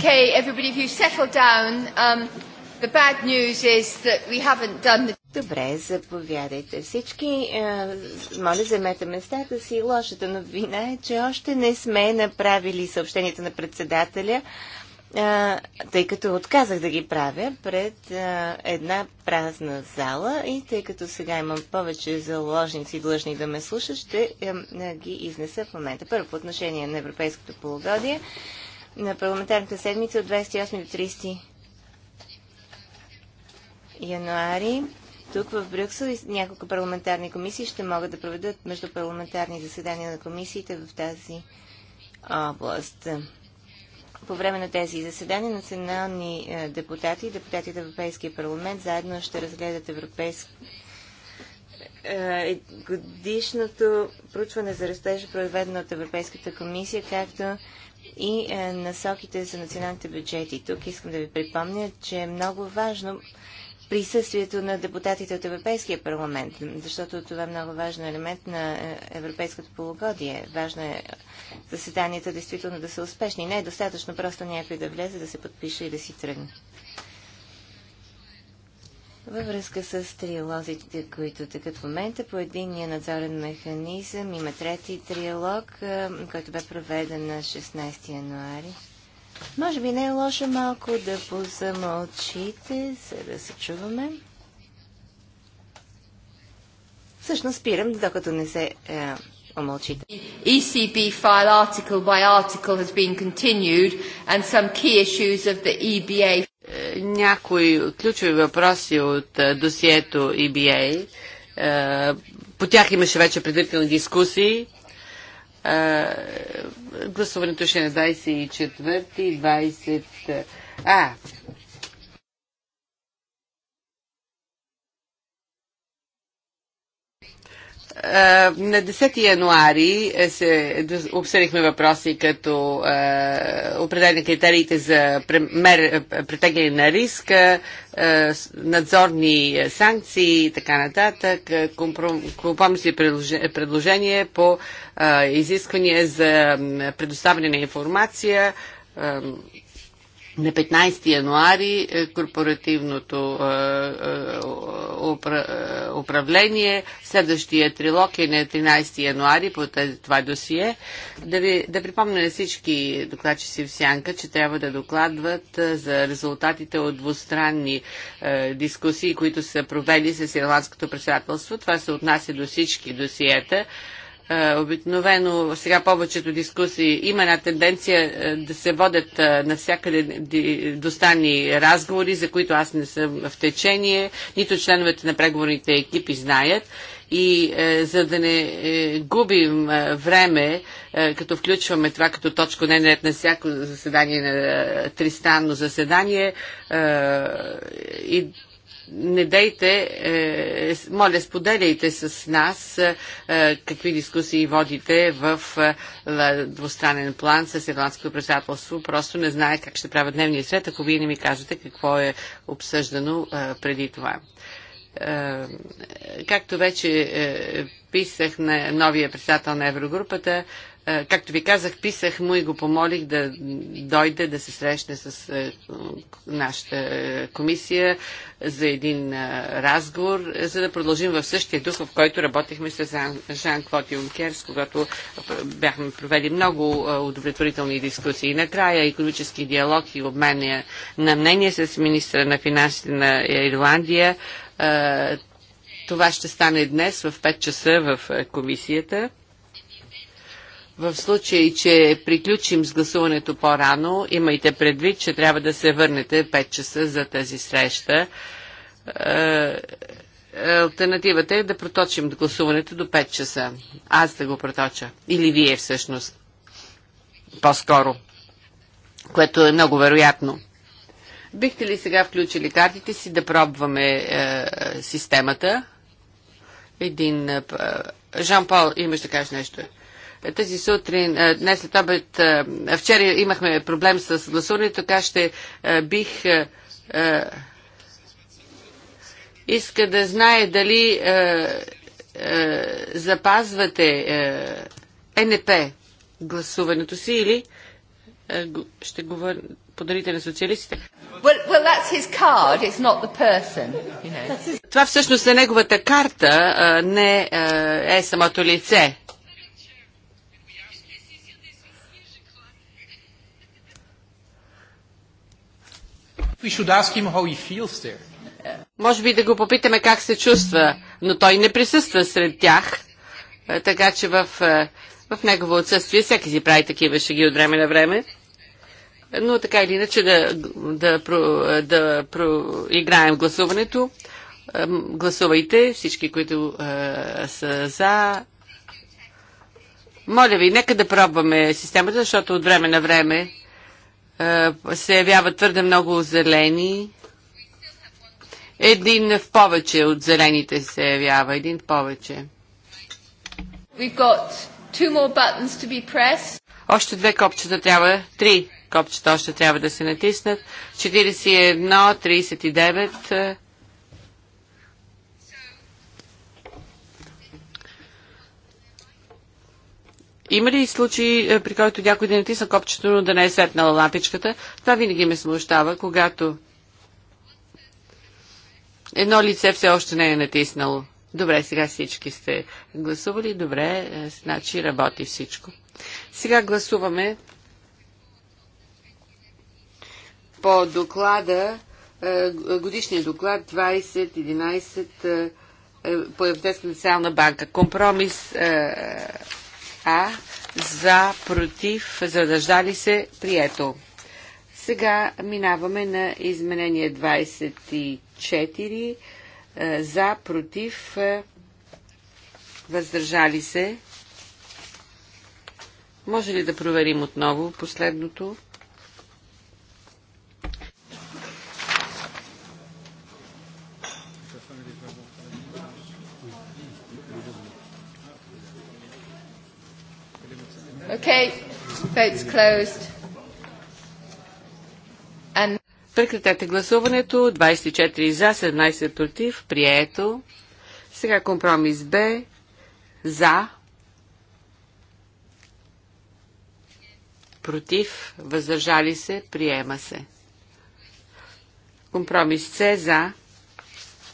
Okay, everybody, if you settle down, um, the bad news is that we haven't done the... Добре, заповядайте всички. Е, моля, вземете местата си. Лошата новина е, че още не сме направили съобщенията на председателя, е, тъй като отказах да ги правя пред е, една празна зала и тъй като сега имам повече заложници длъжни да ме слушат, ще ги изнеса в момента. Първо, по отношение на европейското полугодие на парламентарната седмица от 28 до 30 януари. Тук в Брюксел няколко парламентарни комисии ще могат да проведат междупарламентарни заседания на комисиите в тази област. По време на тези заседания национални е, депутати и депутати от Европейския парламент заедно ще разгледат европейски е, е, годишното проучване за растежа, проведено от Европейската комисия, както и е, насоките за националните бюджети. Тук искам да ви припомня, че е много важно присъствието на депутатите от Европейския парламент, защото това е много важен елемент на е, европейското полугодие. Важно е заседанията действително да са успешни. Не е достатъчно просто някой да влезе, да се подпише и да си тръгне. Във връзка с триалозите, които тъкат в момента, по единния надзорен механизъм има трети триалог, който бе проведен на 16 януари. Може би не е лошо малко да позамълчите, за да се чуваме. Всъщност спирам, докато не се е, омълчите. ECB file article by article has been continued and some key issues of the EBA някои ключови въпроси от досието EBA. По тях имаше вече предварителни дискусии. Гласуването ще е на 24 и 20... А, Е, на 10 януари е, се обсъдихме въпроси като е, определени критериите за претегляне на риска, надзорни санкции и така нататък, компромисни предложения по изисквания за предоставяне на информация, на 15 януари е, корпоративното е, е, управление. Следващия трилог е на 13 януари по това досие. Да, ви, да припомня на всички докладчици в Сянка, че трябва да докладват за резултатите от двустранни дискусии, които са провели с Ирландското председателство. Това се отнася до всички досиета. Е, обикновено сега повечето дискусии има една тенденция е, да се водят е, навсякъде достани разговори, за които аз не съм в течение, нито членовете на преговорните екипи знаят и е, за да не е, губим е, време, е, като включваме това като точка не ред на всяко заседание, на е, тристанно заседание, е, и не дейте, е, моля, споделяйте с нас е, е какви дискусии водите в е, двустранен план с ирландското председателство. Просто не знае как ще правя дневния свет, ако вие не ми кажете какво е обсъждано е, преди това. Е, както вече е, писах на новия председател на Еврогрупата, Както ви казах, писах му и го помолих да дойде да се срещне с нашата комисия за един разговор, за да продължим в същия дух, в който работихме с Жан Клод Юнкер, с когато бяхме провели много удовлетворителни дискусии. Накрая економически диалог и обмен е на мнение с министра на финансите на Ирландия. Това ще стане днес в 5 часа в комисията. В случай, че приключим с гласуването по-рано, имайте предвид, че трябва да се върнете 5 часа за тази среща. Е, е, альтернативата е да проточим гласуването до 5 часа. Аз да го проточа. Или вие всъщност. По-скоро. Което е много вероятно. Бихте ли сега включили картите си да пробваме е, системата? Един... Е, Жан-Пол, имаш да кажеш нещо. Тази сутрин, днес след обед, вчера имахме проблем с гласуването, така ще бих иска да знае дали запазвате НП гласуването си или ще го подарите на социалистите. Well, well, that's his card, it's not the person. You know. Това всъщност е неговата карта, не е самото лице. Може би да го попитаме как се чувства, но той не присъства сред тях, така че в, в негово отсъствие всеки си прави такива шаги от време на време. Но така или иначе да, да, да, да гласуването. Гласувайте всички, които е, са за. Моля ви, нека да пробваме системата, защото от време на време е, се явяват твърде много зелени. Един в повече от зелените се явява. Един в повече. Още две копчета трябва. Три копчета още трябва да се натиснат. 41, 39. Има ли случаи, е, при който някой да натисна копчето, но да не е светнала лампичката? Това винаги ме смущава, когато едно лице все още не е натиснало. Добре, сега всички сте гласували. Добре, е, значи работи всичко. Сега гласуваме по доклада, е, годишния доклад 2011 по Европейска национална банка. Компромис а за, против, задържали се, прието. Сега минаваме на изменение 24 е, за, против, е, въздържали се. Може ли да проверим отново последното? Vote's closed. And... Прекратете гласуването. 24 за, 17 против. Прието. Сега компромис Б. За. Против. Въздържали се. Приема се. Компромис С. За.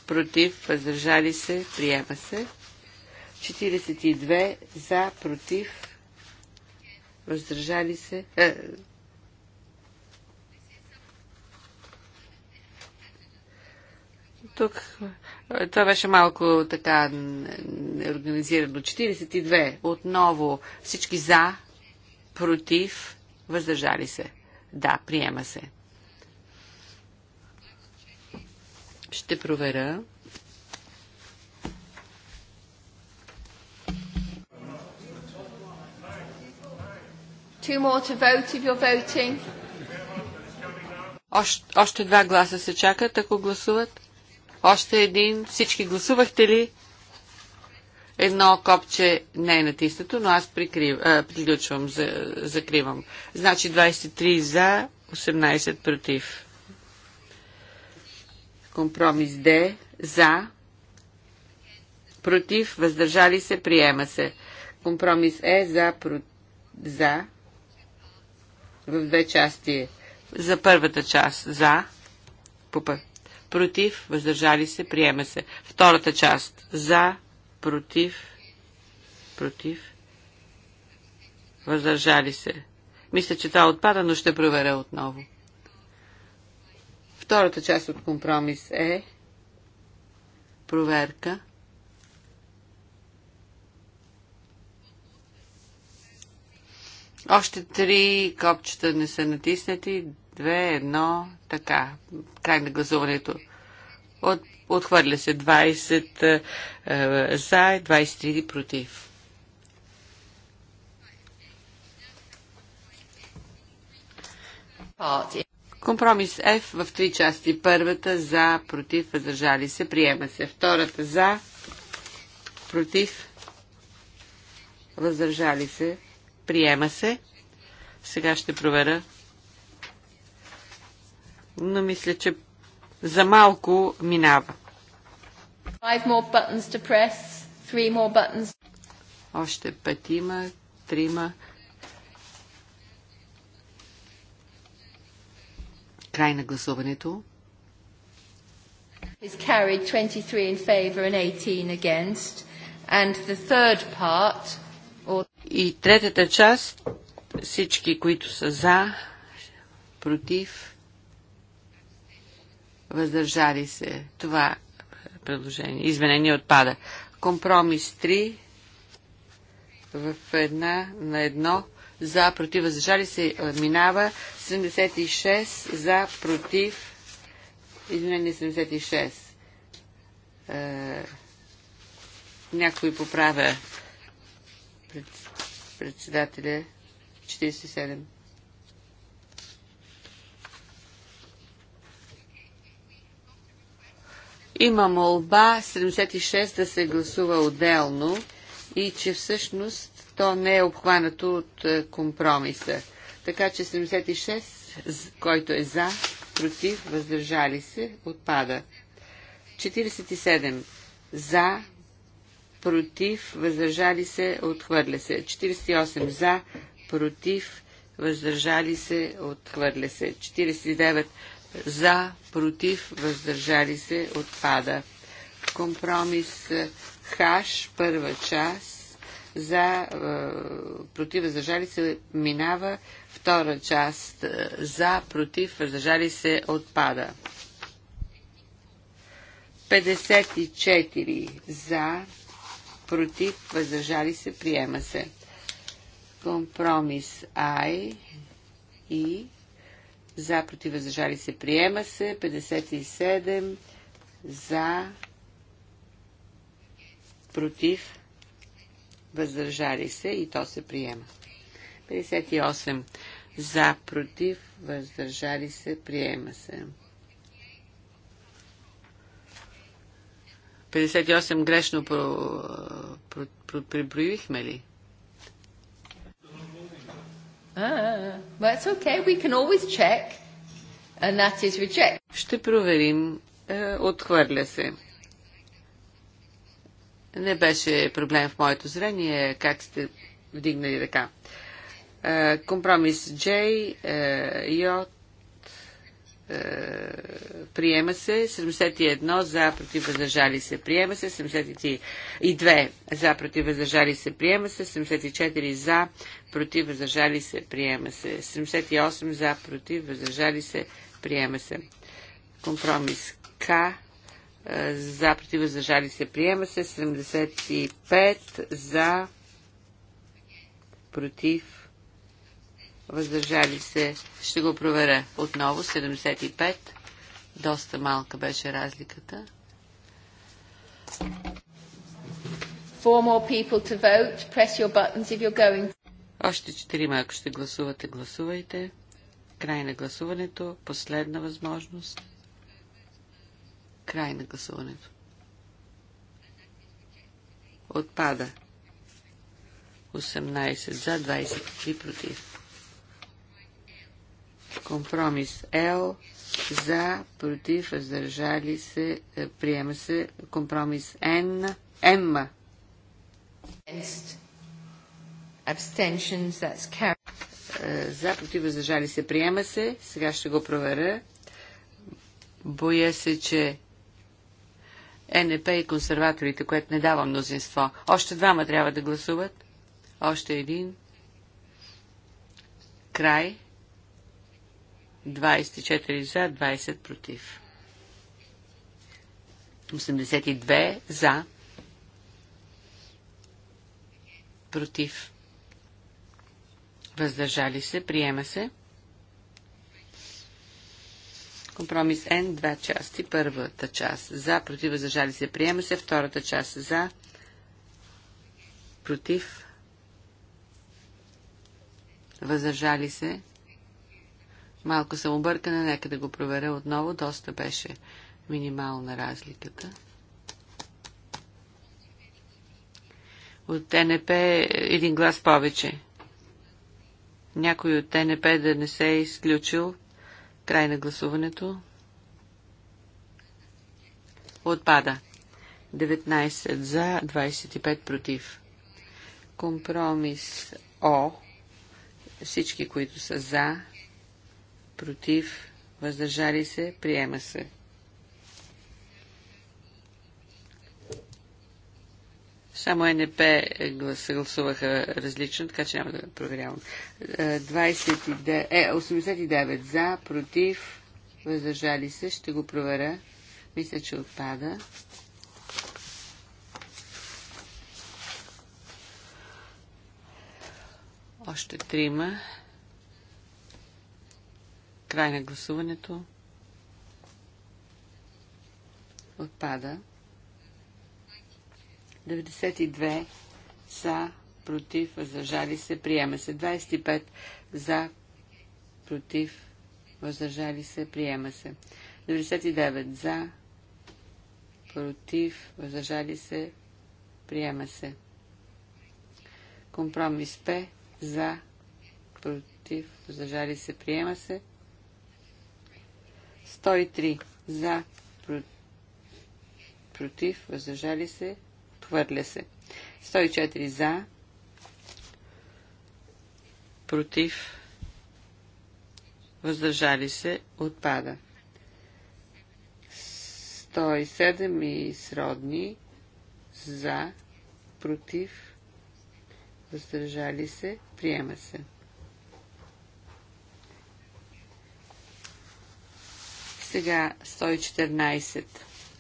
Против. Въздържали се. Приема се. 42 за. Против въздържали се. тук е, това беше малко така неорганизирано. 42. Отново всички за, против, въздържали се. Да, приема се. Ще проверя. Two more to vote if you're voting. Още, още два гласа се чакат, ако гласуват. Още един. Всички гласувахте ли? Едно копче не е натиснато, но аз прикрив, а, приключвам, за, закривам. Значи 23 за, 18 против. Компромис Д. За. Против. Въздържали се. Приема се. Компромис Е. За. Про, за в две части. За първата част за, пупа, против, въздържали се, приема се. Втората част за, против, против, въздържали се. Мисля, че това отпада, но ще проверя отново. Втората част от компромис е проверка. Още три копчета не са натиснати. Две, едно, така. Край на гласуването. От, отхвърля се 20 е, е, за, 23 против. Компромис F в три части. Първата за, против, въздържали се, приема се. Втората за, против, въздържали се, Приема се. Сега ще проверя. Но мисля, че за малко минава. Още пет петима, трима. Край на гласуването. Is carried 23 in favour and 18 against. And the third part от... И третата част, всички, които са за, против, въздържали се. Това предложение. Изменение отпада. Компромис 3 в една на едно за против въздържали се е, минава 76 за против изменение 76 е, някой поправя пред, председателя 47. Има молба 76 да се гласува отделно и че всъщност то не е обхванато от е, компромиса. Така че 76, който е за, против, въздържали се, отпада. 47 за, против, въздържали се, отхвърля се. 48 за, против, въздържали се, отхвърля се. 49 за, против, въздържали се, отпада. Компромис е, хаш, първа част, за, е, против, въздържали се, минава. Втора част, е, за, против, въздържали се, отпада. 54 за, против, въздържали се, приема се. Компромис I и за, против, въздържали се, приема се. 57 за, против, въздържали се и то се приема. 58 за, против, въздържали се, приема се. 58 грешно про, приброихме ли? Ще проверим. Е, отхвърля се. Не беше проблем в моето зрение как сте вдигнали ръка. Е, компромис J, J, е, е, приема се, 71 за против въздържали се, приема се, 72 за против въздържали се, приема се, 74 за против въздържали се, приема се, 78 за против въздържали се, приема се. Компромис К е, за против въздържали се, приема се, 75 за против въздържали се, ще го проверя отново, 75. Доста малка беше разликата. Four more people to vote. Press your buttons if you're going. Още четирима, ако ще гласувате, гласувайте. Край на гласуването. Последна възможност. Край на гласуването. Отпада. 18 за, 23 против. Компромис Л за, против, въздържали се, е, приема се. Компромис Н, М. Е, за, против, въздържали се, приема се. Сега ще го проверя. Боя се, че НП и консерваторите, което не дава мнозинство. Още двама трябва да гласуват. Още един. Край. 24 за, 20 против. 82 за, против. Въздържали се, приема се. Компромис Н, два части. Първата част за, против, въздържали се, приема се. Втората част за, против, въздържали се, Малко съм объркана, нека да го проверя отново. Доста беше минимална разликата. От ТНП един глас повече. Някой от ТНП да не се е изключил. Край на гласуването. Отпада. 19 за, 25 против. Компромис О. Всички, които са за, против, въздържали се, приема се. Само НП гласуваха различно, така че няма да проверявам. 29, е, 89 е, за, против, въздържали се. Ще го проверя. Мисля, че отпада. Още трима. Край на гласуването. Отпада. 92 за, против, въздържали се, приема се. 25 за, против, въздържали се, приема се. 99 за, против, въздържали се, приема се. Компромис П за, против, въздържали се, приема се. 103 за, против, въздържали се, отхвърля се. 104 за, против, въздържали се, отпада. 107 и сродни за, против, въздържали се, приема се. Сега 114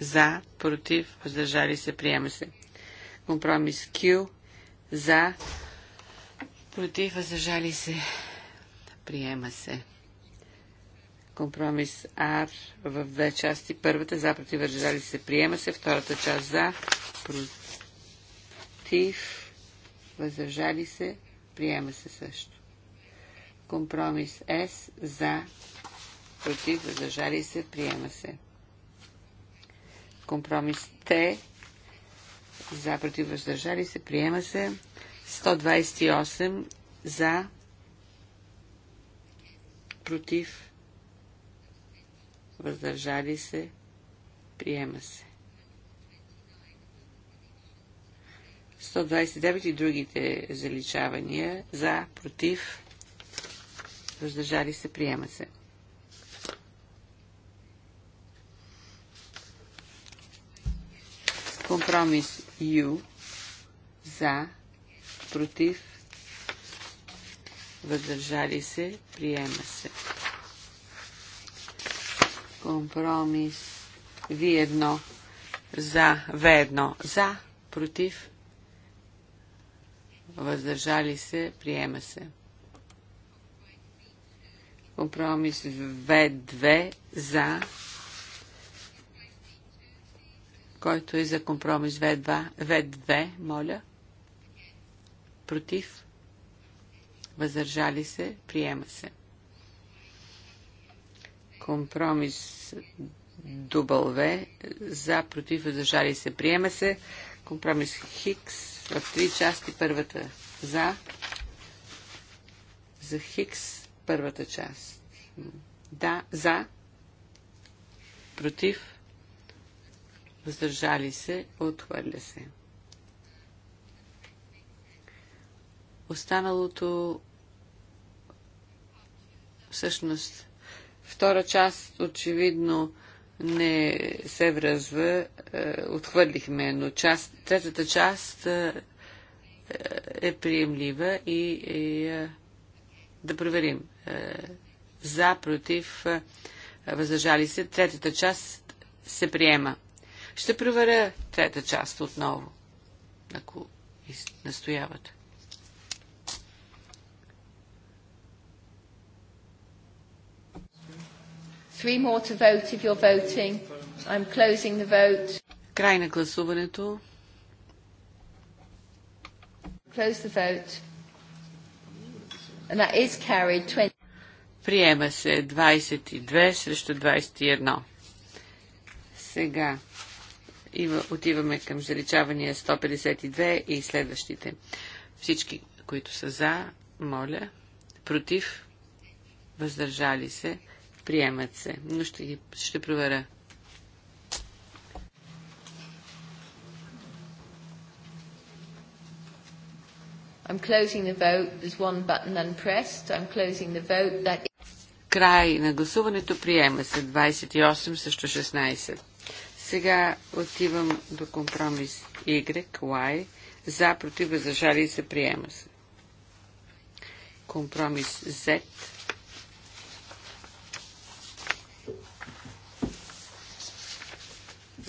за, против, въздържали се, приема се. Компромис Q за, против, въздържали се, приема се. Компромис R в две части. Първата за, против, въздържали се, приема се. Втората част за, против, въздържали се, приема се също. Компромис S за, против, въздържали се, приема се. Компромис Т, за, против, въздържали се, приема се. 128 за, против, въздържали се, приема се. 129 и другите заличавания за, против, въздържали се, приема се. Компромис Ю за, против, въздържали се, приема се. Компромис V1 за, В1 за, против, въздържали се, приема се. Компромис В2 за, който е за компромис В2, В2 моля. Против. Въздържали се. Приема се. Компромис В За, против, въздържали се. Приема се. Компромис Хикс в три части. Първата за. За Хикс първата част. Да, за. Против въздържали се, отхвърля се. Останалото всъщност втора част очевидно не се връзва, е, отхвърлихме, но част, третата част е, е приемлива и е, да проверим. Е, за, против, е, въздържали се, третата част се приема. Ще проверя трета част отново, ако настоявате. Three more to vote if you're voting. I'm closing the vote. Край на гласуването. Close the vote. And that is carried 20. Приема се 22 срещу 21. Сега има, отиваме към заличавания 152 и следващите. Всички, които са за, моля, против, въздържали се, приемат се. Но ще, ги, ще проверя. I'm closing the vote. There's one button unpressed. I'm closing the vote. That... Край на гласуването приема се 28 срещу 16. Сега отивам до компромис Y, Y, за, против, и се, приема се. Компромис Z,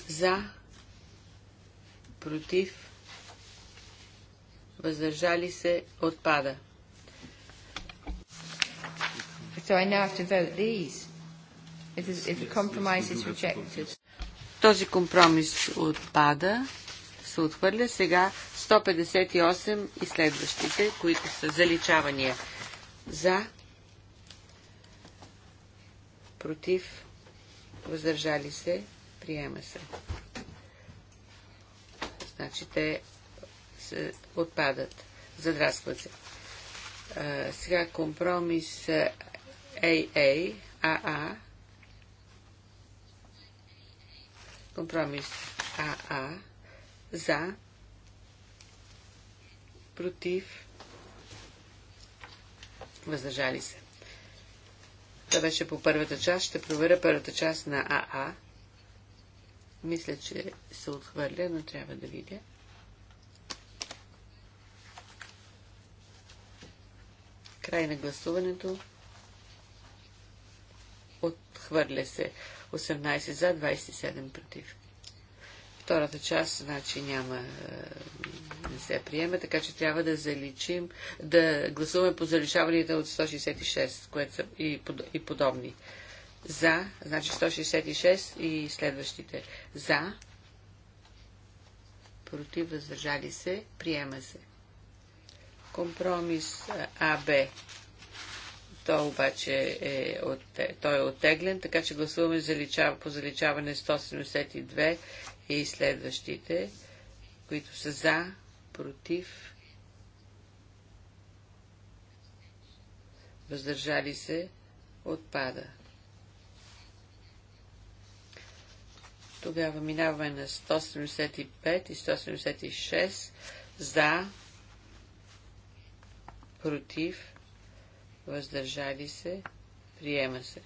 за, против, въздържали се, отпада. So I now have to vote these. If, if the compromise is rejected. Този компромис отпада, се отхвърля. Сега 158 и следващите, които са заличавания. За, против, въздържали се, приема се. Значи те се отпадат, задрастват се. А, сега компромис АА, Компромис АА за против въздържали се. Това беше по първата част. Ще проверя първата част на АА. Мисля, че се отхвърля, но трябва да видя. Край на гласуването. Отхвърля се. 18 за, 27 против. Втората част, значи няма, е, не се приема, така че трябва да заличим, да гласуваме по заличаванията от 166 което са и, и подобни. За, значи 166 и следващите. За, против, въздържали се, приема се. Компромис АБ то обаче е, от, той е оттеглен, така че гласуваме заличава, по заличаване 172 и следващите, които са за, против, въздържали се, отпада. Тогава минаваме на 175 и 176 за, против, въздържали се, приема се.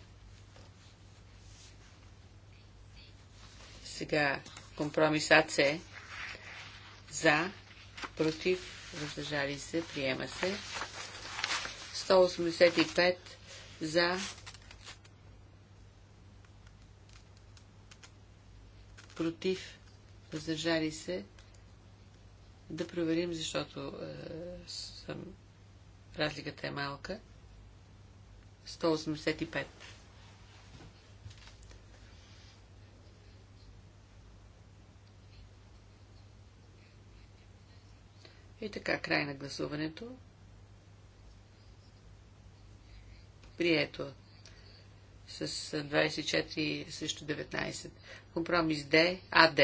Сега компромис за, против, въздържали се, приема се. 185 за, против, въздържали се. Да проверим, защото е, съм... разликата е малка. 185. И така, край на гласуването. Прието. С 24 също 19. Компромис Д, АД.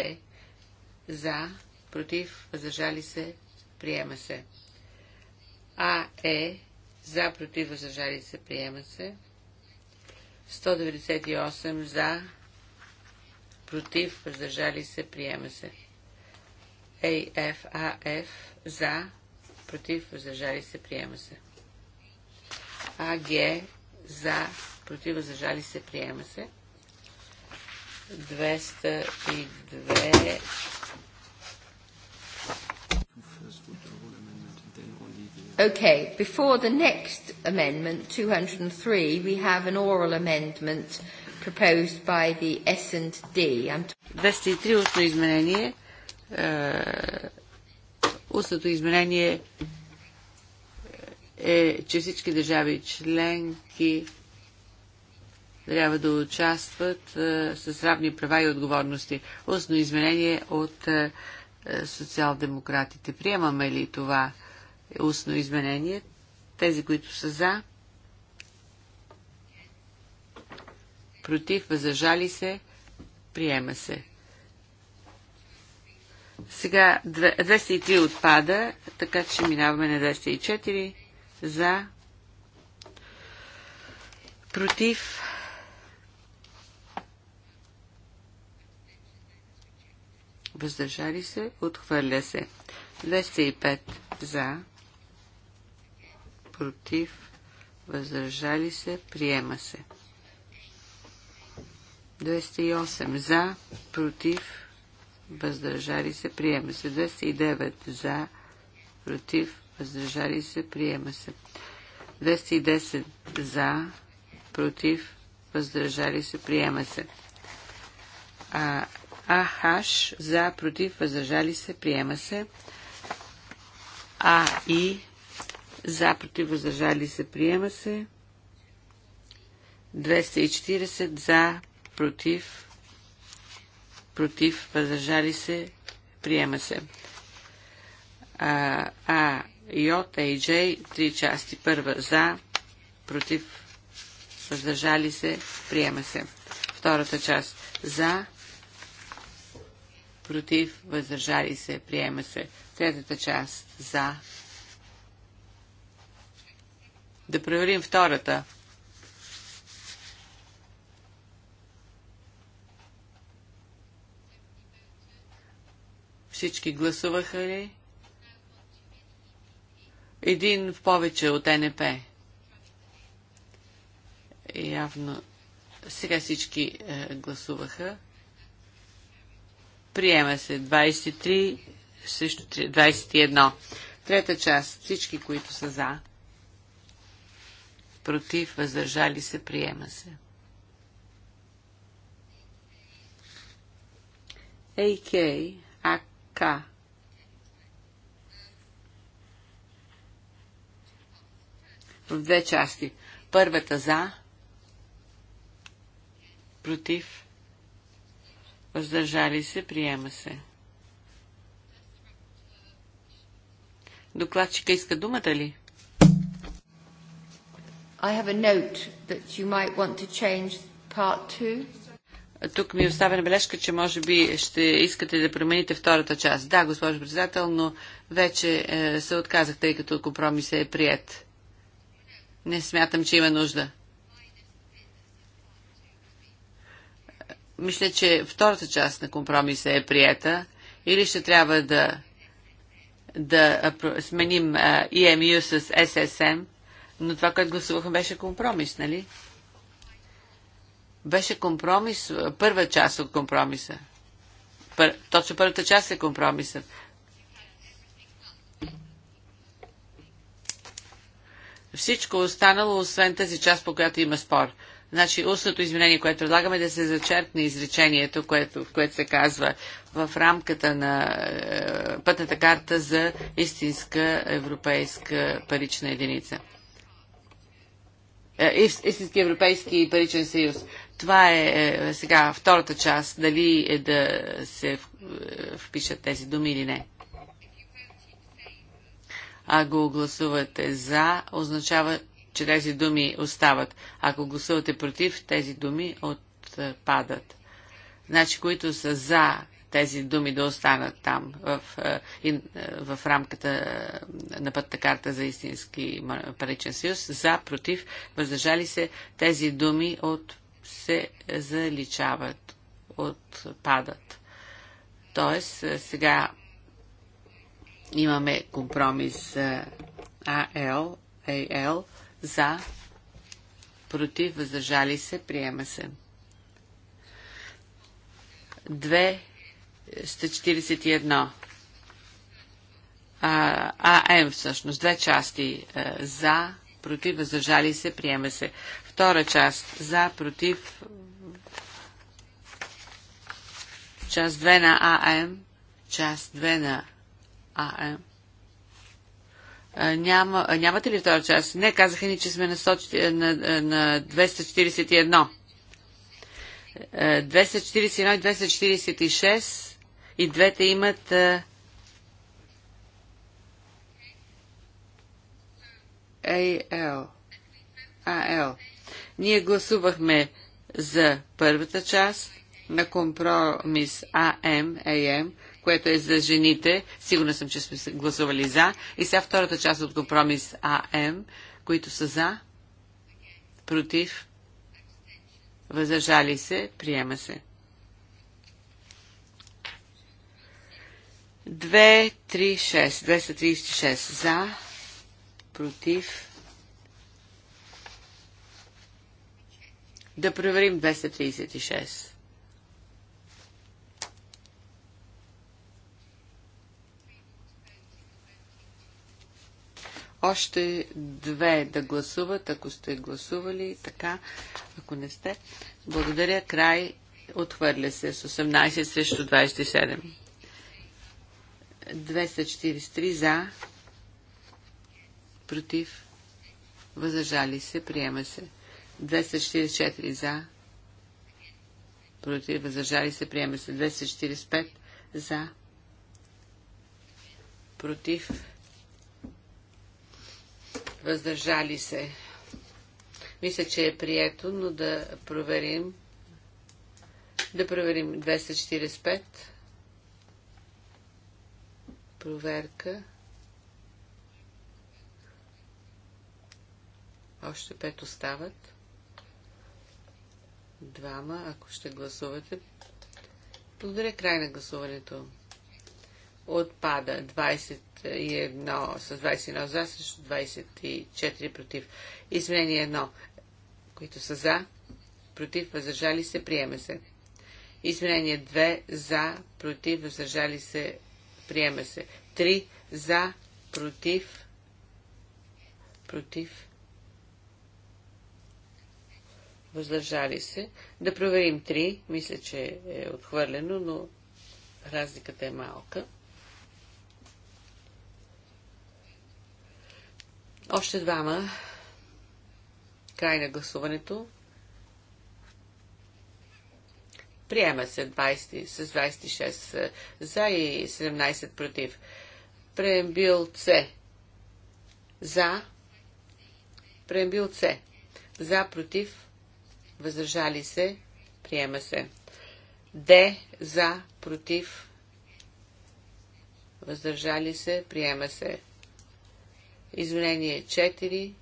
За, против, въздържали се, приема се. А, Е, за, против, въздържали се, приема се. 198 за, против, въздържали се, приема се. AFAF за, против, въздържали се, приема се. АГ, за, против, въздържали се, приема се. 202 Okay, before the next amendment, 203, we have an oral amendment proposed by the S&D. 203 устно изменение. Е, устното изменение е, е, че всички държави членки трябва да участват е, с равни права и отговорности. Устно изменение от социал-демократите. Приемаме ли това? Е устно изменение. Тези, които са за, против, въздържали се, приема се. Сега 203 отпада, така че минаваме на 204 за, против, въздържали се, отхвърля се. 205 за, против, въздържали се, приема се. 208 за, против, въздържали се, приема се. 209 за, против, въздържали се, приема се. 210 за, против, въздържали се, приема се. А, АХ за, против, въздържали се, приема се. А и за, против, въздържали се, приема се. 240 за, против, против, въздържали се, приема се. А, а от AJ, е три части. Първа за, против, въздържали се, приема се. Втората част за, против, въздържали се, приема се. Третата част за, да проверим втората. Всички гласуваха ли? Един в повече от НП. Явно. Сега всички е, гласуваха. Приема се 23 срещу 21. Трета част. Всички, които са за против, въздържали се, приема се. АК, АК. В две части. Първата за, против, въздържали се, приема се. Докладчика иска думата ли? I have a note that you might want to change part two. Тук ми оставя набележка, че може би ще искате да промените втората част. Да, госпожо председател, но вече е, се отказах, тъй като компромис е прият. Не смятам, че има нужда. Мисля, че втората част на компромиса е приета. Или ще трябва да, да сменим EMU с SSM – но това, което гласувахме, беше компромис, нали? Беше компромис, първа част от компромиса. Пър, точно първата част е компромиса. Всичко останало, освен тази част, по която има спор. Значи устното изменение, което предлагаме да се зачеркне изречението, което, в което се казва в рамката на е, пътната карта за истинска европейска парична единица. Е, истински европейски паричен съюз. Това е, е сега втората част, дали е да се е, впишат тези думи или не. Ако гласувате за, означава, че тези думи остават. Ако гласувате против, тези думи отпадат. Значи, които са за тези думи да останат там в, е, е, в рамката е, на пътта карта за истински паричен съюз. За, против, въздържали се, тези думи от, се заличават, отпадат. Тоест, сега имаме компромис АЛ, АЛ, за, против, въздържали се, приема се. Две. 141. А, АМ всъщност. Две части. Е, за, против, въздържали се, приема се. Втора част. За, против. Част 2 на АМ. Част 2 на АМ. Е, няма, е, нямате ли втора част? Не, казаха ни, че сме на, 100, на, на 241. 241 и 246 и двете имат АЛ. АЛ. Ние гласувахме за първата част на компромис АМ, АМ, което е за жените. Сигурна съм, че сме гласували за. И сега втората част от компромис АМ, които са за, против, въздържали се, приема се. 236. 236 за, против. Да проверим 236. Още две да гласуват, ако сте гласували, така, ако не сте. Благодаря, край, отхвърля се с 18 срещу 27. 243 за, против, въздържали се, приема се. 244 за, против, въздържали се, приема се. 245 за, против, въздържали се. Мисля, че е прието, но да проверим. Да проверим 245 проверка. Още пет остават. Двама, ако ще гласувате. Благодаря край на гласуването. Отпада 21 с 21 за, срещу 24 против. Изменение 1, които са за, против, въздържали се, приема се. Изменение 2 за, против, въздържали се, приема се. 3 за, против, против, въздържали се. Да проверим 3, мисля, че е отхвърлено, но разликата е малка. Още двама. Край на гласуването. Приема се 20, с 26 е, за и 17 против. Преембил С. За. Преембил С. За, против. Въздържали се. Приема се. Д. За, против. Въздържали се. Приема се. Извинение 4.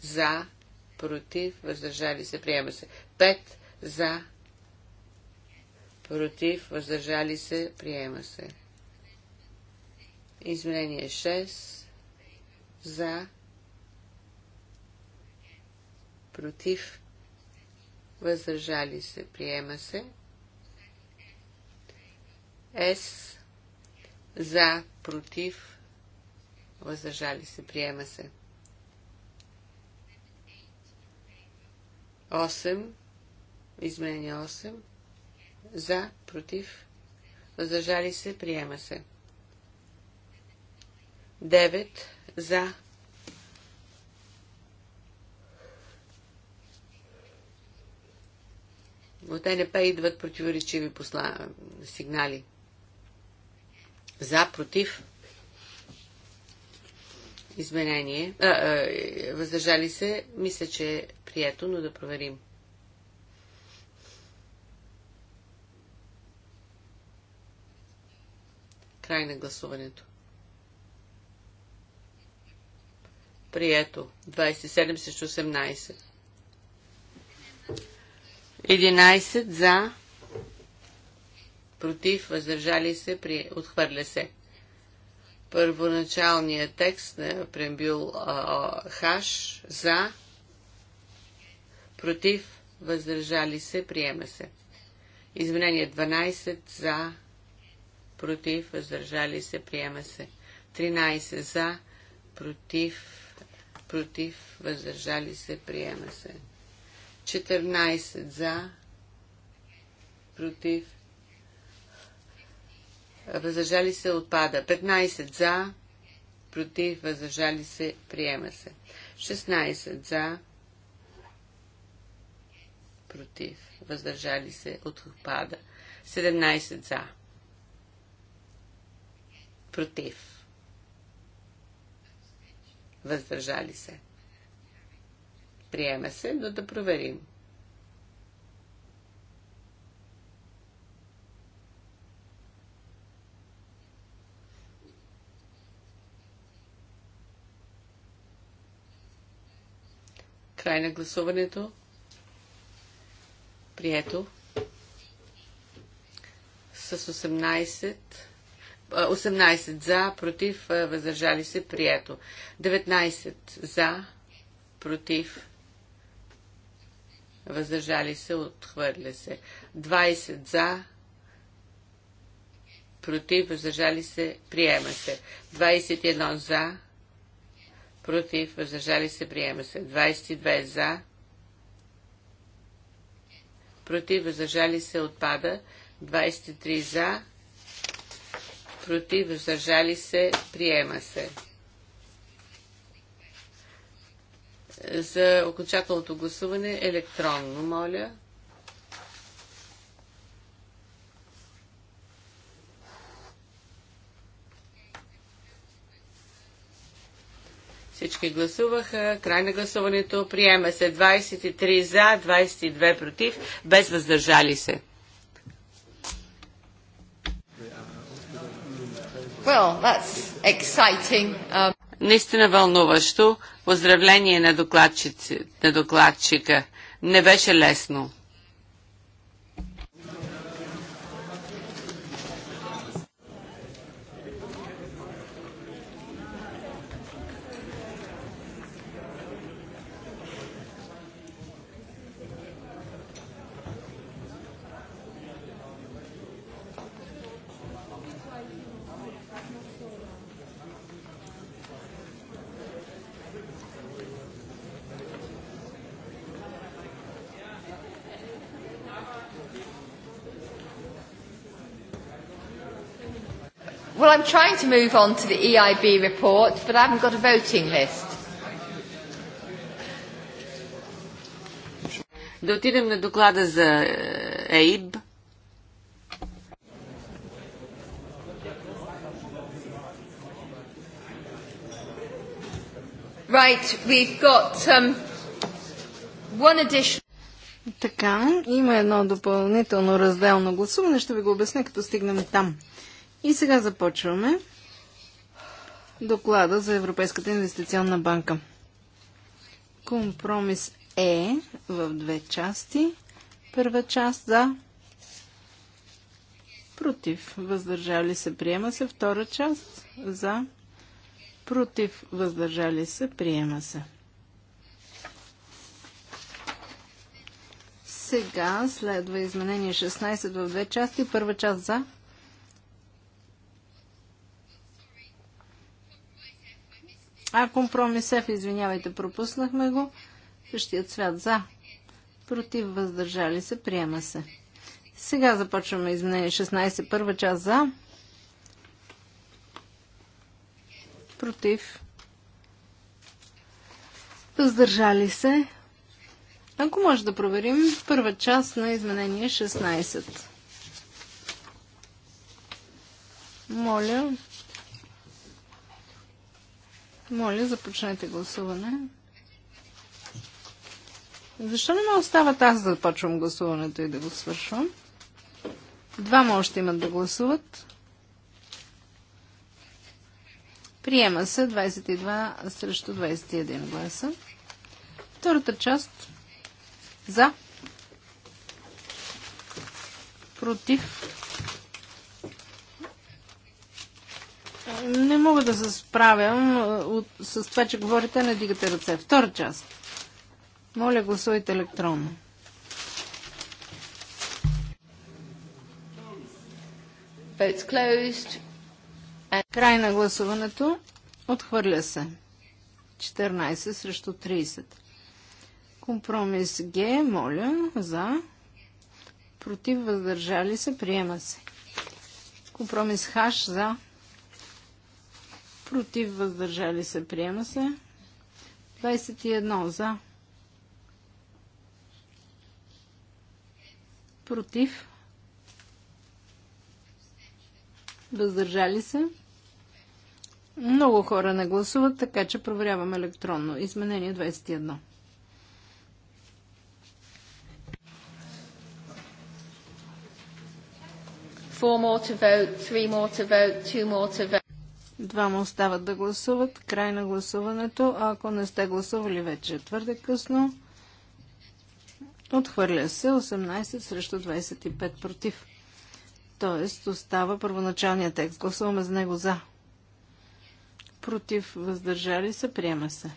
За, против. Въздържали се. Приема се. 5. За, против, въздържали се, приема се. Изменение 6 за против, въздържали се, приема се. С за против, въздържали се, приема се. 8 изменение 8 за, против, въздържали се, приема се. 9 за. От НП идват противоречиви посла... сигнали. За, против. Изменение. А, а, въздържали се. Мисля, че е прието, но да проверим. Край на гласуването. Прието. 27 срещу 18. 11 за. Против. Въздържали се. При... Отхвърля се. Първоначалният текст на прембил Хаш за. Против. Въздържали се. Приема се. Изменение 12 за против, въздържали се, приема се. 13 за, против, против, въздържали се, приема се. 14 за, против, въздържали се, отпада. 15 за, против, въздържали се, приема се. 16 за, против, въздържали се, отпада. 17 за против, въздържали се. Приема се, но да проверим. Край на гласуването. Прието. С 18 18 за, против, е, въздържали се, прието. 19 за, против, въздържали се, отхвърля се. 20 за, против, въздържали се, приема се. 21 за, против, въздържали се, приема се. 22 за, против, въздържали се, отпада. 23 за, против, въздържали се, приема се. За окончателното гласуване електронно, моля. Всички гласуваха. Край на гласуването. Приема се 23 за, 22 против, без въздържали се. Well, that's exciting. Um... Наистина вълнуващо. Поздравление на, на докладчика. Не беше лесно. Well, I'm trying to move on to the EIB report, but I haven't got a voting list. Да отидем на доклада за е, ЕИБ. Right, we've got um, one additional... Така, има едно допълнително разделно гласуване. Ще ви го обясня, като стигнем там. Uh, и сега започваме доклада за Европейската инвестиционна банка. Компромис е в две части. Първа част за против, въздържали се, приема се. Втора част за против, въздържали се, приема се. Сега следва изменение 16 в две части. Първа част за А компромисев, извинявайте, пропуснахме го. Същият свят за. Против въздържали се, приема се. Сега започваме изменение 16, първа част за. Против. Въздържали се. Ако може да проверим първа част на изменение 16. Моля, моля, започнете гласуване. Защо не ме остават аз да започвам гласуването и да го свършвам? Двама още имат да гласуват. Приема се 22 срещу 21 гласа. Втората част за против Не мога да се справям от, с това, че говорите, не дигате ръце. Втора част. Моля, гласувайте електронно. Край на гласуването. Отхвърля се. 14 срещу 30. Компромис Г. Моля. За. Против. Въздържали се. Приема се. Компромис Х. За против, въздържали се, приема се. 21 за, против, въздържали се. Много хора не гласуват, така че проверявам електронно. Изменение 21. Four more to vote, three more to vote, two more to vote. Двама остават да гласуват. Край на гласуването. А ако не сте гласували вече е твърде късно, отхвърля се 18 срещу 25 против. Тоест остава първоначалния текст. Гласуваме за него за. Против въздържали се, приема се.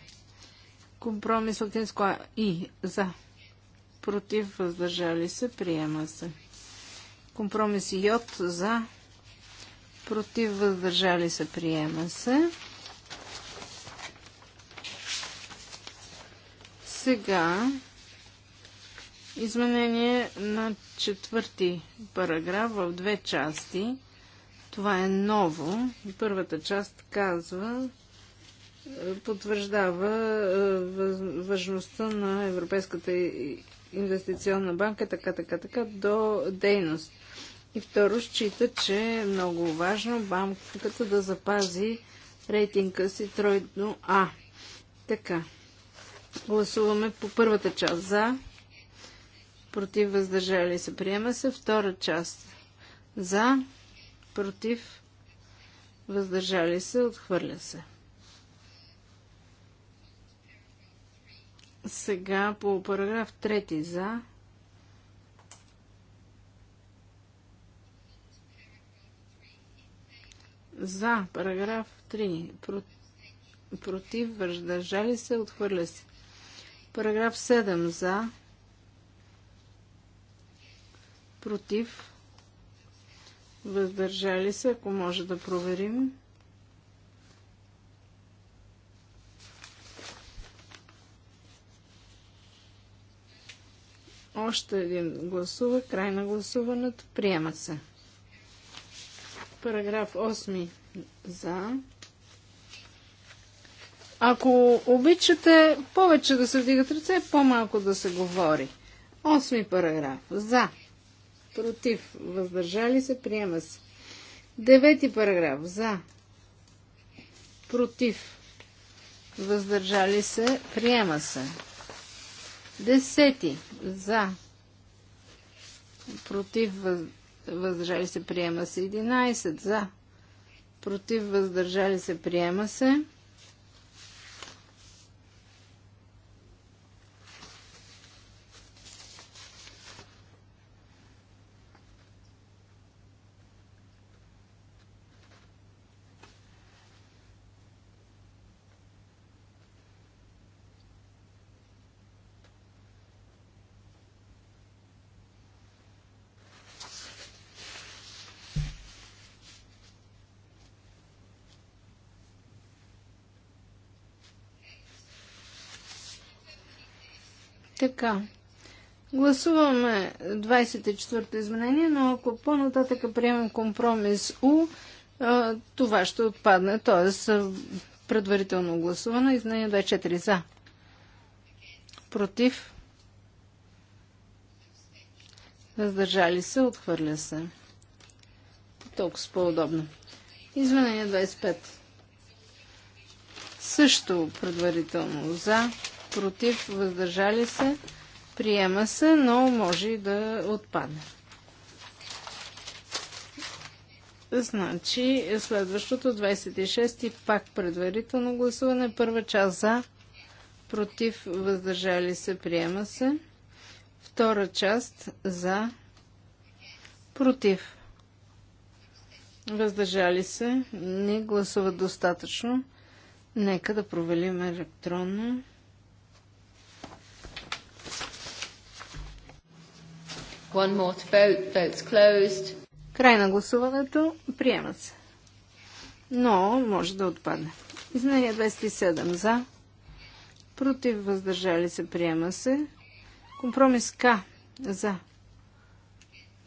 Компромис латинско а... и за. Против въздържали се, приема се. Компромис йод за против, въздържали се, приема се. Сега изменение на четвърти параграф в две части. Това е ново. Първата част казва, потвърждава е, важността на Европейската инвестиционна банка, така, така, така, до дейност. И второ, счита, че е много важно банката да запази рейтинга си тройно А. Така. Гласуваме по първата част за, против въздържали се, приема се. Втора част за, против въздържали се, отхвърля се. Сега по параграф 3 за, За. Параграф 3. Про... Против. Въздържали се. Отхвърля се. Параграф 7. За. Против. Въздържали се. Ако може да проверим. Още един гласува. Край на гласуването. Приема се. Параграф 8 за. Ако обичате повече да се вдигат ръце, по-малко да се говори. Осми параграф. За. Против. Въздържали се. Приема се. Девети параграф. За. Против. Въздържали се. Приема се. Десети. За. Против. Въз въздържали се, приема се. 11 за, против, въздържали се, приема се. така. Гласуваме 24-то изменение, но ако по-нататък приемем компромис У, това ще отпадне, т.е. предварително гласуване, изменение 24 за. Против. Въздържали се, отхвърля се. Толкова по-удобно. Изменение 25. Също предварително за против, въздържали се, приема се, но може и да отпадне. Значи, следващото 26 и пак предварително гласуване. Първа част за, против, въздържали се, приема се. Втора част за, против, въздържали се, не гласуват достатъчно. Нека да провелим електронно. One more to vote. Votes closed. Край на гласуването. Приема се. Но може да отпадне. Изменение 27 за. Против въздържали се. Приема се. Компромис К за.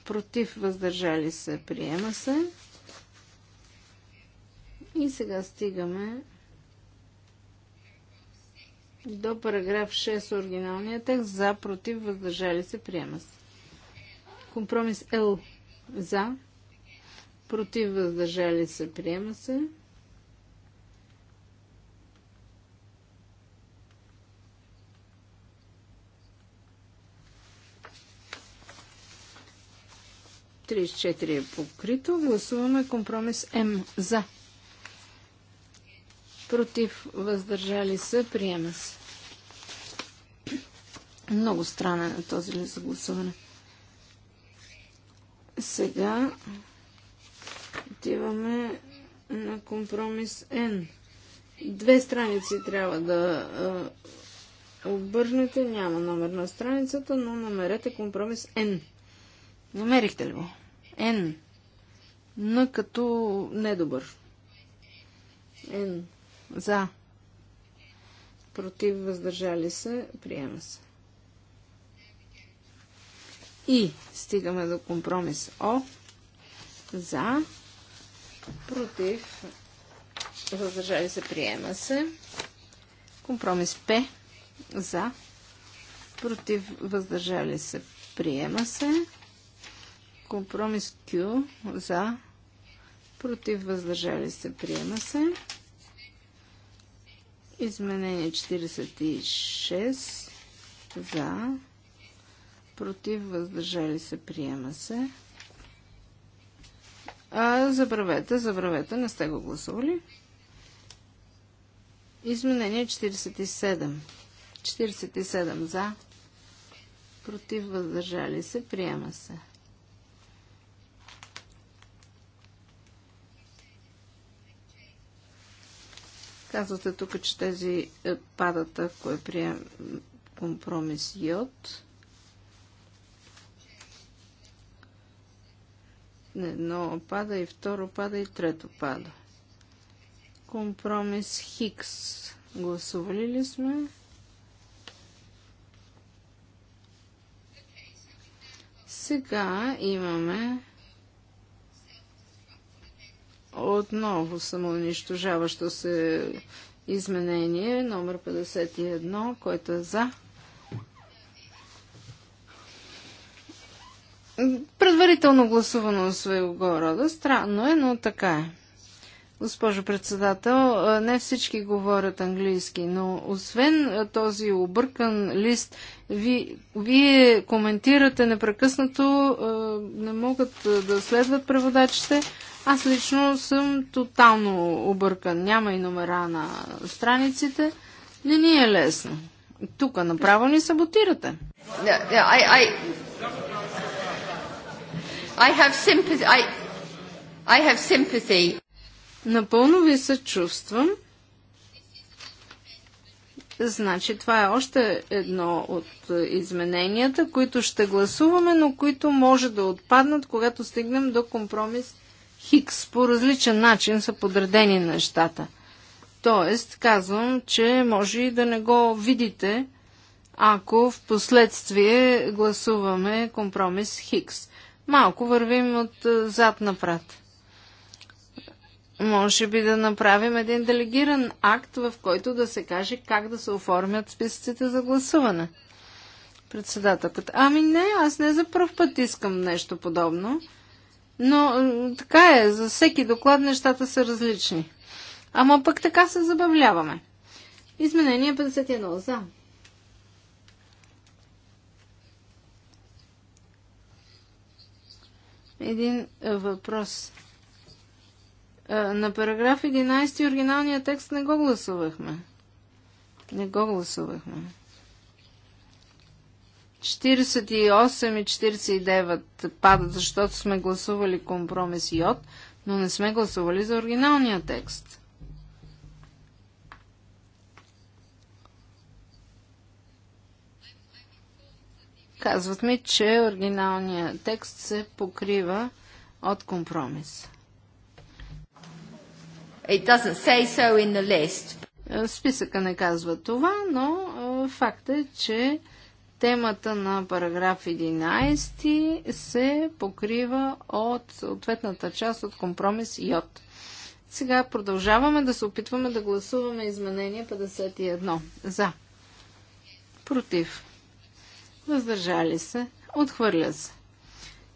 Против въздържали се. Приема се. И сега стигаме до параграф 6 оригиналния текст. За, против, въздържали се, приема се. Компромис Л за. Против въздържали се. Приема се. Тридесет четири е покрито. Гласуваме компромис М за. Против въздържали се. Приема се. Много странен е този лист за гласуване. Сега отиваме на компромис N. Две страници трябва да а, обърнете. Няма номер на страницата, но намерете компромис N. Намерихте ли го? N. Н като недобър. Н. За. Против въздържали се. Приема се. И стигаме до компромис О. За. Против. Въздържали се. Приема се. Компромис П. За. Против. Въздържали се. Приема се. Компромис Q. За. Против. Въздържали се. Приема се. Изменение 46. За против, въздържали се, приема се. А, забравете, забравете, не сте го гласували. Изменение 47. 47 за, против, въздържали се, приема се. Казвате тук, че тези е, падата, кое прием компромис йод. Едно пада и второ пада и трето пада. Компромис Хикс. Гласували ли сме? Сега имаме отново самоунищожаващо се изменение, номер 51, който е за, предварително гласувано своего рода. Странно е, но така е. Госпожо председател, не всички говорят английски, но освен този объркан лист, ви, вие коментирате непрекъснато, не могат да следват преводачите. Аз лично съм тотално объркан. Няма и номера на страниците. Не ни е лесно. Тук направо ни саботирате. Yeah, yeah, I, I... I have sympathy. I, I have sympathy. Напълно ви се чувствам. Значи това е още едно от е, измененията, които ще гласуваме, но които може да отпаднат, когато стигнем до компромис Хикс. По различен начин са подредени нещата. Тоест, казвам, че може и да не го видите, ако в последствие гласуваме компромис Хикс. Малко вървим от е, зад напред. Може би да направим един делегиран акт, в който да се каже как да се оформят списъците за гласуване. Председателът. Ами не, аз не за първ път искам нещо подобно. Но е, така е, за всеки доклад нещата са различни. Ама пък така се забавляваме. Изменение 51 за. един е, въпрос. Е, на параграф 11 оригиналния текст не го гласувахме. Не го гласувахме. 48 и 49 падат, защото сме гласували компромис Йод, но не сме гласували за оригиналния текст. Казват ми, че оригиналният текст се покрива от компромис. It doesn't say so in the list. Е, списъка не казва това, но е, факт е, че темата на параграф 11 се покрива от съответната част от компромис Йод. Сега продължаваме да се опитваме да гласуваме изменение 51. За. Против въздържали се, отхвърля се.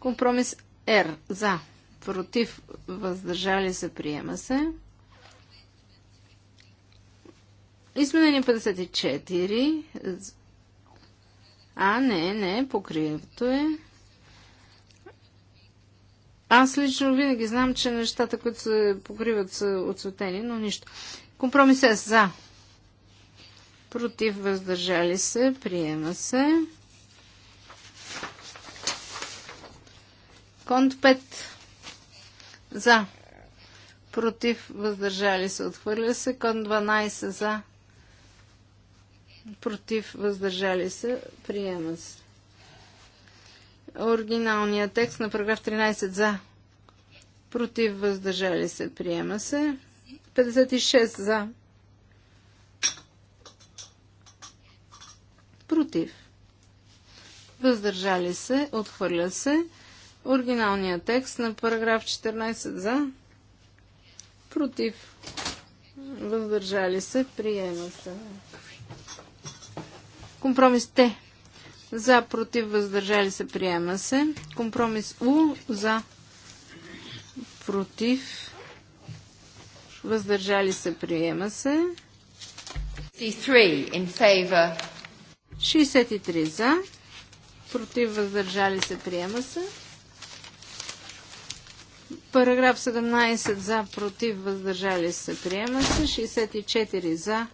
Компромис Р за, против, въздържали се, приема се. Изменение 54. А, не, не, покрито е. Аз лично винаги знам, че нещата, които се покриват, са отсветени, но нищо. Компромис С за. Против въздържали се, приема се. Конт 5. За. Против. Въздържали се. Отхвърля се. Конт 12. За. Против. Въздържали се. Приема се. Оригиналният текст на параграф 13. За. Против. Въздържали се. Приема се. 56. За. Против. Въздържали се. Отхвърля се. Оригиналният текст на параграф 14 за. Против. Въздържали се. Приема се. Компромис Т. За. Против. Въздържали се. Приема се. Компромис У. За. Против. Въздържали се. Приема се. 63 за. Против. Въздържали се. Приема се. Параграф 17 за, против, въздържали се, приема се. 64 за.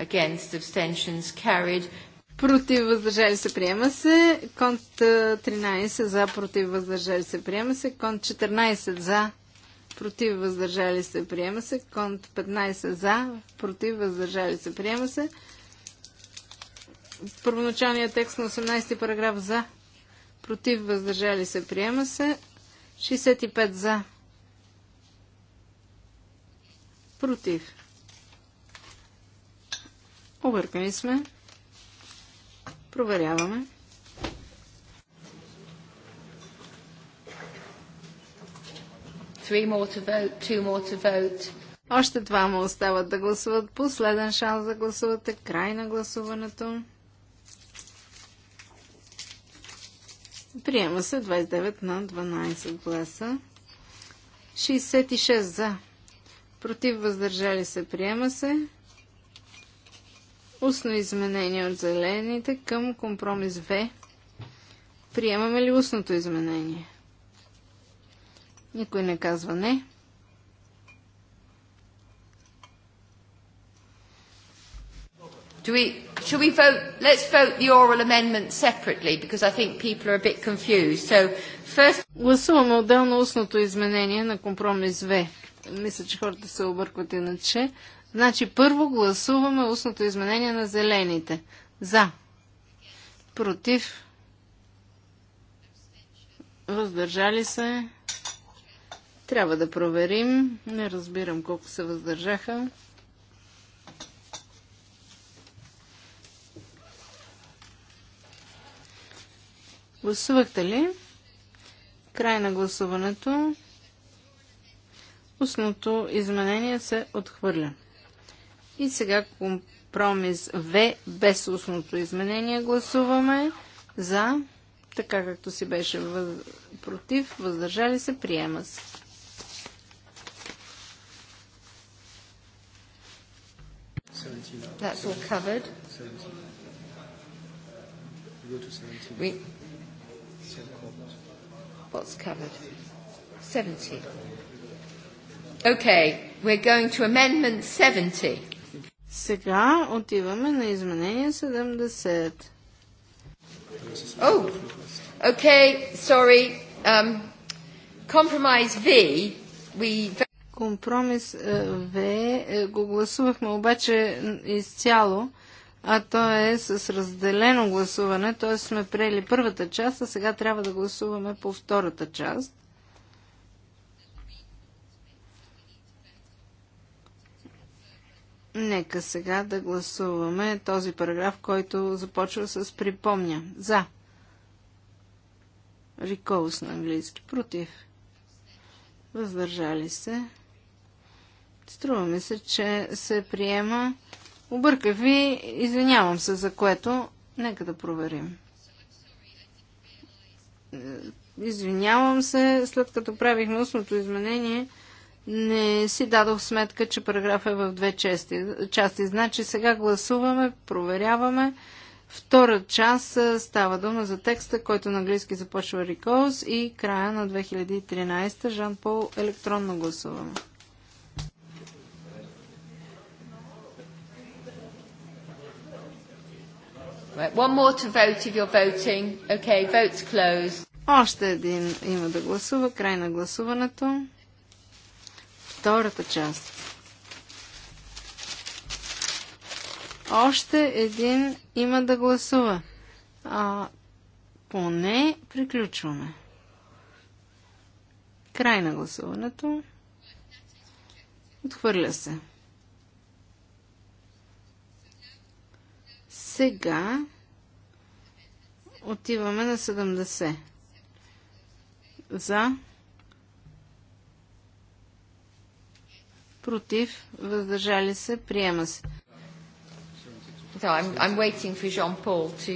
Against abstentions carried. Против, въздържали се, приема се. Конт 13 за, против, въздържали се, приема се. Конт 14 за, против, въздържали се, приема се. Конт 15 за, против, въздържали се, приема се. Първоначалният текст на 18 параграф за, против, въздържали се, приема се. 65 за, против. Объркани сме. Проверяваме. Three more to vote, two more to vote. Още двама остават да гласуват. Последен шанс да гласувате. Край на гласуването. Приема се 29 на 12 гласа. 66 за. Против въздържали се. Приема се. Устно изменение от зелените към компромис В. Приемаме ли устното изменение? Никой не казва не. Do we Shall we vote? Let's vote the oral amendment separately because I think people are a bit confused. So first... Гласуваме отделно устното изменение на компромис В. Мисля, че хората се объркват иначе. Значи първо гласуваме устното изменение на зелените. За. Против. Въздържали се. Трябва да проверим. Не разбирам колко се въздържаха. Гласувахте ли? Край на гласуването. Устното изменение се отхвърля. И сега компромис В без устното изменение гласуваме за, така както си беше въз... против, въздържали се, приема се. That's all covered. We, What's covered? 70. Okay, we're going to amendment 70. Сега отиваме на изменение 70. Oh, okay, sorry. Um, compromise V, we... Компромис В го гласувахме обаче изцяло а то е с разделено гласуване, т.е. сме приели първата част, а сега трябва да гласуваме по втората част. Нека сега да гласуваме този параграф, който започва с припомня. За. Recalls на английски. Против. Въздържали се. Струва ми се, че се приема Обърках ви, извинявам се за което. Нека да проверим. Извинявам се, след като правих устното изменение, не си дадох сметка, че параграф е в две части. части. Значи сега гласуваме, проверяваме. Втора част е, става дума за текста, който на английски започва Recalls и края на 2013 Жан Пол електронно гласуваме. Right, one more to vote if you're voting. Okay, vote's closed. Още един има да гласува. Край на гласуването. Втората част. Още един има да гласува. А, поне приключваме. Край на гласуването. Отхвърля се. Сега отиваме на 70. За. Против. Въздържали се. Приема се. I'm, I'm waiting for Jean-Paul to...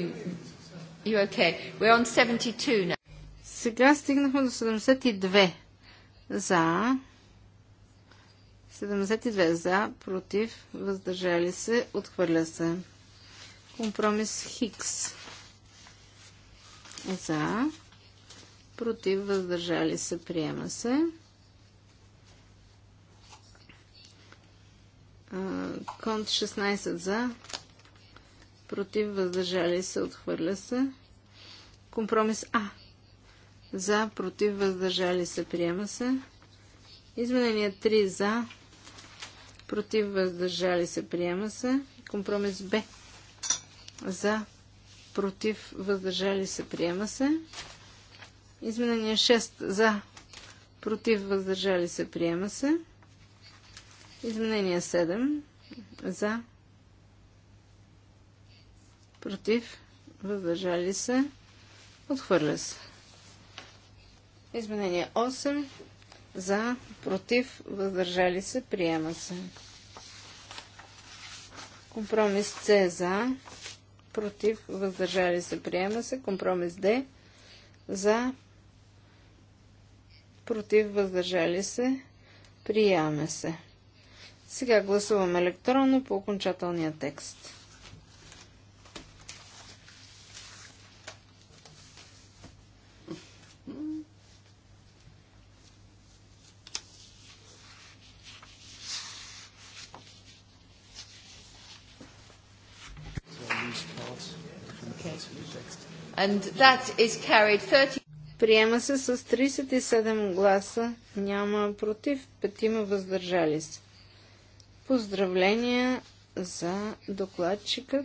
You okay? We're on 72 now. Сега стигнахме до 72. За. 72 за, против, въздържали се, отхвърля се. Компромис Хикс. За. Против. Въздържали се. Приема се. Конт 16 за. Против. Въздържали се. Отхвърля се. Компромис А. За. Против. Въздържали се. Приема се. Изменение 3 за. Против. Въздържали се. Приема се. Компромис Б за. Против. Въздържали се. Приема се. Изменение 6. За. Против. Въздържали се. Приема се. Изменение 7. За. Против. Въздържали се. Отхвърля се. Изменение 8. За, против, въздържали се, приема се. Компромис С за, против, въздържали се, приема се. Компромис Д за, против, въздържали се, приема се. Сега гласувам електронно по окончателния текст. And that is carried 30... Приема се с 37 гласа, няма против, петима въздържали се. Поздравления за докладчика.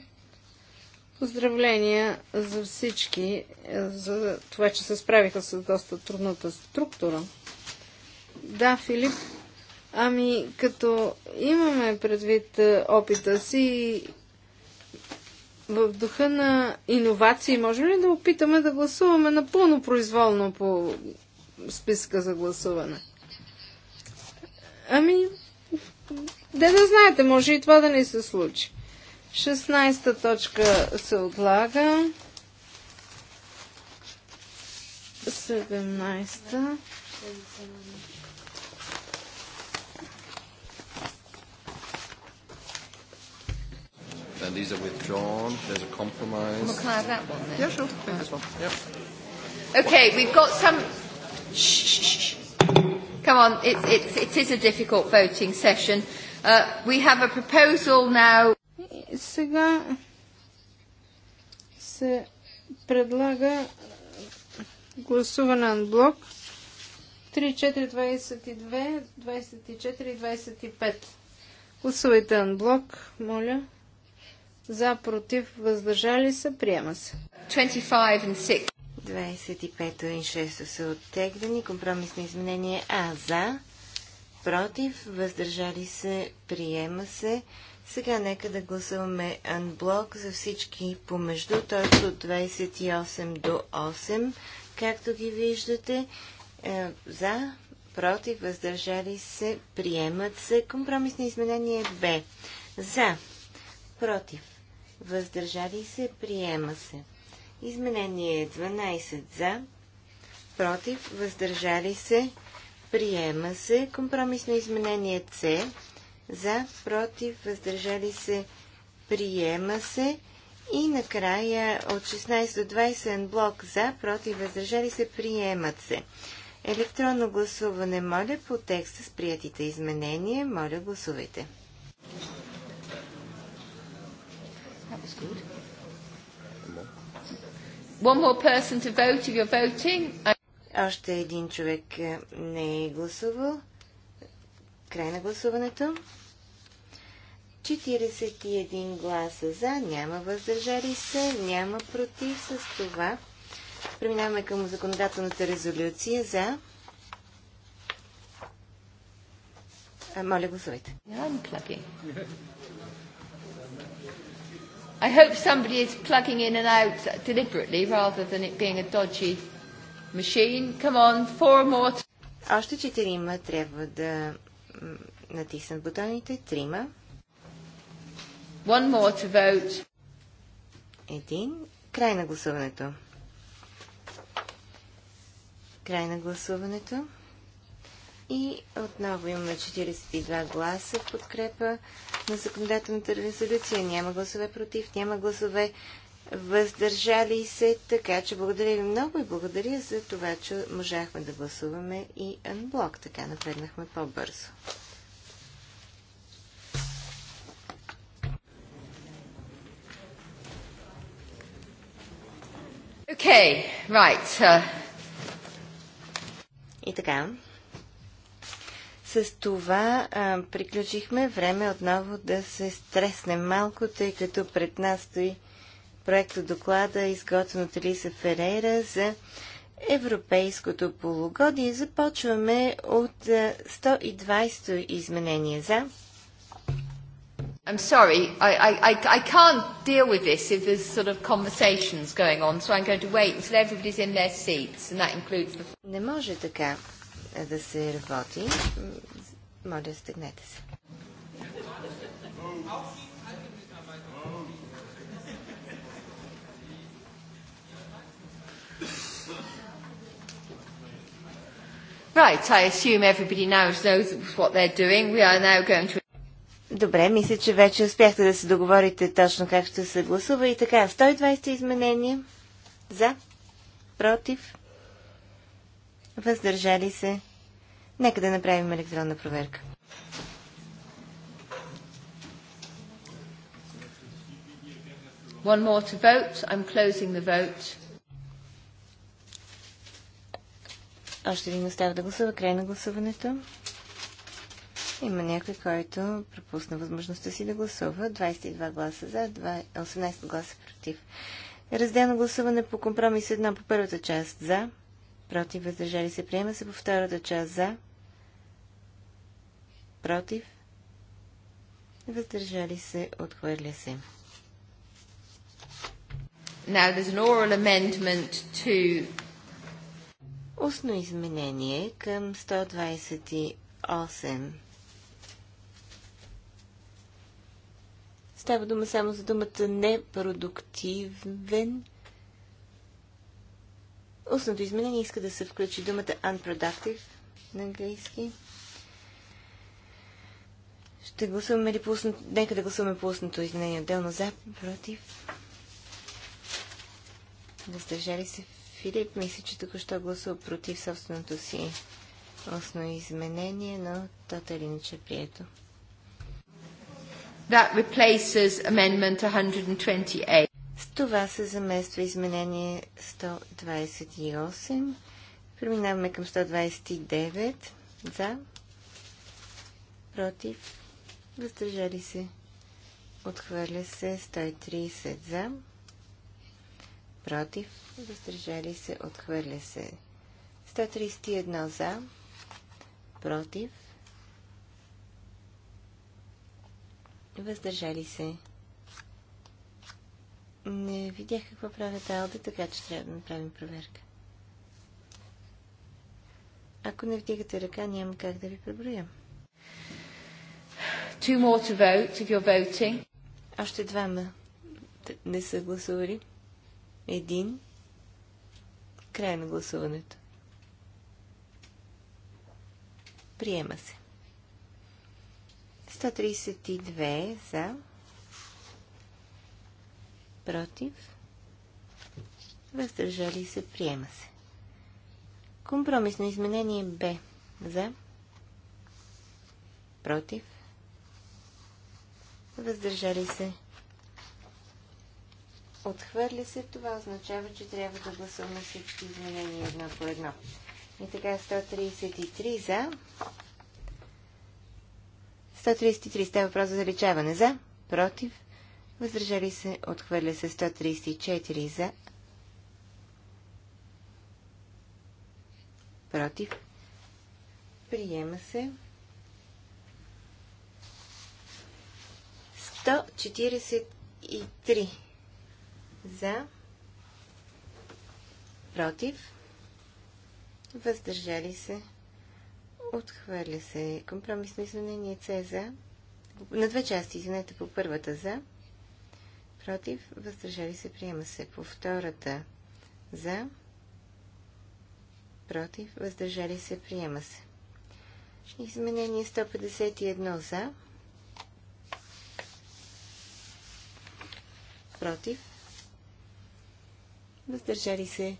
Поздравления за всички, е, за това, че се справиха с доста трудната структура. Да, Филип, ами като имаме предвид е, опита си в духа на иновации, можем ли да опитаме да гласуваме напълно произволно по списка за гласуване? Ами, де да знаете, може и това да ни се случи. 16-та точка се отлага. 17-та. and these are withdrawn. There's a compromise. Well, can I have that one then? Yeah, sure. Take this one. Yep. Okay, we've got some. Shh, shh, shh. Come on, it, it, it is a difficult voting session. Uh, we have a proposal now. Сега се предлага гласуване на блок 3, 4, 22, 24 и 25. Гласувайте на блок, моля за, против, въздържали се, приема се. 25 и 6 са оттеглени. Компромисно изменение А за, против, въздържали се, приема се. Сега нека да гласуваме анблок за всички помежду, т.е. от 28 до 8, както ги виждате. Е, за, против, въздържали се, приемат се. Компромисно изменение Б. За, против, въздържали се, приема се. Изменение 12 за, против, въздържали се, приема се. Компромисно изменение С за, против, въздържали се, приема се. И накрая от 16 до 20 блок за, против, въздържали се, приемат се. Електронно гласуване моля по текста с приятите изменения. Моля гласувайте good. One more person to vote if you're voting. Още един човек е, не е гласувал. Край на гласуването. 41 гласа за, няма въздържали се, няма против. С това преминаваме към законодателната резолюция за. моля, гласувайте. Yeah, I hope somebody is plugging in and out deliberately rather than it being a dodgy machine. Come on, four more. Още четирима трябва да натиснат бутоните. Трима. One more to vote. Един. Край на гласуването. Край на гласуването. И отново имаме 42 гласа в подкрепа на законодателната резолюция. Няма гласове против, няма гласове въздържали се. Така че благодаря ви много и благодаря за това, че можахме да гласуваме и анблок. Така напреднахме по-бързо. Okay, right. Uh... И така. С това а, приключихме. Време отново да се стреснем малко, тъй като пред нас стои проекта доклада, изготвен от Елиса Ферейра за европейското полугодие. Започваме от 120 изменение за. I'm sorry, I, I, I can't deal with this if there's sort of conversations going on, so I'm going to wait until everybody's in their seats, and that includes the... Не може така. Е да се работи. Моля, стегнете се. Right, I assume everybody now knows what they're doing. We are now going to... Добре, мисля, че вече успяхте да се договорите точно как ще се гласува и така. 120 изменения. За. Против въздържали се. Нека да направим електронна проверка. One more to vote. I'm closing the vote. Още един остава да гласува. Край на гласуването. Има някой, който пропусна възможността си да гласува. 22 гласа за, 18 гласа против. Разделно гласуване по компромис 1 по първата част за, против, въздържали се, приема се по втората част за, против, въздържали се, отхвърля се. Now there's an oral amendment to... Устно изменение към 128. Става дума само за думата непродуктивен Устното изменение иска да се включи думата unproductive на английски. Ще гласуваме ли по устното... Нека да гласуваме по устното изменение отделно за, против. Въздържали се Филип. Мисля, че току-що гласува против собственото си устно изменение, но тото или иначе е прието. That replaces amendment 128. Това се замества изменение 128. Преминаваме към 129. За. Против. Въздържали се. Отхвърля се 130 за. Против. Въздържали се. Отхвърля се. 131 за. Против. Въздържали се. Не видях какво правят Алди, така че трябва да направим проверка. Ако не вдигате ръка, няма как да ви преброя. Two more to vote if you're voting. Още двама не са гласували. Един. Край на гласуването. Приема се. 132 за против, въздържали се, приема се. Компромисно изменение Б за, против, въздържали се. Отхвърля се, това означава, че трябва да гласуваме всички изменения едно по едно. И така 133 за. 133 става въпрос за заличаване за. Против. Въздържали се, отхвърля се 134 за. Против. Приема се. 143 за. Против. Въздържали се. Отхвърля се. Компромисно изменение С за. На две части, извинете, по първата за против, въздържали се, приема се. По втората за, против, въздържали се, приема се. Изменение 151 за, против, въздържали се,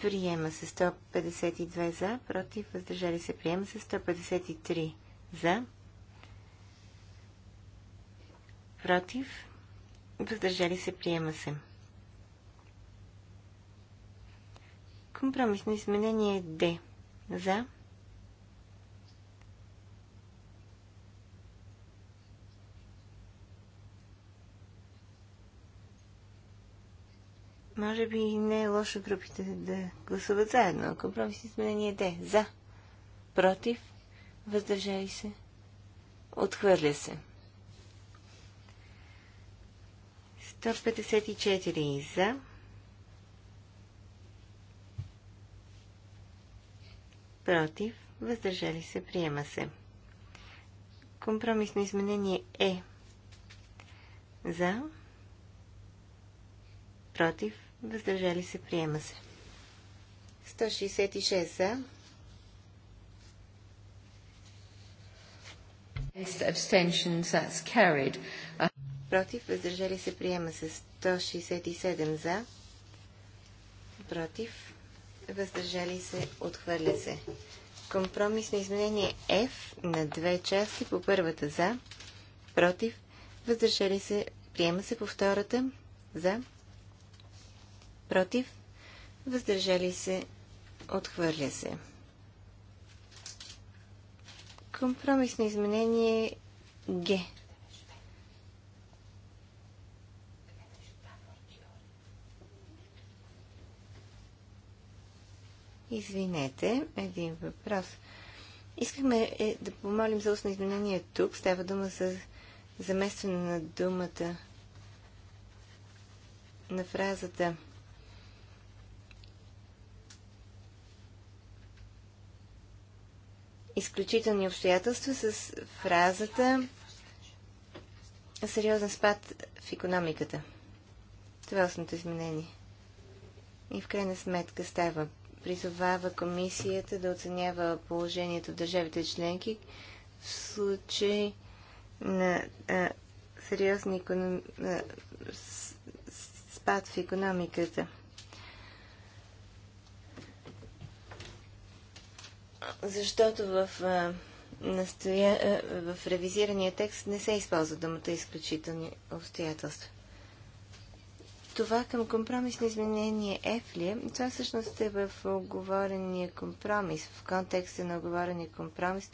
приема се 152 за, против, въздържали се, приема се 153 за, против, въздържали се, приема се. Компромисно изменение Д. За. Може би не е лошо групите да гласуват заедно. Компромисно изменение Д. За. Против, въздържали се, отхвърля се. 154 за. Против. Въздържали се. Приема се. Компромисно изменение е. За. Против. Въздържали се. Приема се. 166 за. Abstentions, that's carried против, въздържали се, приема се 167 за, против, въздържали се, отхвърля се. Компромисно изменение F на две части по първата за, против, въздържали се, приема се по втората за, против, въздържали се, отхвърля се. Компромисно изменение Г Извинете, един въпрос. Искахме е, да помолим за устно изменение тук. Става дума за заместване на думата на фразата изключителни обстоятелства с фразата сериозен спад в економиката. Това е основното изменение. И в крайна сметка става призовава комисията да оценява положението в държавите членки в случай на а, сериозни економ... а, спад в економиката. Защото в, а, настоя... а, в ревизирания текст не се използва думата изключителни обстоятелства това към компромисно изменение F ли е? Това всъщност е в оговорения компромис, в контекста на оговорения компромис.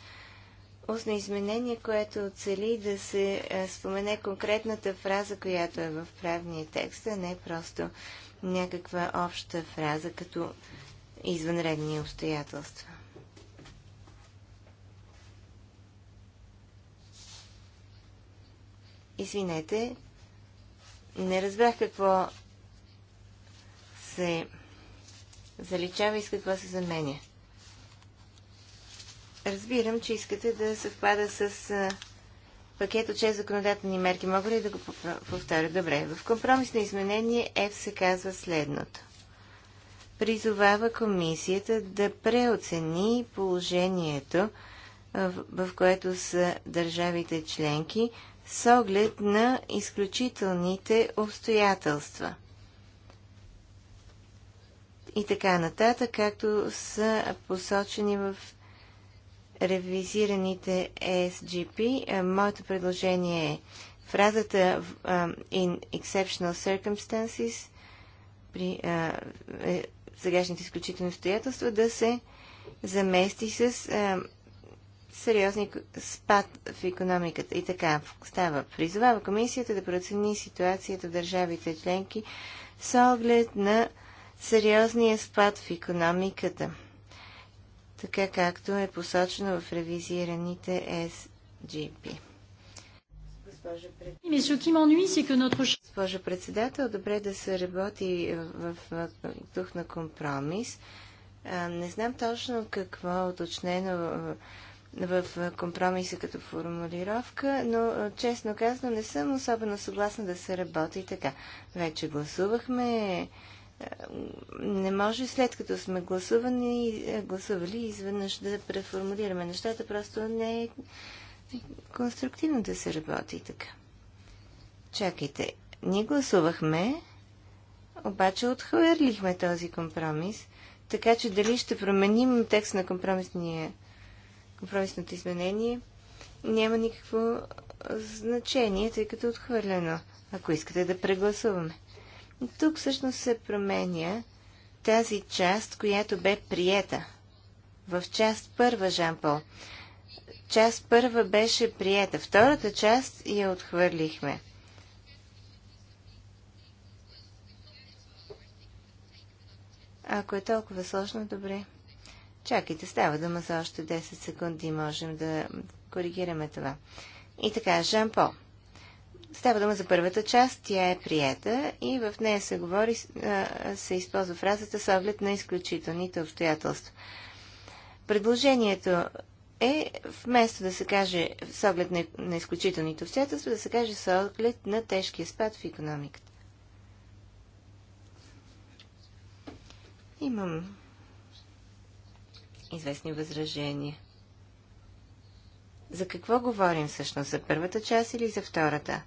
Устно изменение, което цели да се е, спомене конкретната фраза, която е в правния текст, а не просто някаква обща фраза, като извънредни обстоятелства. Извинете, не разбрах какво се заличава и с какво се заменя. Разбирам, че искате да съвпада с пакет от 6 законодателни мерки. Мога ли да го повторя? Добре. В компромис на изменение F се казва следното. Призовава комисията да преоцени положението, в което са държавите членки с оглед на изключителните обстоятелства. И така нататък, както са посочени в ревизираните SGP, моето предложение е фразата in exceptional circumstances при е, сегашните изключителни обстоятелства да се замести с сериозни спад в економиката. И така става. Призовава комисията да процени ситуацията в държавите членки с оглед на сериозния спад в економиката, така както е посочено в ревизираните SGP. Госпожо председател, добре да се работи в дух на компромис. Не знам точно какво е уточнено в компромиса като формулировка, но честно казано не съм особено съгласна да се работи така. Вече гласувахме. Не може след като сме гласувани, гласували изведнъж да преформулираме нещата. Просто не е конструктивно да се работи така. Чакайте. Ние гласувахме, обаче отхвърлихме този компромис, така че дали ще променим текст на компромисния компромисното изменение няма никакво значение, тъй като е отхвърлено, ако искате да прегласуваме. Тук всъщност се променя тази част, която бе приета. В част първа, Жан-Пол. Част първа беше приета. Втората част я отхвърлихме. Ако е толкова сложно, добре. Чакайте, става дума за още 10 секунди, можем да коригираме това. И така, Жан Пол. Става дума за първата част, тя е приета и в нея се говори, се използва фразата с оглед на изключителните обстоятелства. Предложението е вместо да се каже с оглед на, на изключителните обстоятелства, да се каже с оглед на тежкия спад в економиката. Имам известни възражения. За какво говорим всъщност? За първата част или за втората?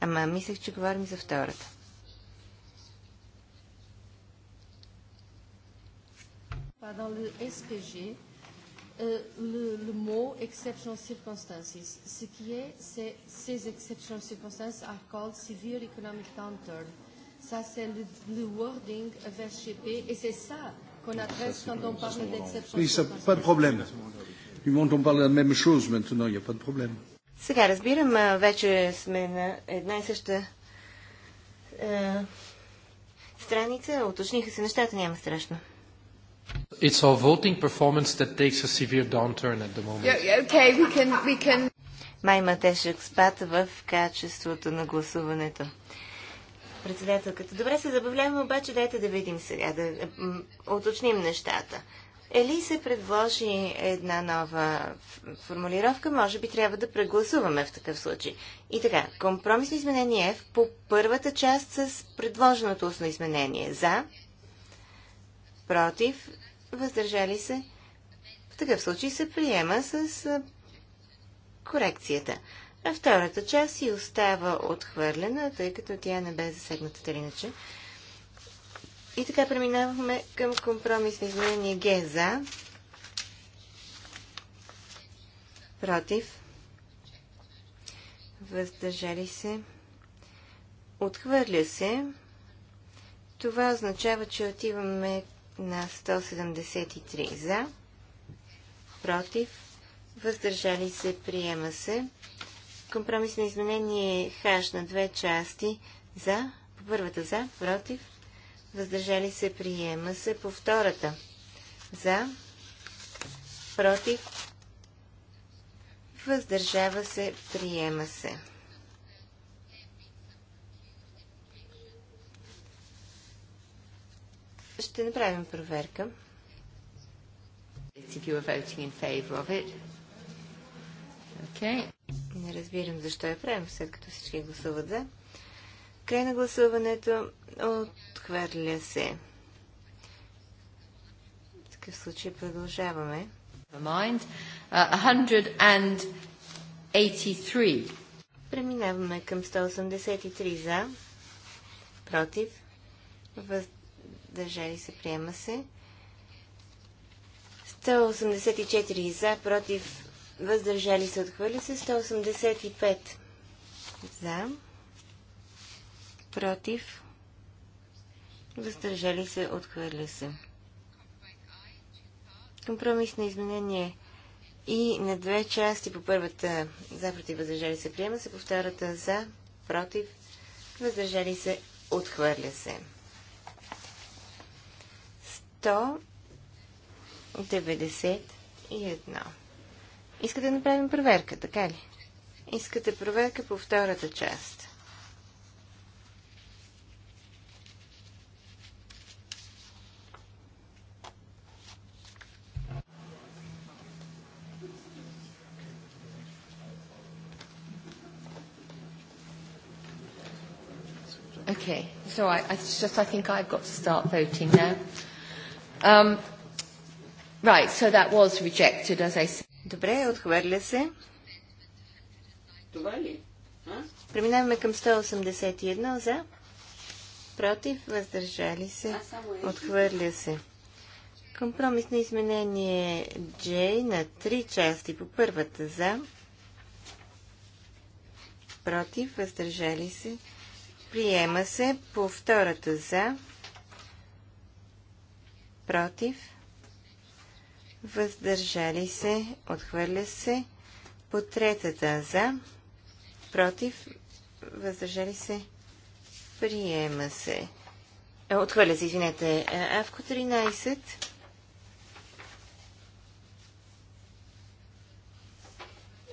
Ама мислех, че говорим за втората. dans le SPG euh, le, le mot exceptional circumstances. Ce qui est, c'est ces exceptional circumstances are called severe economic downturn. Ça, c'est le, le wording vers GP et c'est ça qu'on adresse quand on parle d'exception. Oui, ça, pas de problème. Du moment qu'on parle de la même chose maintenant, il n'y a pas de problème. Сега разбирам, вече сме на една и съща е, страница. Уточниха се нещата, няма страшно. It's our voting performance that takes a severe downturn at the moment. Yeah, okay, we can, we can... Май има тежък спад в качеството на гласуването председателката. Добре се забавляваме, обаче дайте да видим сега, да уточним нещата. Ели се предложи една нова формулировка, може би трябва да прегласуваме в такъв случай. И така, компромисно изменение F по първата част с предложеното устно изменение. За, против, въздържали се. В такъв случай се приема с корекцията а втората част и остава отхвърлена, тъй като тя не бе засегната тъй иначе. И така преминаваме към компромисно изменение Г за, против, въздържали се, отхвърля се. Това означава, че отиваме на 173 за, против, въздържали се, приема се. Компромисно изменение хаш на две части. За. По първата за. Против. Въздържали се. Приема се. По втората. За. Против. Въздържава се. Приема се. Ще направим проверка. If you are voting in of it. Okay. Не разбирам защо е правим, след като всички гласуват за. Край на гласуването отхвърля се. В такъв случай продължаваме. 183. Uh, Преминаваме към 183 за, против, въздържали се, приема се. 184 за, против, въздържали се, отхвърли се 185 за, против, въздържали се, отхвърля се. Компромис на изменение и на две части по първата за, против, въздържали се, приема се, по втората за, против, въздържали се, отхвърля се. 191 Искате да направим проверка, така ли? Искате проверка по втората част. Okay, it's all right. It's just I think I've got to start voting now. Um, right, so that was rejected, as I said. Добре, отхвърля се. Това ли? А? Преминаваме към 181 за. Против, въздържали се. Е. Отхвърля се. Компромисно изменение J на три части по първата за. Против, въздържали се. Приема се по втората за. Против, въздържали се, отхвърля се. По третата за, против, въздържали се, приема се. Е, отхвърля се, извинете. Авко 13.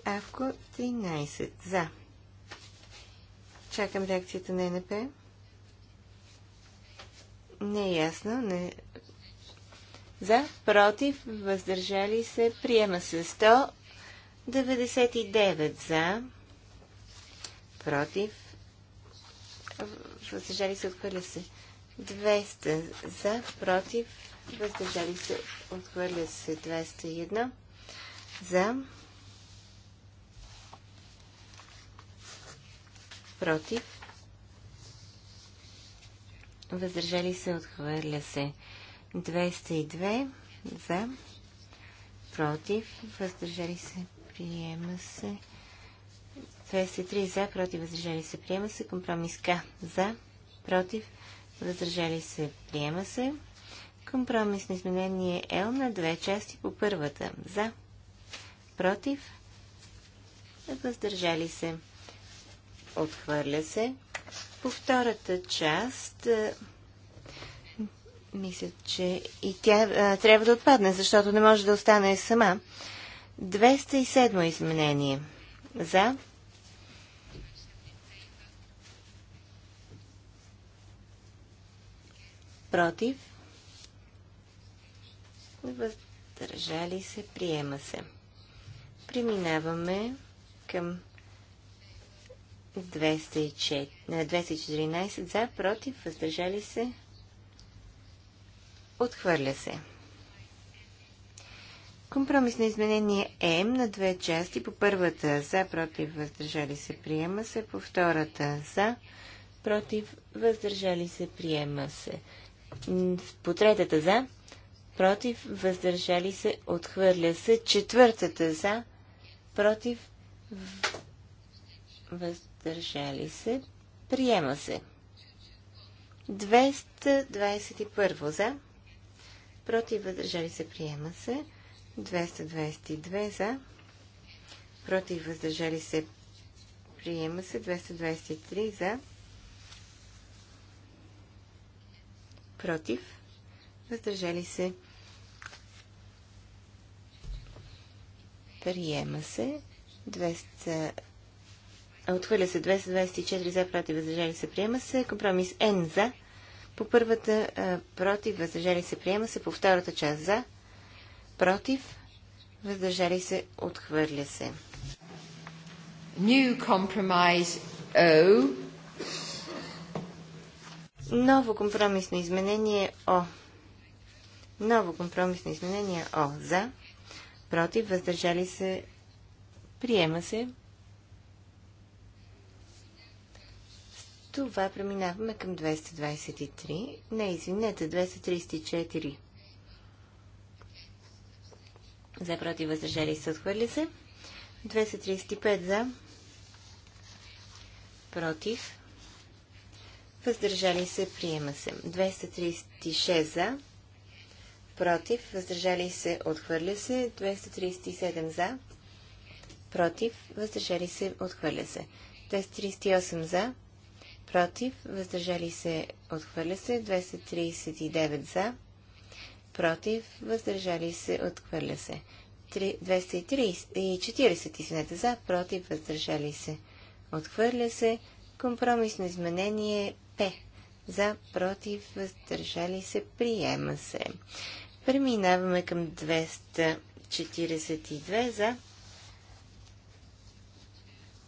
Авко 13. За. Чакам реакцията на НП. Не е ясно. Не за, против, въздържали се, приема се 199 за, против, въздържали се, отхвърля се 200 за, против, въздържали се, отхвърля се 201 за, против, въздържали се, отхвърля се 202 за, против, въздържали се, приема се. 203 за, против, въздържали се, приема се. Компромис К за, против, въздържали се, приема се. Компромис на изменение Л на две части по първата. За, против, въздържали се, отхвърля се. По втората част мисля, че и тя а, трябва да отпадне, защото не може да остане сама. 207 изменение. За. Против. Въздържали се. Приема се. Преминаваме към 214 за, против, въздържали се, Отхвърля се. Компромис на изменение М на две части. По първата за, против, въздържали се, приема се. По втората за, против, въздържали се, приема се. По третата за, против, въздържали се, отхвърля се. Четвъртата за, против, въздържали се, приема се. 221 за, против, въздържали се, приема се. 222 за, против, въздържали се, приема се. 223 за, против, въздържали се, приема се. 200 Отхвърля се 224 за, против, въздържали се, приема се. Компромис N за, по първата а, против, въздържали се, приема се. По втората част за, против, въздържали се, отхвърля се. New compromise O. Ново компромисно изменение О. Ново компромисно изменение О. За, против, въздържали се, приема се. това преминаваме към 223. Не, извинете, 234. За против въздържали се отхвърли се. 235 за. Против. Въздържали се приема се. 236 за. Против. Въздържали се отхвърля се. 237 за. Против. Въздържали се отхвърля се. 238 за против, въздържали се, отхвърля се, 239 за, против, въздържали се, отхвърля се, 240 извинете за, против, въздържали се, отхвърля се, компромисно изменение П, за, против, въздържали се, приема се. Преминаваме към 242 за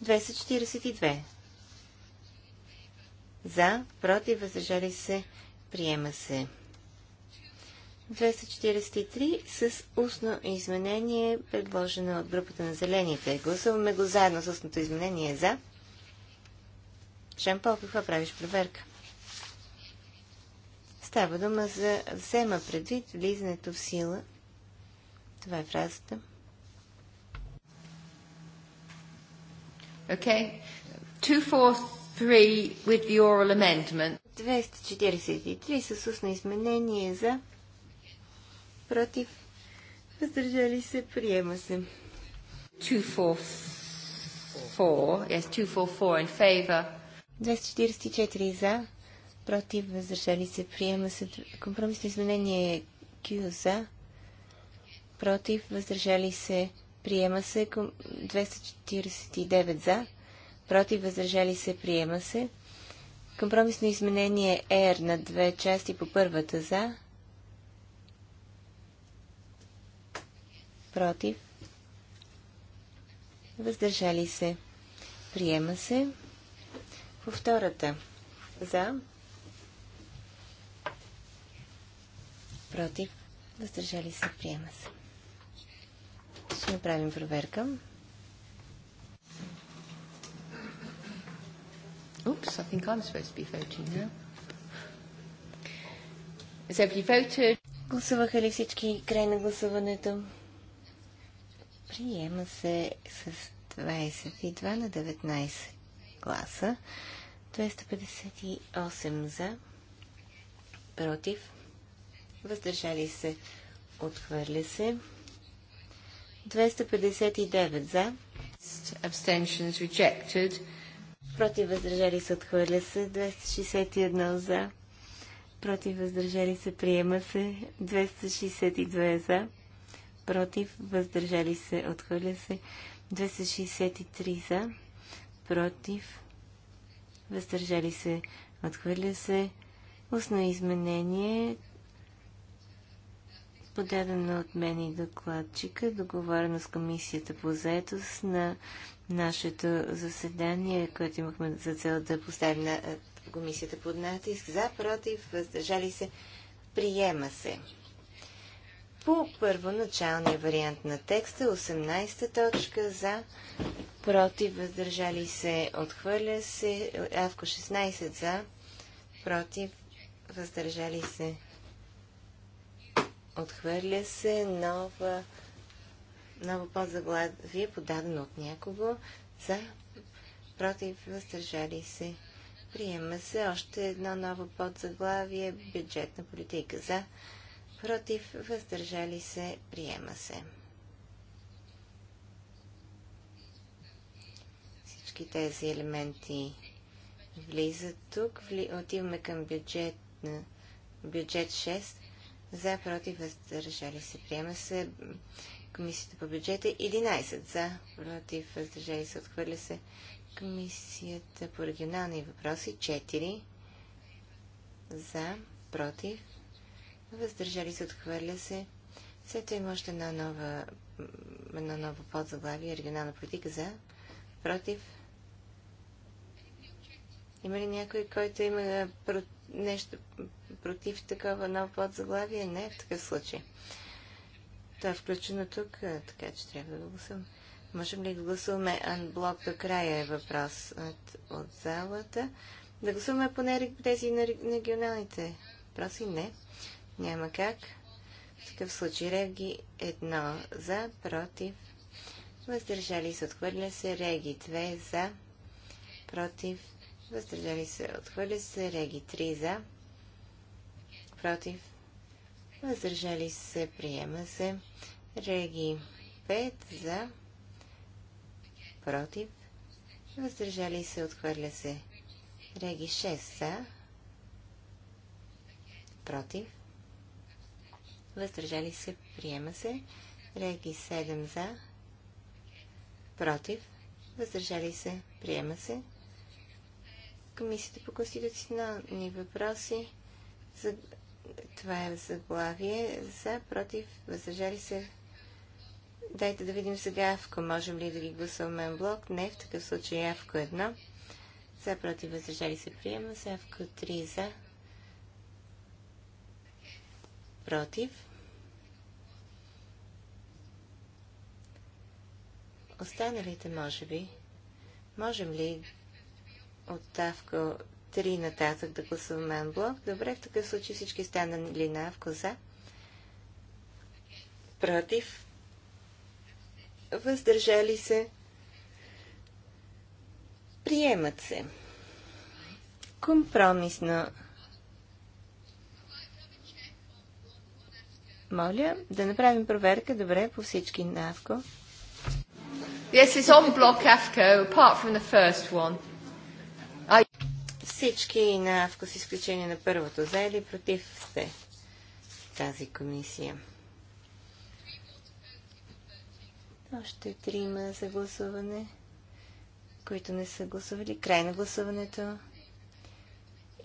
242 за, против, въздържали се, приема се. 243 с устно изменение, предложено от групата на зелените. Гласуваме го заедно с устното изменение за. Шампол, какво правиш проверка? Става дума за взема предвид влизането в сила. Това е фразата. Okay. Two, four, 243 with the oral amendment. 243 с устно изменение за против въздържали се приема се. 244 yes 244 in favor. 244 за против въздържали се приема се. Компромисно изменение Q за против въздържали се приема се 249 за против, въздържали се, приема се. Компромисно изменение R на две части по първата за, против, въздържали се, приема се. По втората за, против, въздържали се, приема се. Ще направим проверка. Oops, I think I'm supposed to be voting now. Is everybody voted? Гласуваха ли всички край на гласуването? Приема се с 22 на 19 гласа, 258 за, против, въздържали се, отхвърля се, 259 за, abstentions rejected, против въздържали се, отхвърля се, 261 за, против въздържали се, приема се, 262 за, против въздържали се, отхвърля се, 263 за, против въздържали се, отхвърля се, устно изменение подадена от мен и докладчика, договорена с комисията по заетост на нашето заседание, което имахме за цел да поставим на е, комисията под натиск. За, против, въздържали се, приема се. По първоначалния вариант на текста, 18-та точка, за, против, въздържали се, отхвърля се, авко 16 за, против, въздържали се, Отхвърля се нова, ново подзаглавие, подадено от някого. За, против, въздържали се. Приема се още едно ново подзаглавие – бюджетна политика. За, против, въздържали се. Приема се. Всички тези елементи влизат тук. Отиваме към бюджет, бюджет 6 за, против, въздържали се, приема се. Комисията по бюджета 11 за, против, въздържали се, отхвърля се. Комисията по регионални въпроси 4 за, против, въздържали се, отхвърля се. След това има още една нова, едно ново подзаглавие, регионална политика за, против. Има ли някой, който има нещо против такова ново подзаглавие? Не, в такъв случай. Това е включено тук, е, така че трябва да гласуваме. Можем ли да гласуваме анблок до края е въпрос от, от залата. Да гласуваме поне тези на регионалните въпроси? Не. Няма как. В такъв случай реги едно за, против, въздържали се, отхвърля се, реги 2 за, против, въздържали се, отхвърля се, реги 3 за, против, въздържали се, приема се. Реги 5 за, против, въздържали се, отхвърля се. Реги 6 за, против, въздържали се, приема се. Реги 7 за, против, въздържали се, приема се. Комисията по конституционални въпроси за това е заглавие. За, против, въздържали се. Дайте да видим сега Авко. Можем ли да ги гласуваме блок? Не, в такъв случай Авко 1. За, против, въздържали се. Приема се. Авко 3 за. Против. Останалите, може би. Можем ли от Авко Три нататък да гласуваме анблок. Добре, в такъв случай всички станали на в коза. Против. Въздържали се. Приемат се. Компромисно. Моля да направим проверка, добре, по всички на Yes, it's on block AFCO, apart from the first one. Всички на вкус изключение на първото за или против сте тази комисия. Още трима за гласуване, които не са гласували. Край на гласуването.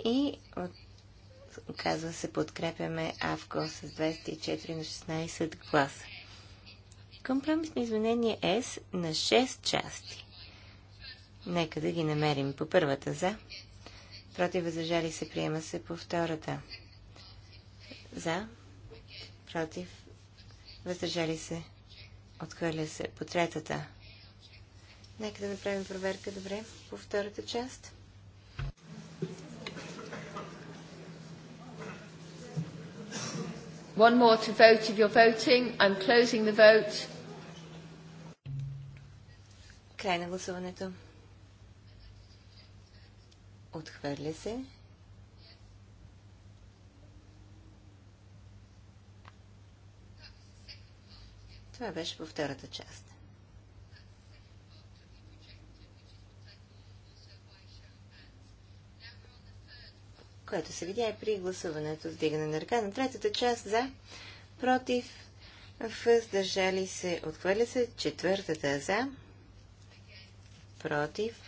И от... казва се подкрепяме АВКО с 24 на 16 гласа. Компромисно изменение С на 6 части. Нека да ги намерим по първата за, против, въздържали се, приема се по втората. За, против, въздържали се, отхвърля се по третата. Нека да направим проверка, добре, по втората част. One more to vote if you're voting. I'm closing the vote. Край на гласуването. Отхвърля се. Това беше по втората част. което се видя и при гласуването с дигане на ръка. На третата част за, против, въздържали се, отхвърля се, четвъртата за, против,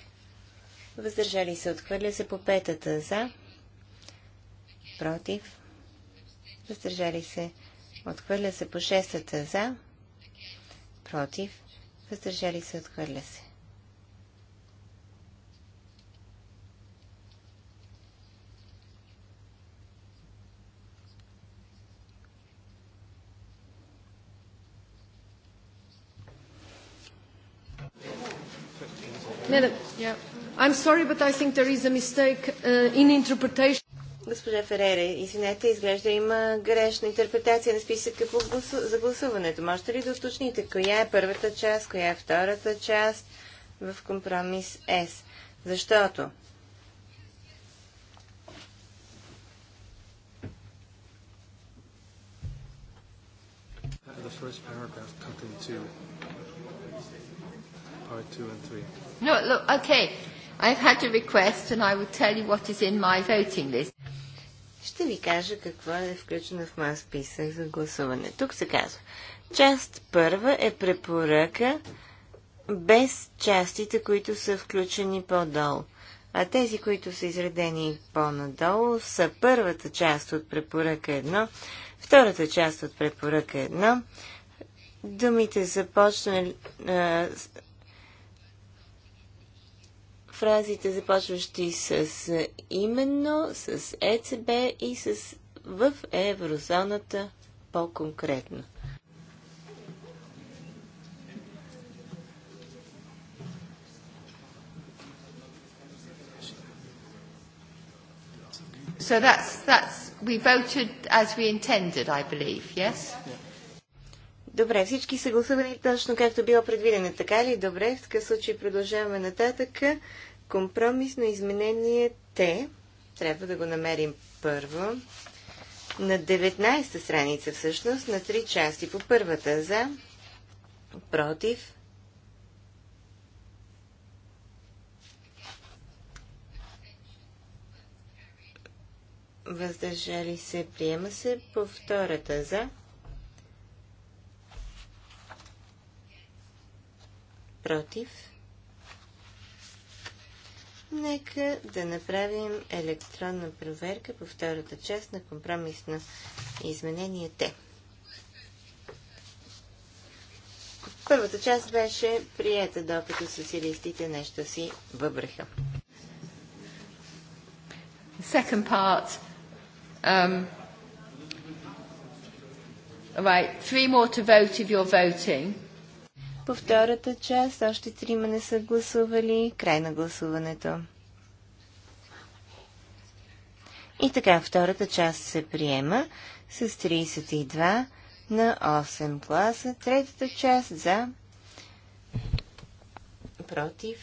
въздържали се, отхвърля се по петата за, против, въздържали се, отхвърля се по шестата за, против, въздържали се, отхвърля се. Yeah. I'm sorry, but I think there is a mistake uh, in interpretation. Госпожа Ферере, извинете, изглежда има грешна интерпретация на списъка по гласу... за гласуването. Можете ли да уточните коя е първата част, коя е втората част в компромис С? Защото the first paragraph cut in two. Part two and three. No, look, okay. I've had a request and I will tell you what is in my voting list. Ще ви кажа какво е включено в моя списък за гласуване. Тук се казва. Част първа е препоръка без частите, които са включени по-долу. А тези, които са изредени по-надолу, са първата част от препоръка 1, втората част от препоръка 1, думите започнали, фразите, започващи с е, именно, с ЕЦБ и с в еврозоната по-конкретно. So that's, that's, we voted as we intended, I believe, yes? Добре, всички са гласувани точно както било предвидено, така ли? Добре, в такъв случай продължаваме нататък. Компромисно изменение Т, трябва да го намерим първо, на 19-та страница всъщност, на три части. По първата за, против, въздържали се, приема се по втората за, против, Нека да направим електронна проверка по втората част на компромисно изменение Т. Първата част беше приятел, докато социалистите нещо си въбраха. Second part. Um, right, three more to vote if you're voting. По втората част още трима не са гласували. Край на гласуването. И така, втората част се приема с 32 на 8 гласа. Третата част за против.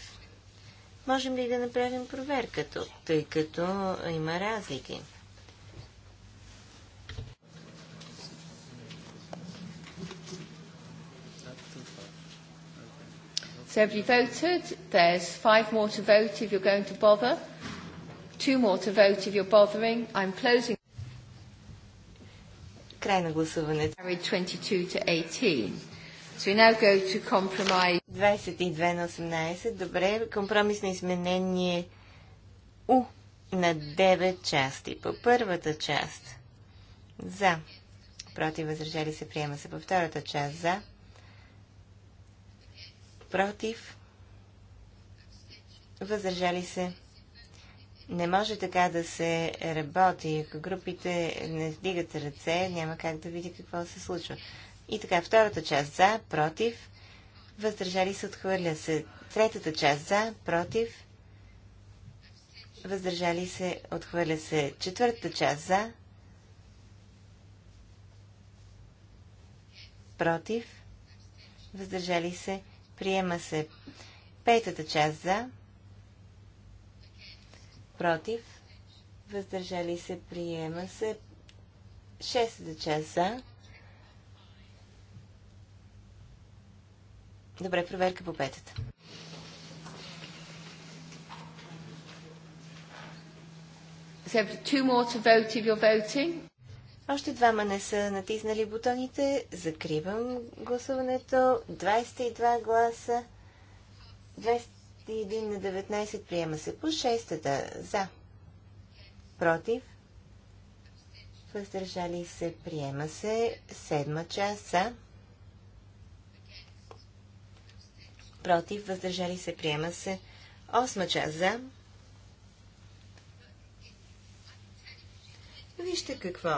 Можем ли да направим проверка, тъй като има разлики? So have you voted? There's five more to vote if you're going to bother. Two more to vote if you're bothering. I'm closing. Край на гласуването. 22 to 18. So we now go to compromise. 22 на 18. Добре, Компромис на изменение У на 9 части. По първата част за. Против възражали се приема се. По втората част за против, въздържали се. Не може така да се работи. Ако групите не вдигат ръце, няма как да види какво се случва. И така, втората част за, против, въздържали се, отхвърля се. Третата част за, против, въздържали се, отхвърля се. Четвъртата част за, против, въздържали се, Приема се петата част за. Против. Въздържали се. Приема се шестата част за. Добре, проверка по петата. So two more to vote if you're voting. Още двама не са натиснали бутоните. Закривам гласуването. 22 гласа. 21 на 19 приема се по 6-та. За. Против. Въздържали се. Приема се. Седма часа. Против. Въздържали се. Приема се. Осма часа За. Вижте какво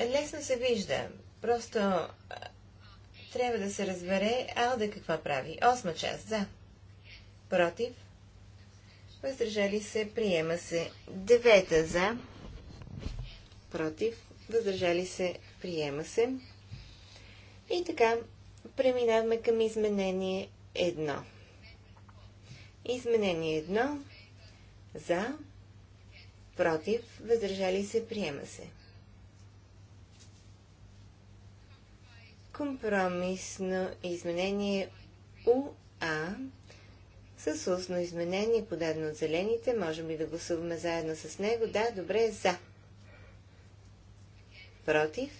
лесно се вижда. Просто трябва да се разбере Алда какво прави. Осма част. За. Против. Въздържали се. Приема се. Девета. За. Против. Въздържали се. Приема се. И така, преминаваме към изменение 1. Изменение 1. За. Против. Въздържали се. Приема се. компромисно изменение УА с устно изменение, подадено от зелените. Можем ли да гласуваме заедно с него? Да, добре, за. Против?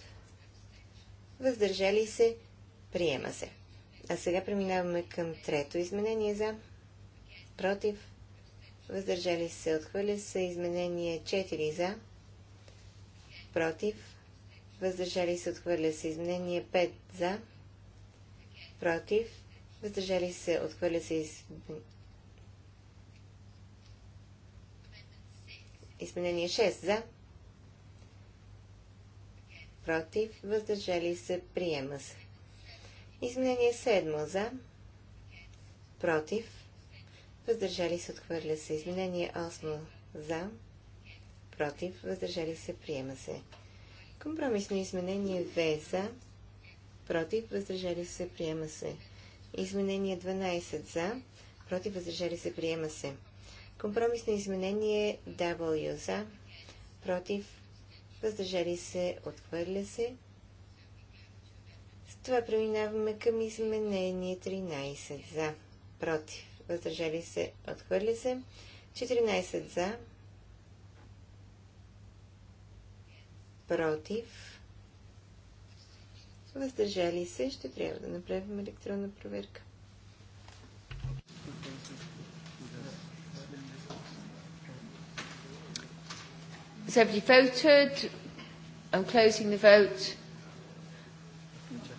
Въздържали се? Приема се. А сега преминаваме към трето изменение за. Против? Въздържали се? Отхвърля се изменение 4 за. Против? въздържали се, отхвърля се. Изменение 5 за, против, въздържали се, отхвърля се. Из... Изменение 6 за, против, въздържали се, приема се. Изменение 7 за, против, въздържали се, отхвърля се. Изменение 8 за, против, въздържали се, приема се. Компромисно изменение В за, против, възражали се, приема се. Изменение 12 за, против, възражали се, приема се. Компромисно изменение W за, против, въздържали се, отхвърля се. С това преминаваме към изменение 13 за, против, въздържали се, отхвърля се. 14 за, против, въздържали се, ще трябва да направим електронна проверка. Has everybody voted? I'm closing the vote.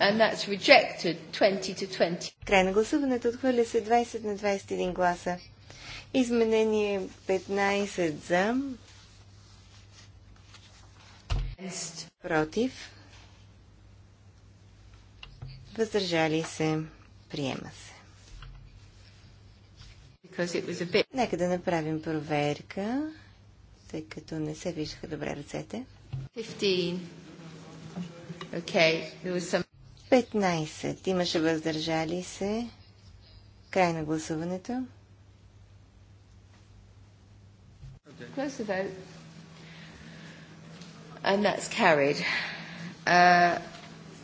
And that's rejected 20 to 20. Край на гласуването отхвърля се 20 на 21 гласа. Изменение 15 за, Против. Въздържали се. Приема се. Bit... Нека да направим проверка, тъй като не се виждаха добре ръцете. 15. Okay. Some... 15. Имаше въздържали се. Край на гласуването. And that's carried. Uh,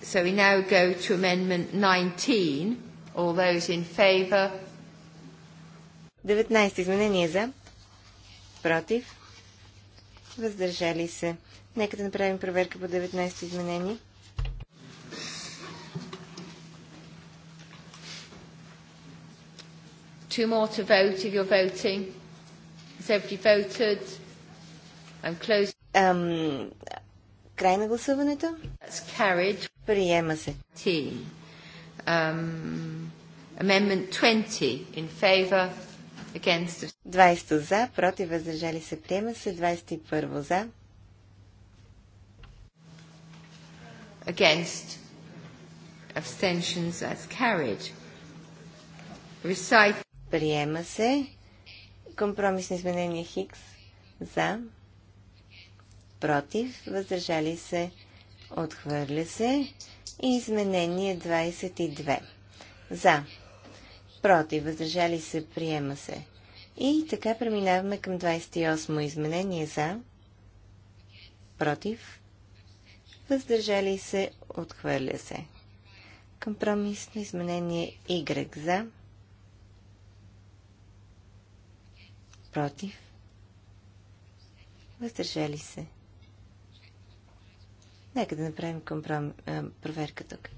so we now go to Amendment 19. All those in favour? 19 изменения за. Против. Въздържали се. Нека да направим проверка по 19 изменение. Two more to vote if you're voting. Has everybody voted? I'm closing. Ам, край на гласуването. Приема се. T. amendment 20 in favor against... 20 за, против, въздържали се, приема се. 21 за. Against. Abstentions, as carried. Recite... Приема се. Компромисни изменения Хикс. За против, въздържали се, отхвърля се. И изменение 22. За, против, въздържали се, приема се. И така преминаваме към 28 изменение за, против, въздържали се, отхвърля се. Компромисно изменение Y за, против, въздържали се, Нека да направим компром... проверка тук.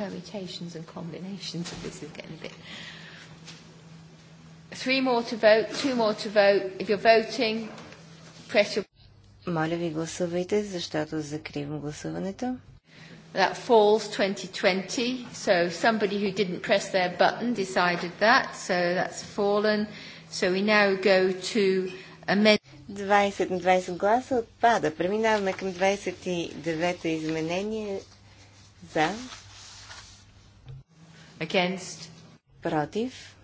Permutations and combinations of this is getting a bit. Three more to vote, two more to vote. If you're voting, press your... Моля ви гласувайте, защото закривам гласуването. That falls 2020. So somebody who didn't press their button decided that. So that's fallen. So we now go to amend. 20 на 20 гласа отпада. Преминаваме към 29 та изменение за. Against. Против.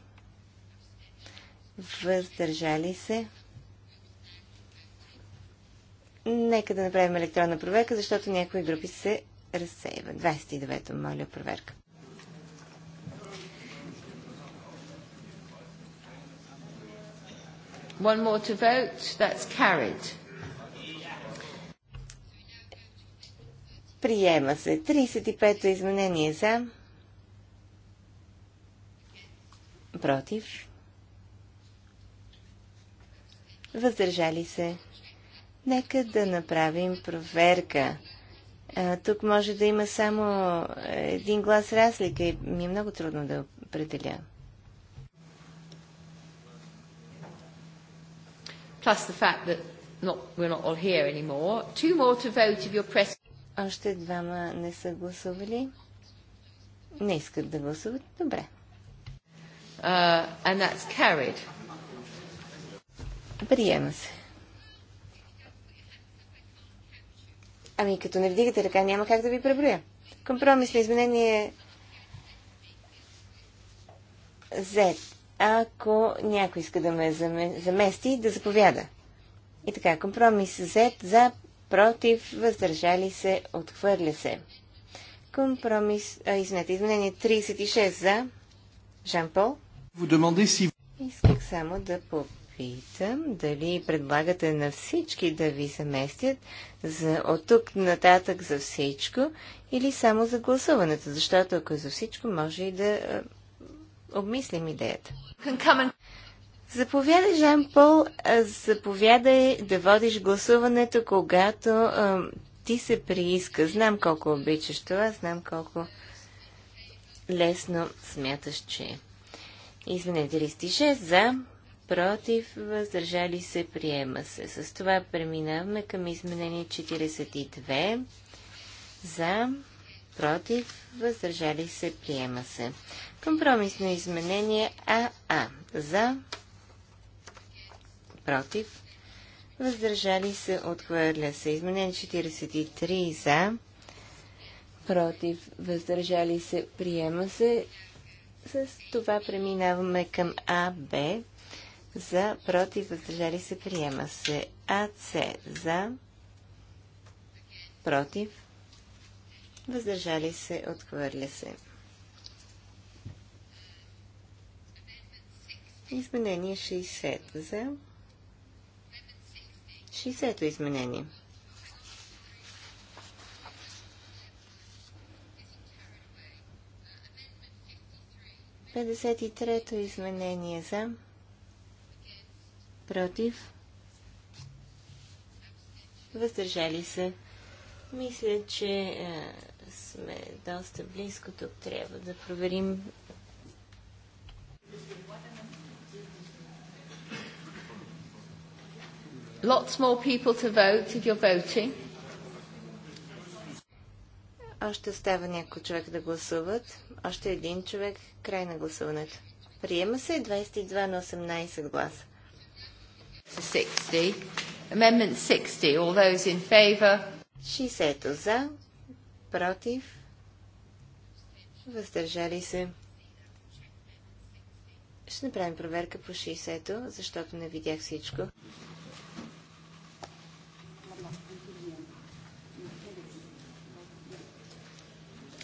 Въздържали се. Нека да направим електронна проверка, защото някои групи се разсеиват. 29 та моля, проверка. One more to vote. That's carried. Приема се. 35-то изменение за. Против. Въздържали се. Нека да направим проверка. А, тук може да има само един глас разлика и ми е много трудно да определя. plus the fact that not, we're not all here anymore. Two more to vote if you're pressing. Още двама не са гласували. Не искат да гласуват. Добре. Uh, and that's carried. Приема се. Ами като не вдигате ръка, няма как да ви преброя. Компромисно изменение Z ако някой иска да ме замести, да заповяда. И така, компромис Z за, против, въздържали се, отхвърля се. Компромис, а, извинете, изменение 36 за, Жан-Пол. Исках само да попитам дали предлагате на всички да ви заместят за от тук нататък за всичко или само за гласуването, защото ако е за всичко, може и да обмислим идеята. Заповядай, Жан Пол, заповядай да водиш гласуването, когато а, ти се прииска. Знам колко обичаш това, знам колко лесно смяташ, че е. Измене 36 за, против, въздържали се, приема се. С това преминаваме към изменение 42 за, против, въздържали се, приема се. Компромисно изменение АА. За, против, въздържали се, отхвърля се. Изменение 43 за, против, въздържали се, приема се. С това преминаваме към АБ. За, против, въздържали се, приема се. АЦ за, против, въздържали се, отхвърля се. Изменение 60 за 60-то изменение. Петдесет и трето изменение за против въздържали се. Мисля, че е, сме доста близко тук. Трябва да проверим. Lots more people to vote if you're voting. Още остава някой човек да гласуват. Още един човек. Край на гласуването. Приема се 22 на 18 гласа. 60. Amendment 60. All those in favor. 60 за. Против. Въздържали се. Ще направим проверка по 60-то, защото не видях всичко.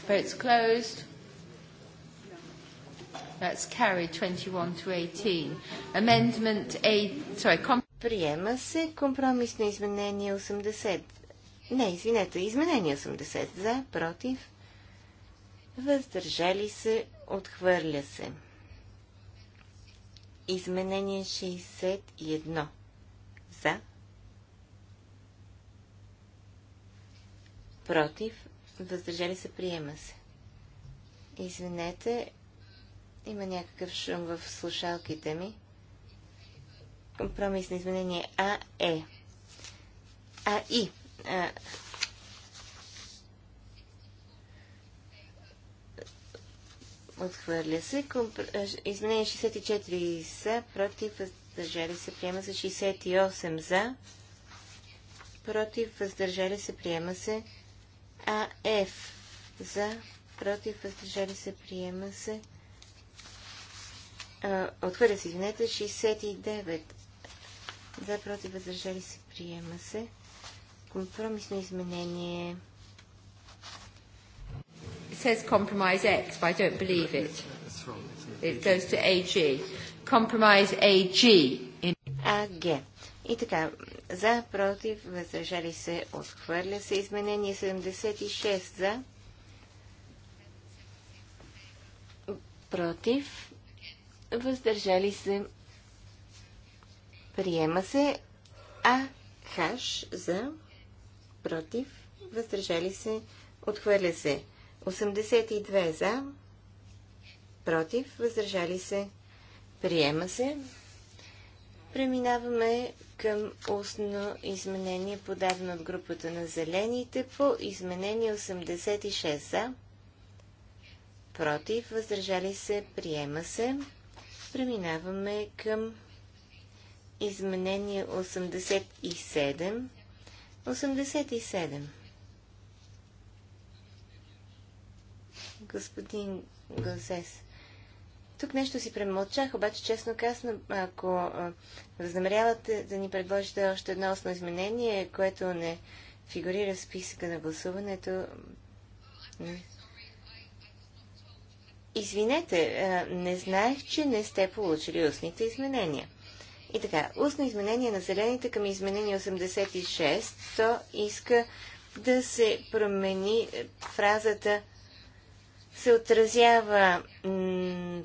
Votes closed. That's carried 21 to 18. Amendment 8, sorry, com- Приема се компромисно изменение 80. Не, извинете, изменение 80. За, против, въздържали се, отхвърля се. Изменение 61. За, против, въздържали се, приема се. Извинете, има някакъв шум в слушалките ми. Компромисно на изменение А е. А и. А... Отхвърля се. Компр... Изменение 64 са. против, въздържали се, приема се 68 за, против, въздържали се, приема се АФ за против въздържали се приема се отхвърля се извинете 69 за против въздържали се приема се компромисно изменение It says compromise X, but I don't believe it. It goes to AG. Compromise AG. In... AG и така, за, против, въздържали се, отхвърля се. Изменение 76 за, против, въздържали се, приема се, а хаш за, против, въздържали се, отхвърля се. 82 за, против, въздържали се, приема се. Преминаваме към устно изменение, подадено от групата на зелените по изменение 86 за. Против, въздържали се, приема се. Преминаваме към изменение 87. 87. Господин Гозес. Тук нещо си премълчах, обаче честно казано, ако възнамерявате да ни предложите още едно основно изменение, което не фигурира в списъка на гласуването, Извинете, не знаех, че не сте получили устните изменения. И така, устно изменение на зелените към изменение 86, то иска да се промени е, фразата се отразява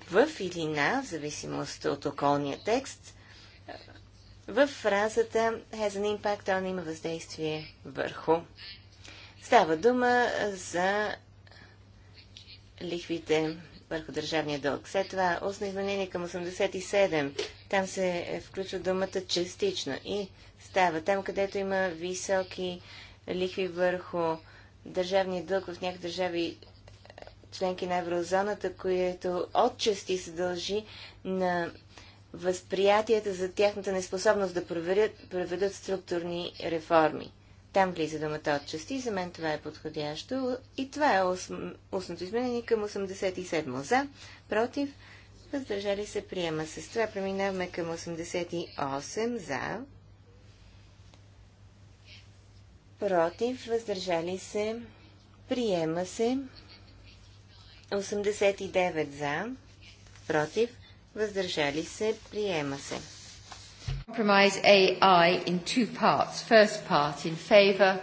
в или на, в зависимост от околния текст, в фразата has an impact on има въздействие върху. Става дума за лихвите върху държавния дълг. След това устно изменение към 87. Там се включва думата частично и става там, където има високи лихви върху държавния дълг в някакви държави членки на еврозоната, което отчасти се дължи на възприятията за тяхната неспособност да проверят, проведат структурни реформи. Там влиза думата отчасти, за мен това е подходящо. И това е устното изменение към 87 за, против, въздържали се, приема се. С това преминаваме към 88 за, против, въздържали се, приема се. 89 за, против, въздържали се, приема се. Compromise AI in two parts. First part in favor.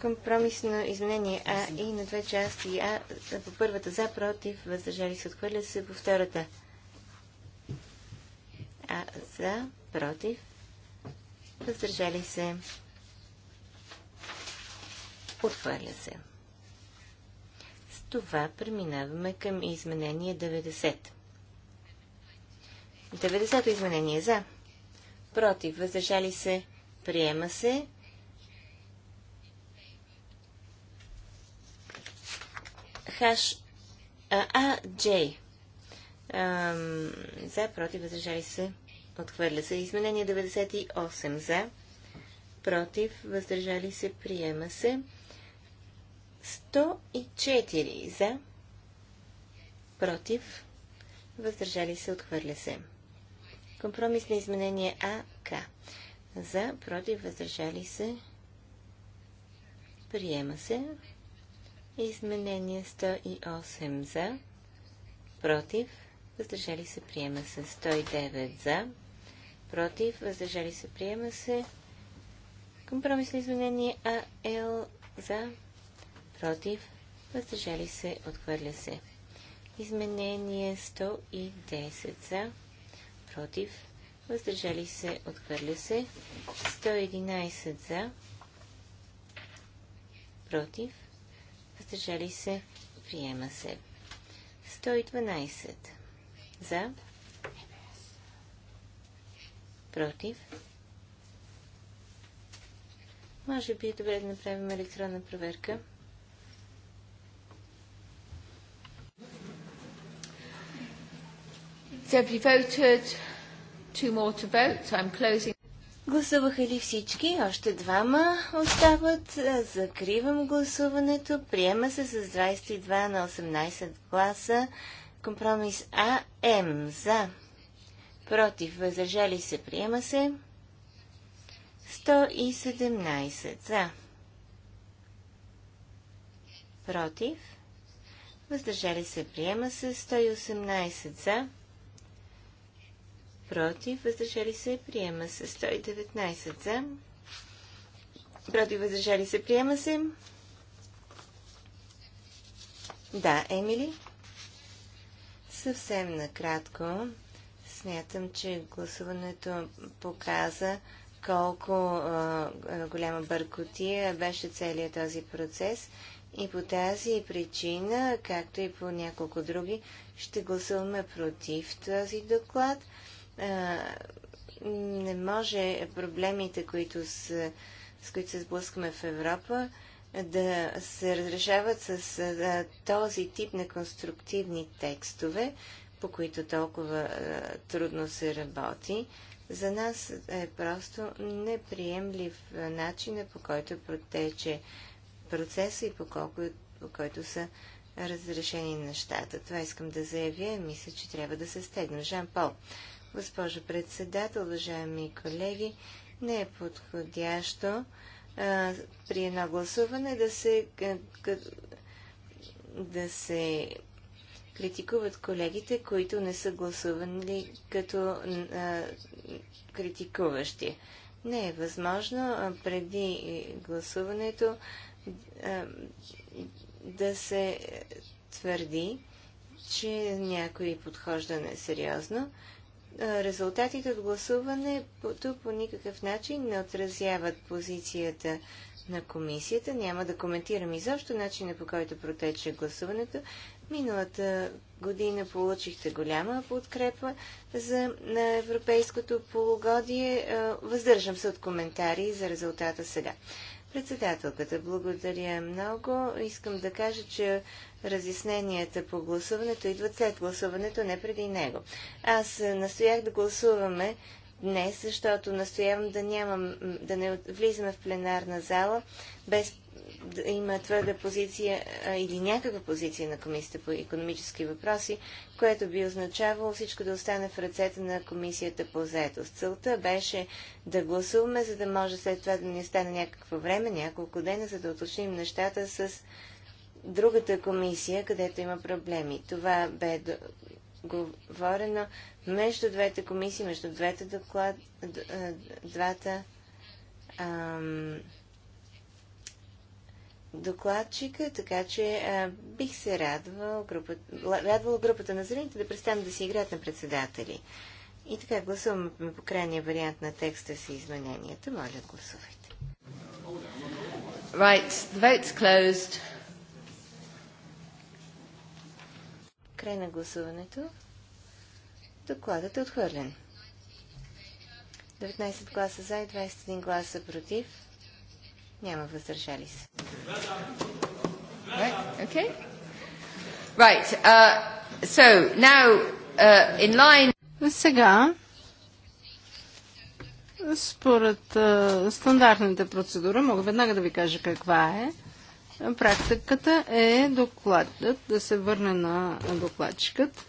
Компромисно изменение А и на две части А по първата за, против, въздържали се, отхвърля се по втората. А за, против, въздържали се, отхвърля се това преминаваме към изменение 90. 90-то изменение за. Против. Въздържали се. Приема се. Хаш. А, Джей. за. Против. Въздържали се. Отхвърля се. Изменение 98 за. Против. Въздържали се. Приема се. 104 за, против, въздържали се, отхвърля се. Компромис на изменение АК. За, против, въздържали се, приема се. Изменение 108 за, против, въздържали се, приема се. 109 за, против, въздържали се, приема се. Компромисно изменение АЛ за, против, въздържали се, отхвърля се. Изменение 110 за, против, въздържали се, отхвърля се. 111 за, против, въздържали се, приема се. 112 за, против. Може би е добре да направим електронна проверка. Гласуваха ли всички? Още двама остават. Закривам гласуването. Приема се с 22 на 18 гласа. Компромис А. М. За. Против. Въздържали се. Приема се. 117. За. Против. Въздържали се. Приема се. 118. За против, въздържали се, приема се. 119 за, против, въздържали се, приема се. Да, Емили. Съвсем накратко, смятам, че гласуването показа колко а, голяма бъркотия беше целият този процес и по тази причина, както и по няколко други, ще гласуваме против този доклад не може проблемите, които с, с които се сблъскаме в Европа, да се разрешават с а, този тип на конструктивни текстове, по които толкова а, трудно се работи. За нас е просто неприемлив начина по който протече процеса и по, колко, по който са разрешени нещата. Това искам да заявя и мисля, че трябва да се стегна. Жан Пол, Госпожо председател, уважаеми колеги, не е подходящо а, при едно гласуване да се, да се критикуват колегите, които не са гласували като а, критикуващи. Не е възможно а, преди гласуването а, да се твърди, че някой подхожда несериозно резултатите от гласуването по никакъв начин не отразяват позицията на комисията. Няма да коментирам изобщо начина по който протече гласуването. Миналата година получихте голяма подкрепа за, на европейското полугодие. Въздържам се от коментари за резултата сега. Председателката, благодаря много. Искам да кажа, че разясненията по гласуването идват след гласуването, не преди него. Аз е, настоях да гласуваме днес, защото настоявам да, нямам, да не влизаме в пленарна зала без да има твърда позиция а, или някаква позиция на Комисията по економически въпроси, което би означавало всичко да остане в ръцете на Комисията по заедост. Целта беше да гласуваме, за да може след това да ни остане някакво време, няколко дена, за да уточним нещата с другата комисия, където има проблеми. Това бе говорено между двете комисии, между двете доклад, двата ам, докладчика, така че а, бих се радвал групата, радвал групата на зрените да престанат да си играят на председатели. И така гласуваме по крайния вариант на текста си измененията. Моля, гласувайте. Right, the vote's closed. Край на гласуването. Докладът е отхвърлен. 19 гласа за и 21 гласа против. Няма въздържали се. Right, okay. Right, uh, so now uh, in line... Сега, според uh, стандартната процедура, мога веднага да ви кажа каква е. Практиката е докладът да се върне на докладчикът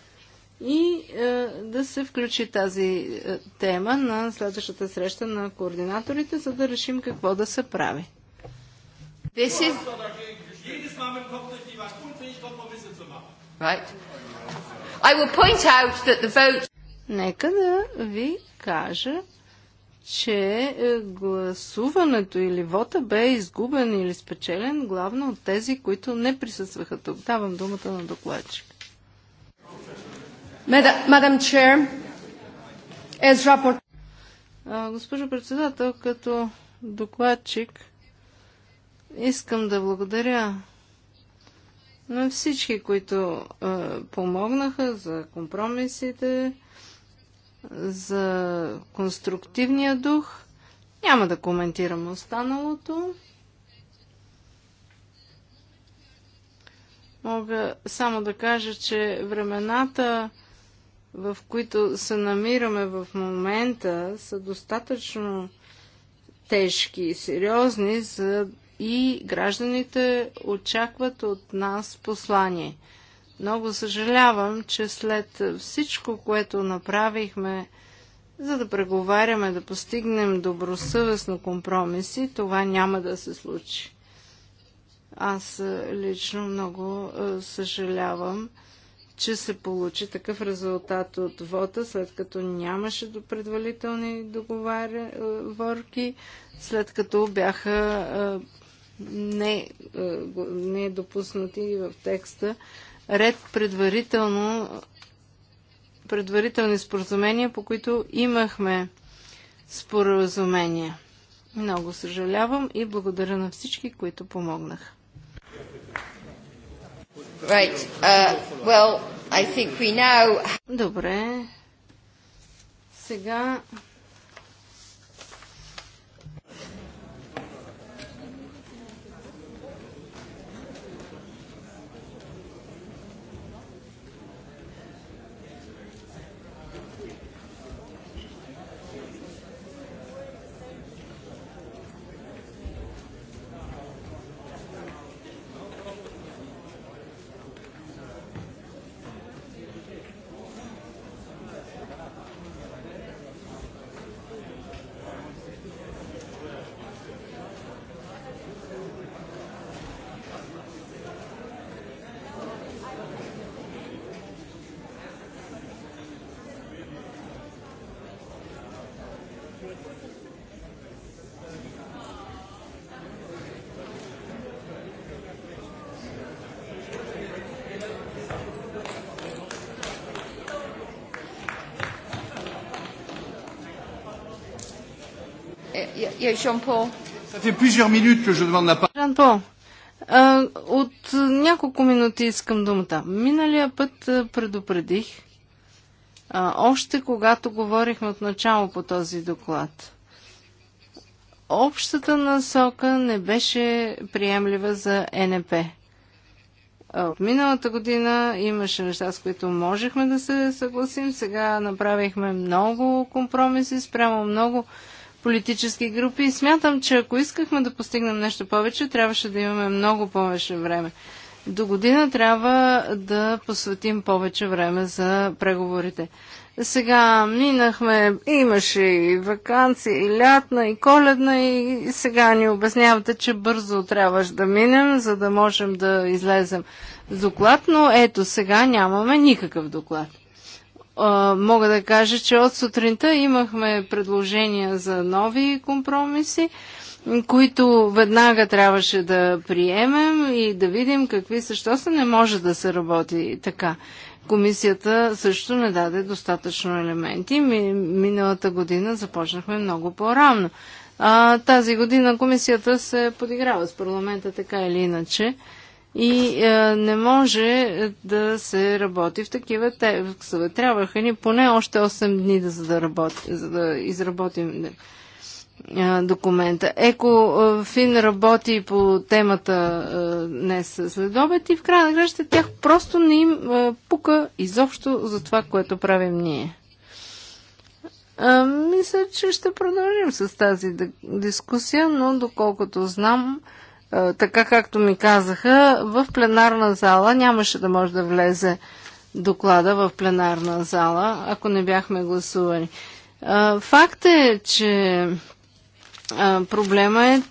и е, да се включи тази е, тема на следващата среща на координаторите, за да решим какво да се прави. This is Right. I will point out that the vote... Нека да ви кажа, че е, гласуването или вота бе изгубен или спечелен главно от тези, които не присъстваха тук. Давам думата на докладчик. Мадам Чер, Госпожо председател, като докладчик Искам да благодаря на всички, които е, помогнаха за компромисите, за конструктивния дух. Няма да коментирам останалото. Мога само да кажа, че времената, в които се намираме в момента, са достатъчно тежки и сериозни, за и гражданите очакват от нас послание. Много съжалявам, че след всичко, което направихме, за да преговаряме, да постигнем добросъвестно компромиси, това няма да се случи. Аз е, лично много е, съжалявам, че се получи такъв резултат от вота, след като нямаше до предварителни договорки, е, след като бяха не, е, не е допуснати в текста ред предварително предварителни споразумения, по които имахме споразумения. Много съжалявам и благодаря на всички, които помогнаха. Right. Uh, well, now... Добре. Сега Жан-Пол. пол от няколко минути искам думата. Миналия път предупредих, още когато говорихме от начало по този доклад. Общата насока не беше приемлива за НП. От миналата година имаше неща, с които можехме да се съгласим. Сега направихме много компромиси спрямо много политически групи и смятам, че ако искахме да постигнем нещо повече, трябваше да имаме много повече време. До година трябва да посветим повече време за преговорите. Сега минахме, имаше и вакансия, и лятна, и коледна, и сега ни обяснявате, че бързо трябваше да минем, за да можем да излезем с доклад, но ето сега нямаме никакъв доклад а, мога да кажа, че от сутринта имахме предложения за нови компромиси, които веднага трябваше да приемем и да видим какви също се не може да се работи така. Комисията също не даде достатъчно елементи. Ми, миналата година започнахме много по-равно. А, тази година комисията се подиграва с парламента така или иначе. И е, не може да се работи в такива текстове. Трябваха ни поне още 8 дни да, за да, работи, за да изработим е, документа. Еко е, Фин работи по темата е, днес след обед и в края на гръща тях просто не им е, пука изобщо за това, което правим ние. А, е, мисля, че ще продължим с тази дискусия, но доколкото знам, е, така както ми казаха, в пленарна зала нямаше да може да влезе доклада в пленарна зала, ако не бяхме гласували. Е, факт е, че е, проблема е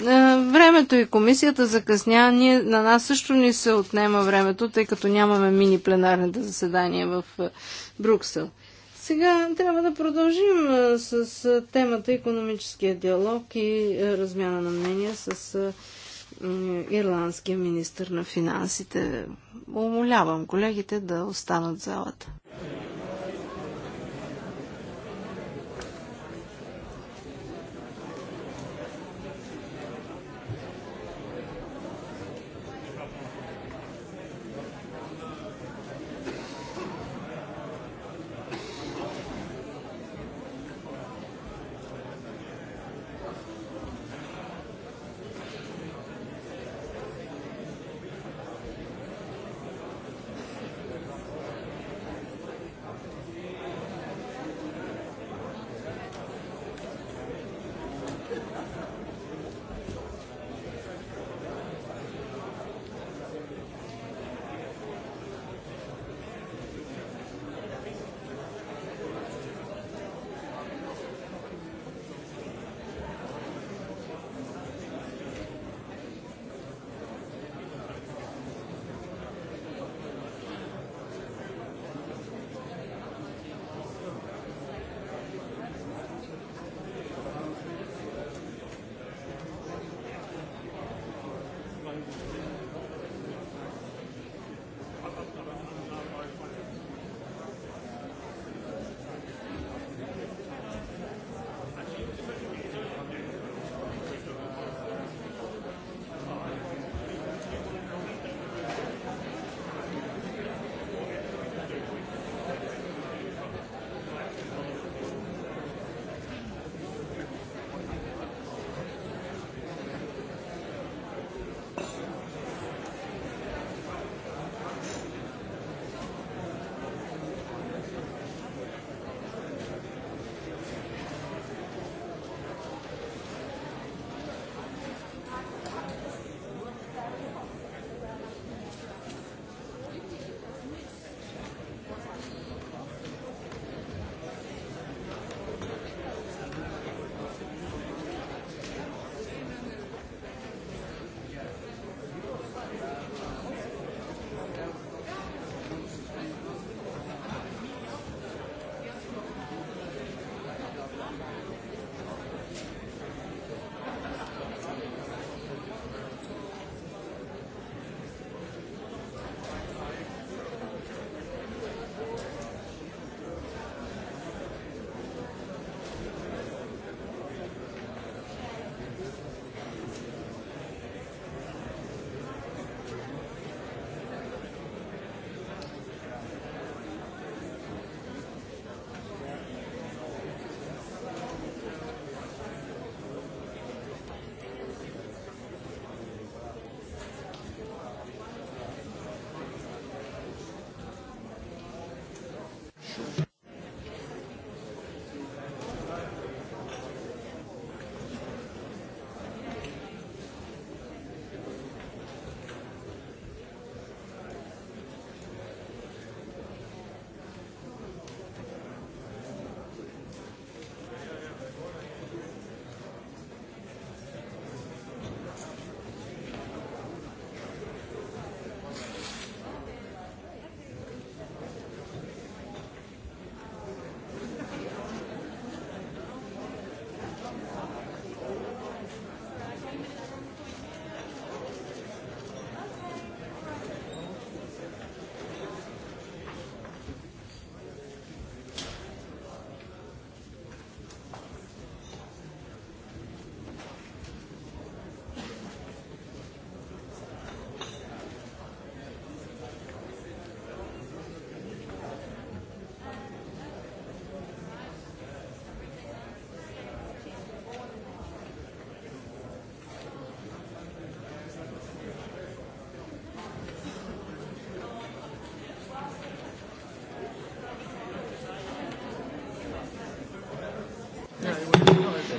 времето и комисията закъсня. Ние, на нас също ни се отнема времето, тъй като нямаме мини пленарните заседания в Бруксел. Сега трябва да продължим с темата економическия диалог и размяна на мнения с ирландския министр на финансите. Умолявам колегите да останат в залата.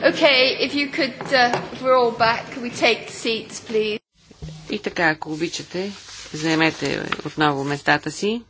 Okay, if you could, uh, we're all back, Can we take seats, please. И така, ако обичате, заемете отново местата си.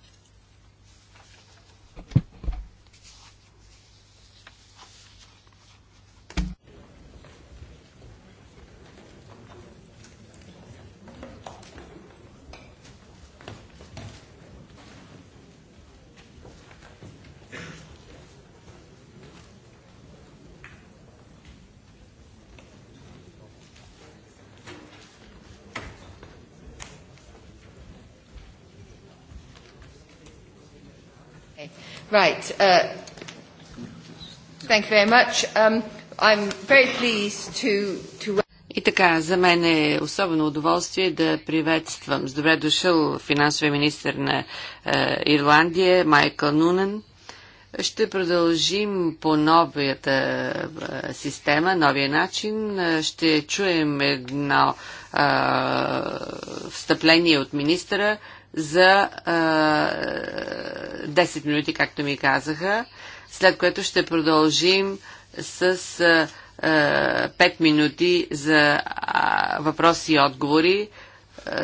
Right. Uh, thank you very much. Um, I'm very pleased to, to... И така, за мен е особено удоволствие да приветствам с добре дошъл финансовия министр на е, Ирландия Майкъл Нунен. Ще продължим по новията е, система, новия начин. Е, ще чуем едно е, встъпление от министра за е, 10 минути, както ми казаха, след което ще продължим с 5 минути за въпроси и отговори.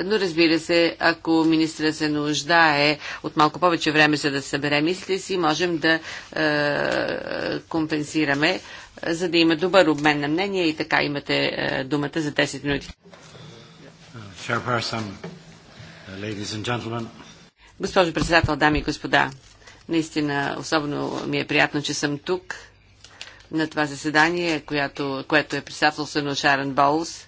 Но разбира се, ако министра се нуждае от малко повече време, за да събере мислите си, можем да е, компенсираме, за да има добър обмен на мнение и така имате е, думата за 10 минути. Госпожо председател, дами и господа, наистина особено ми е приятно, че съм тук на това заседание, което, което е председателствено Шарен Боулс.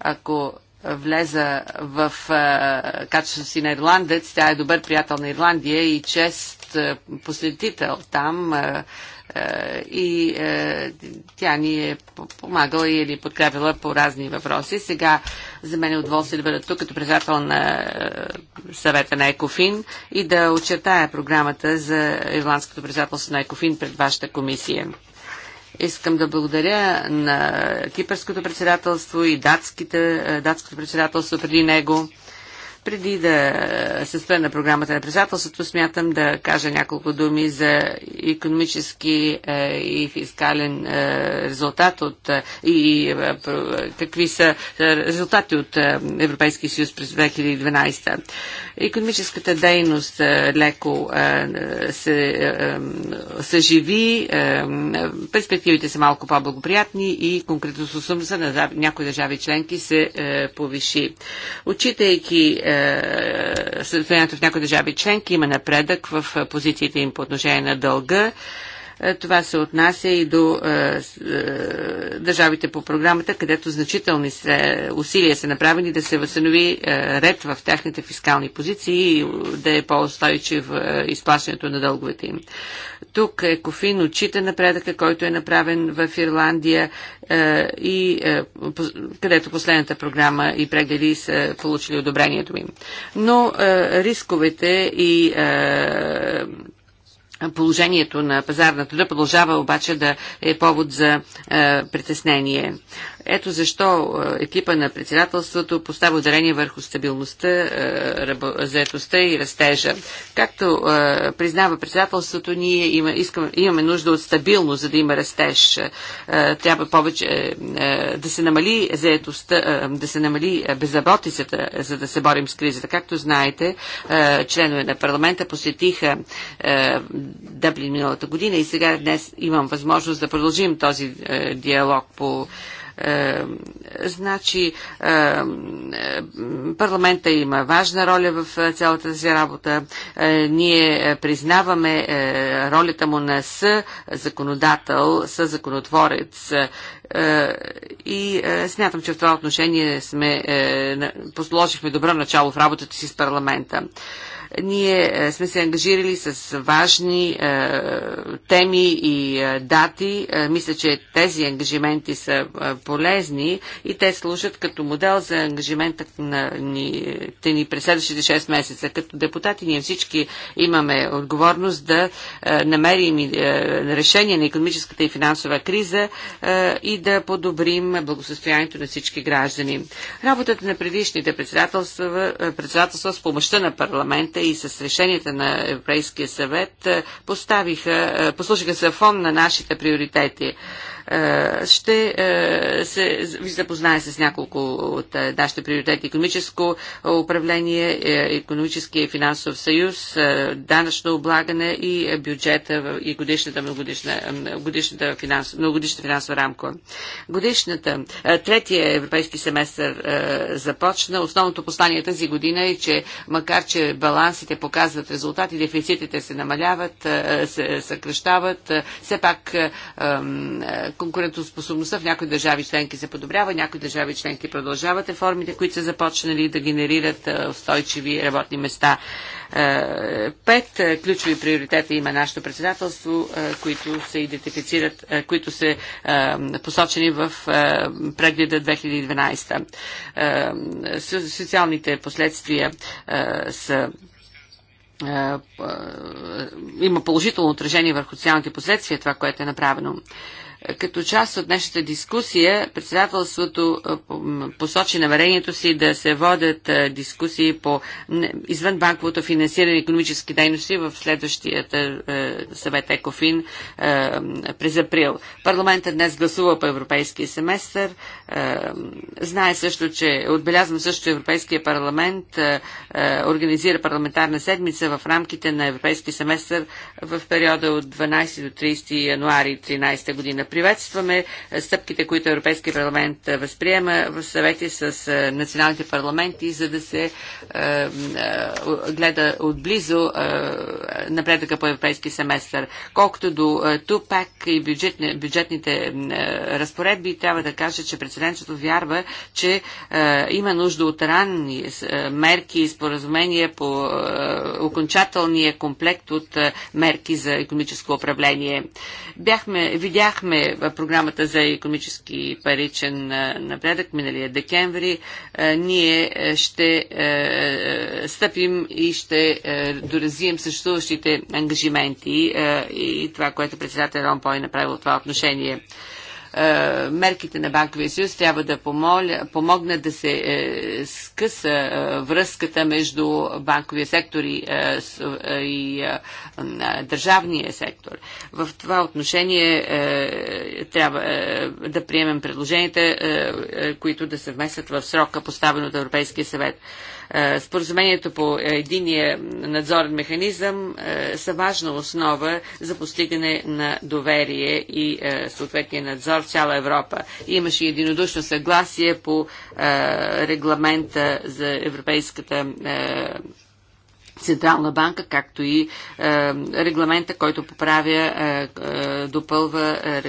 Ако влеза в а, качеството си на ирландец. Тя е добър приятел на Ирландия и чест а, посетител там. Е, и е, тя ни е помагала и е ни подкрепила по разни въпроси. Сега за мен е удоволствие да бъда тук като председател на е, съвета на ЕКОФИН и да очертая програмата за ирландското председателство на ЕКОФИН пред вашата комисия. Искам да благодаря на кипърското председателство и датските, датското председателство преди него преди да се спре на програмата на председателството, смятам да кажа няколко думи за економически е, и фискален е, резултат от е, и какви са резултати от Европейския съюз през 2012. Економическата дейност леко се съживи, перспективите са малко по-благоприятни и конкретно сумса на някои държави членки се повиши. Отчитайки е, състоянието в някои държави членки, има напредък в е, позициите им по отношение на дълга. Е, това се отнася и до е, е, държавите по програмата, където значителни усилия са направени да се възстанови ред в тяхните фискални позиции и да е по-устойчив изплащането на дълговете им. Тук е кофин, отчита напредъка, който е направен в Ирландия и където последната програма и прегледи са получили одобрението им. Но рисковете и Положението на пазарната труда продължава обаче да е повод за е, притеснение. Ето защо е, екипа на председателството поставя ударение върху стабилността, е, заетостта и растежа. Както е, признава председателството, ние имаме нужда от стабилност, за да има растеж. Трябва повече да се намали заетостта, да се намали безработицата, за да се борим с кризата. Както знаете, членове на парламента посетиха Дъблин миналата година и сега днес имам възможност да продължим този диалог по е, значи, е, парламента има важна роля в е, цялата тази работа. Ние признаваме ролята му на с законодател, с законотворец и смятам, че в това отношение сме, посложихме добро начало в работата си с парламента. Ние е, сме се ангажирали с важни е, теми и е, дати. Е, мисля, че тези ангажименти са е, полезни и те служат като модел за ангажимента на ни, те ни през следващите 6 месеца. Като депутати ние всички имаме отговорност да намерим решение на економическата и финансова криза и да подобрим благосостоянието на всички граждани. Работата на предишните председателства, председателства с помощта на парламента и с решенията на Европейския съвет е, поставиха, е, послушаха се фон на нашите приоритети. Е, ще е, се, ви запознае с няколко от е, нашите приоритети. Економическо управление, економически и финансов съюз, данъчно облагане и бюджета и годишната, годишна, годишната, финанс, финансова рамка. Годишната, третия европейски семестър започна. Основното послание тази година е, че макар, че балансите показват резултати, дефицитите се намаляват, се съкръщават, все пак конкурентоспособността в някои държави членки се подобрява, някои държави членки продължават реформите, които са започнали да генерират е, устойчиви работни места. Е, пет е, ключови приоритета има нашето председателство, които се идентифицират, които са посочени в прегледа 2012. Социалните последствия са има положително отражение върху социалните последствия, това, което е направено. Като част от днешната дискусия, председателството посочи намерението си да се водят дискусии по извън банковото финансиране и економически дейности в следващия съвет ЕКОФИН през април. Парламентът днес гласува по европейския семестър. Знае също, че отбелязвам също, че Европейския парламент организира парламентарна седмица в рамките на Европейския семестър в периода от 12 до 30 януари 2013 година. Приветстваме стъпките, които Европейския парламент възприема в съвети с националните парламенти, за да се гледа отблизо напредъка по европейски семестър. Колкото до ТУПАК и бюджетните разпоредби, трябва да кажа, че председателството вярва, че има нужда от ранни мерки и споразумения по окончателния комплект от мерки за економическо управление. Бяхме, видяхме в програмата за економически паричен напредък миналия декември, ние ще стъпим и ще доразвием съществуващите ангажименти и това, което председател Ромпой е направил в това отношение. Е, мерките на Банковия съюз трябва да помоля, помогнат да се е, скъса е, връзката между банковия сектор и, е, е и е, държавния сектор. В това отношение трябва да приемем предложенията, които да се вместят в срока поставен от Европейския съвет. Е, споразумението по единия надзорен механизъм е, са важна основа за постигане на доверие и е, съответния надзор в цяла Европа. Имаше единодушно съгласие по регламента за Европейската Централна банка, както и е, регламента, който поправя, е, е, допълва е,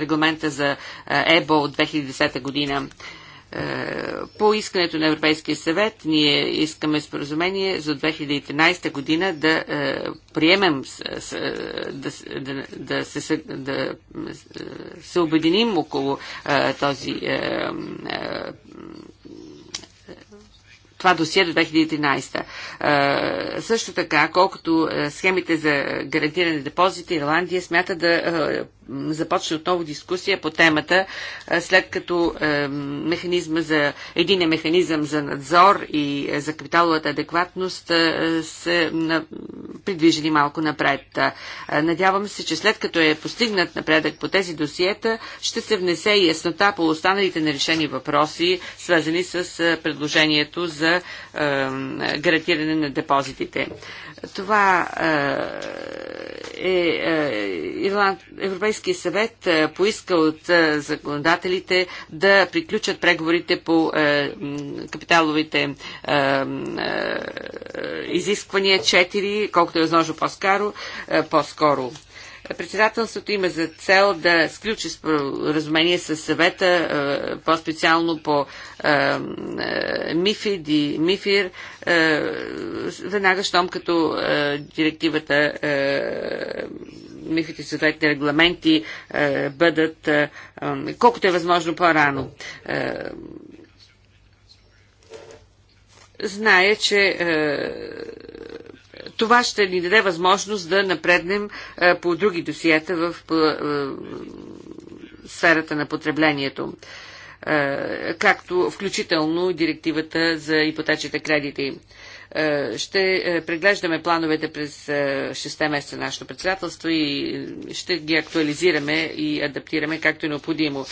регламента за ЕБО от 2010 година. Е, по искането на Европейския съвет ние искаме споразумение за 2013 година да е, приемем, да, да, да, се, да е, се обединим около този това досие до 2013. също така, колкото схемите за гарантиране депозити, Ирландия смята да започне отново дискусия по темата, след като механизма за, един е механизъм за надзор и за капиталовата адекватност са придвижени малко напред. Надявам се, че след като е постигнат напредък по тези досиета, ще се внесе и яснота по останалите нерешени въпроси, свързани с предложението за за е, гарантиране на депозитите. Това е, е Европейския съвет е, поиска от е, законодателите да приключат преговорите по е, капиталовите е, е, изисквания 4, колкото е възможно по-скоро. Е, по-скоро. Председателството има за цел да сключи споразумение с съвета, е, по-специално по е, е, МИФИД и МИФИР, веднага щом като директивата мифите и съответните регламенти бъдат колкото е възможно по-рано. зная, че е, това ще ни даде възможност да напреднем е, по други досиета в е, е, сферата на потреблението както включително директивата за ипотечните кредити. Ще преглеждаме плановете през 6 месеца нашето председателство и ще ги актуализираме и адаптираме както е необходимо.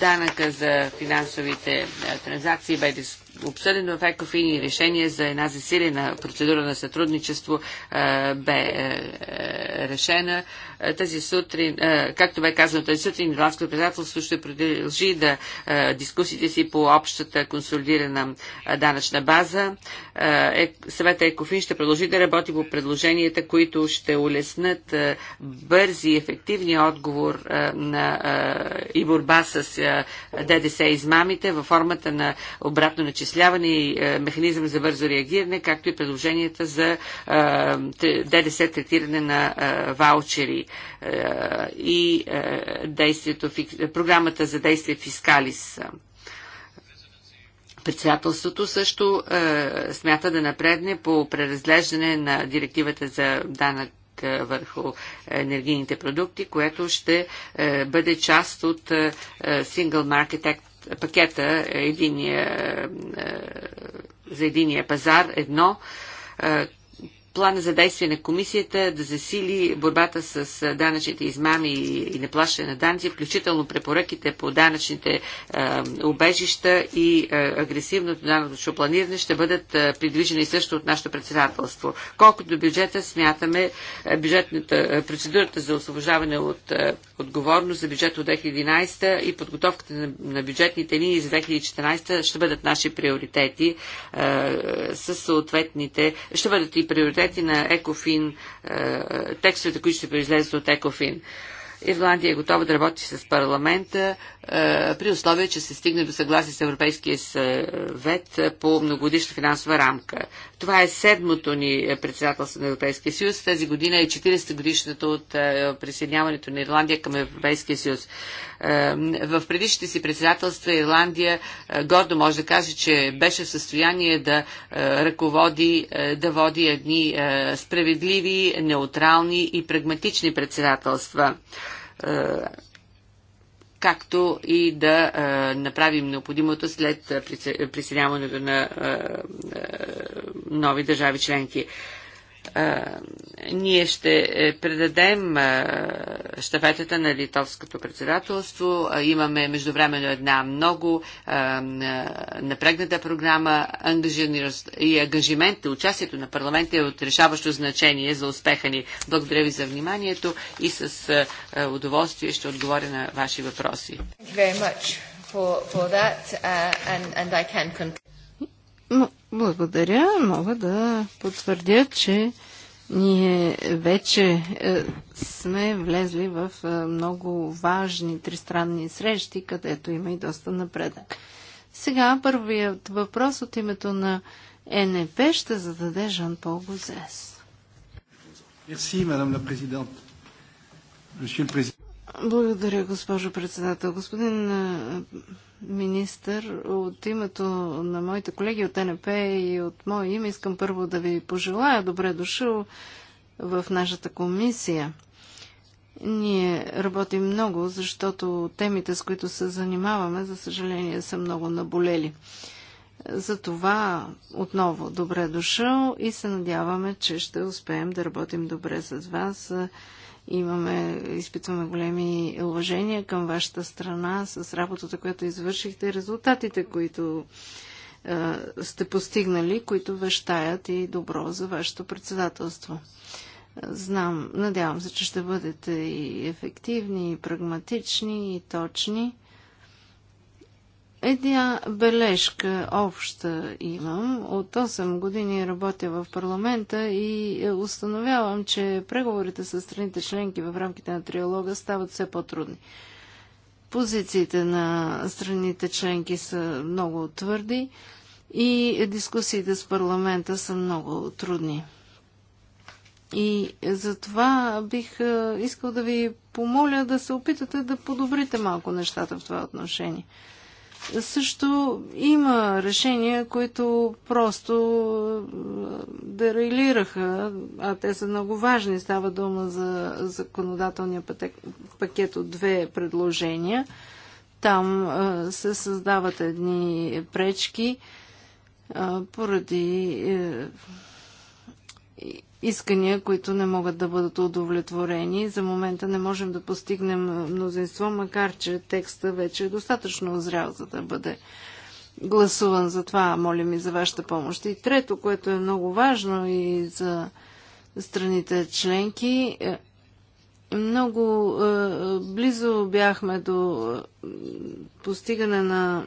Данъка за финансовите транзакции бе дискутиран обсъдено в е Екофини решение за една засилена процедура на сътрудничество бе решена. Е, тази сутрин, е, както бе казано тази сутрин, Ирландското председателство ще продължи да е, дискусиите си по общата консолидирана данъчна база. Съвета Екофин ще продължи да работи по предложенията, които ще улеснат бързи и ефективни отговор на, и борба с ДДС измамите във формата на обратно начисляване и механизъм за бързо реагиране, както и предложенията за ДДС третиране на ваучери. Е, и е, действието, програмата за действие Фискалис. Председателството също е, смята да напредне по преразглеждане на директивата за данък върху енергийните продукти, което ще бъде част от Single Market Act пакета единия, за единия пазар едно, плана за действие на комисията да засили борбата с данъчните измами и неплащане на данъци, включително препоръките по данъчните обежища и агресивното данъчно планиране ще бъдат придвижени също от нашето председателство. Колкото до бюджета, смятаме бюджетната, процедурата за освобождаване от отговорност за бюджет от 2011 и подготовката на бюджетните линии за 2014 ще бъдат наши приоритети с съответните, ще бъдат и приоритети съвети на Екофин, е, текстовете, които ще произлезат от Екофин. Ирландия е готова да работи с парламента е, при условие, че се стигне до съгласие с Европейския съвет по многогодишна финансова рамка. Това е седмото ни председателство на Европейския съюз. Тази година е 40 годишната от е, присъединяването на Ирландия към Европейския съюз. Е, в предишните си председателства Ирландия гордо може да каже, че беше в състояние да ръководи, да води едни справедливи, неутрални и прагматични председателства както и да направим необходимото след присъединяването на нови държави членки ние ще е, предадем щафетата на литовското председателство. Имаме междувременно една много напрегната програма и ангажимент. Участието на парламента е от решаващо значение за успеха ни. Благодаря ви за вниманието и с удоволствие ще отговоря на ваши въпроси. For, for that, uh, and, and I can conclude. Благодаря. Мога да потвърдя, че ние вече е, сме влезли в е, много важни тристранни срещи, където има и доста напредък. Сега първият въпрос от името на ЕНП ще зададе Жан-Пол Гозес. Благодаря, госпожо председател. Господин е, министър, от името на моите колеги от НП и от мое име искам първо да ви пожелая добре дошъл в нашата комисия. Ние работим много, защото темите, с които се занимаваме, за съжаление, са много наболели. Затова отново добре дошъл и се надяваме, че ще успеем да работим добре с вас Имаме, изпитваме големи уважения към вашата страна с работата, която извършихте, резултатите, които е, сте постигнали, които вещаят и добро за вашето председателство. Знам, надявам се, че ще бъдете и ефективни, и прагматични, и точни Една бележка обща имам. От 8 години работя в парламента и е, установявам, че преговорите с страните членки в рамките на триолога стават все по-трудни. Позициите на страните членки са много твърди и дискусиите с парламента са много трудни. И затова бих е, искал да ви помоля да се опитате да подобрите малко нещата в това отношение. Също има решения, които просто е, дерайлираха, а те са много важни. Става дума за законодателния пакет от две предложения. Там е, се създават едни пречки е, поради искания, които не могат да бъдат удовлетворени. За момента не можем да постигнем мнозинство, макар че текста вече е достатъчно озрял, за да бъде гласуван. Затова молим и за вашата помощ. И трето, което е много важно и за страните членки, е, много е, близо бяхме до е, постигане на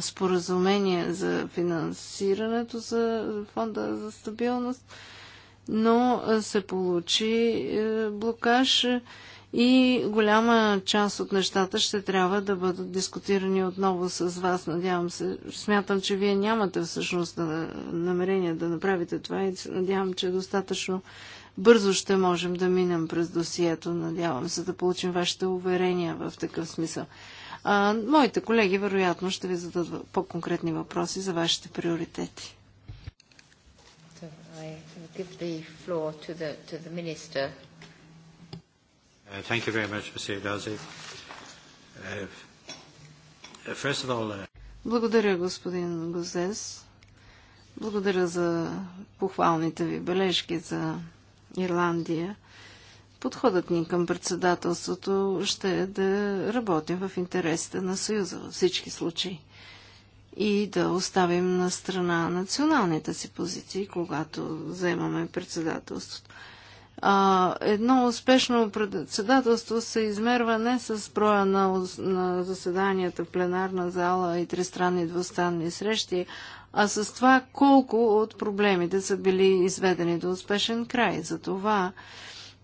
споразумение за финансирането за фонда за стабилност но се получи е, блокаж и голяма част от нещата ще трябва да бъдат дискутирани отново с вас. Надявам се, смятам, че вие нямате всъщност намерение да направите това и надявам, че достатъчно бързо ще можем да минем през досието. Надявам се да получим вашите уверения в такъв смисъл. А, моите колеги вероятно ще ви зададат по-конкретни въпроси за вашите приоритети give the floor to the, to the Minister. Uh, thank you very much, Mr. Dazi. Uh, uh, first of all, uh... Благодаря, господин Гозес. Благодаря за похвалните ви бележки за Ирландия. Подходът ни към председателството ще е да работим в интересите на Съюза във всички случаи и да оставим на страна националните си позиции, когато вземаме председателството. едно успешно председателство се измерва не с броя на, на заседанията в пленарна зала и тристранни и двустранни срещи, а с това колко от проблемите са били изведени до успешен край. За това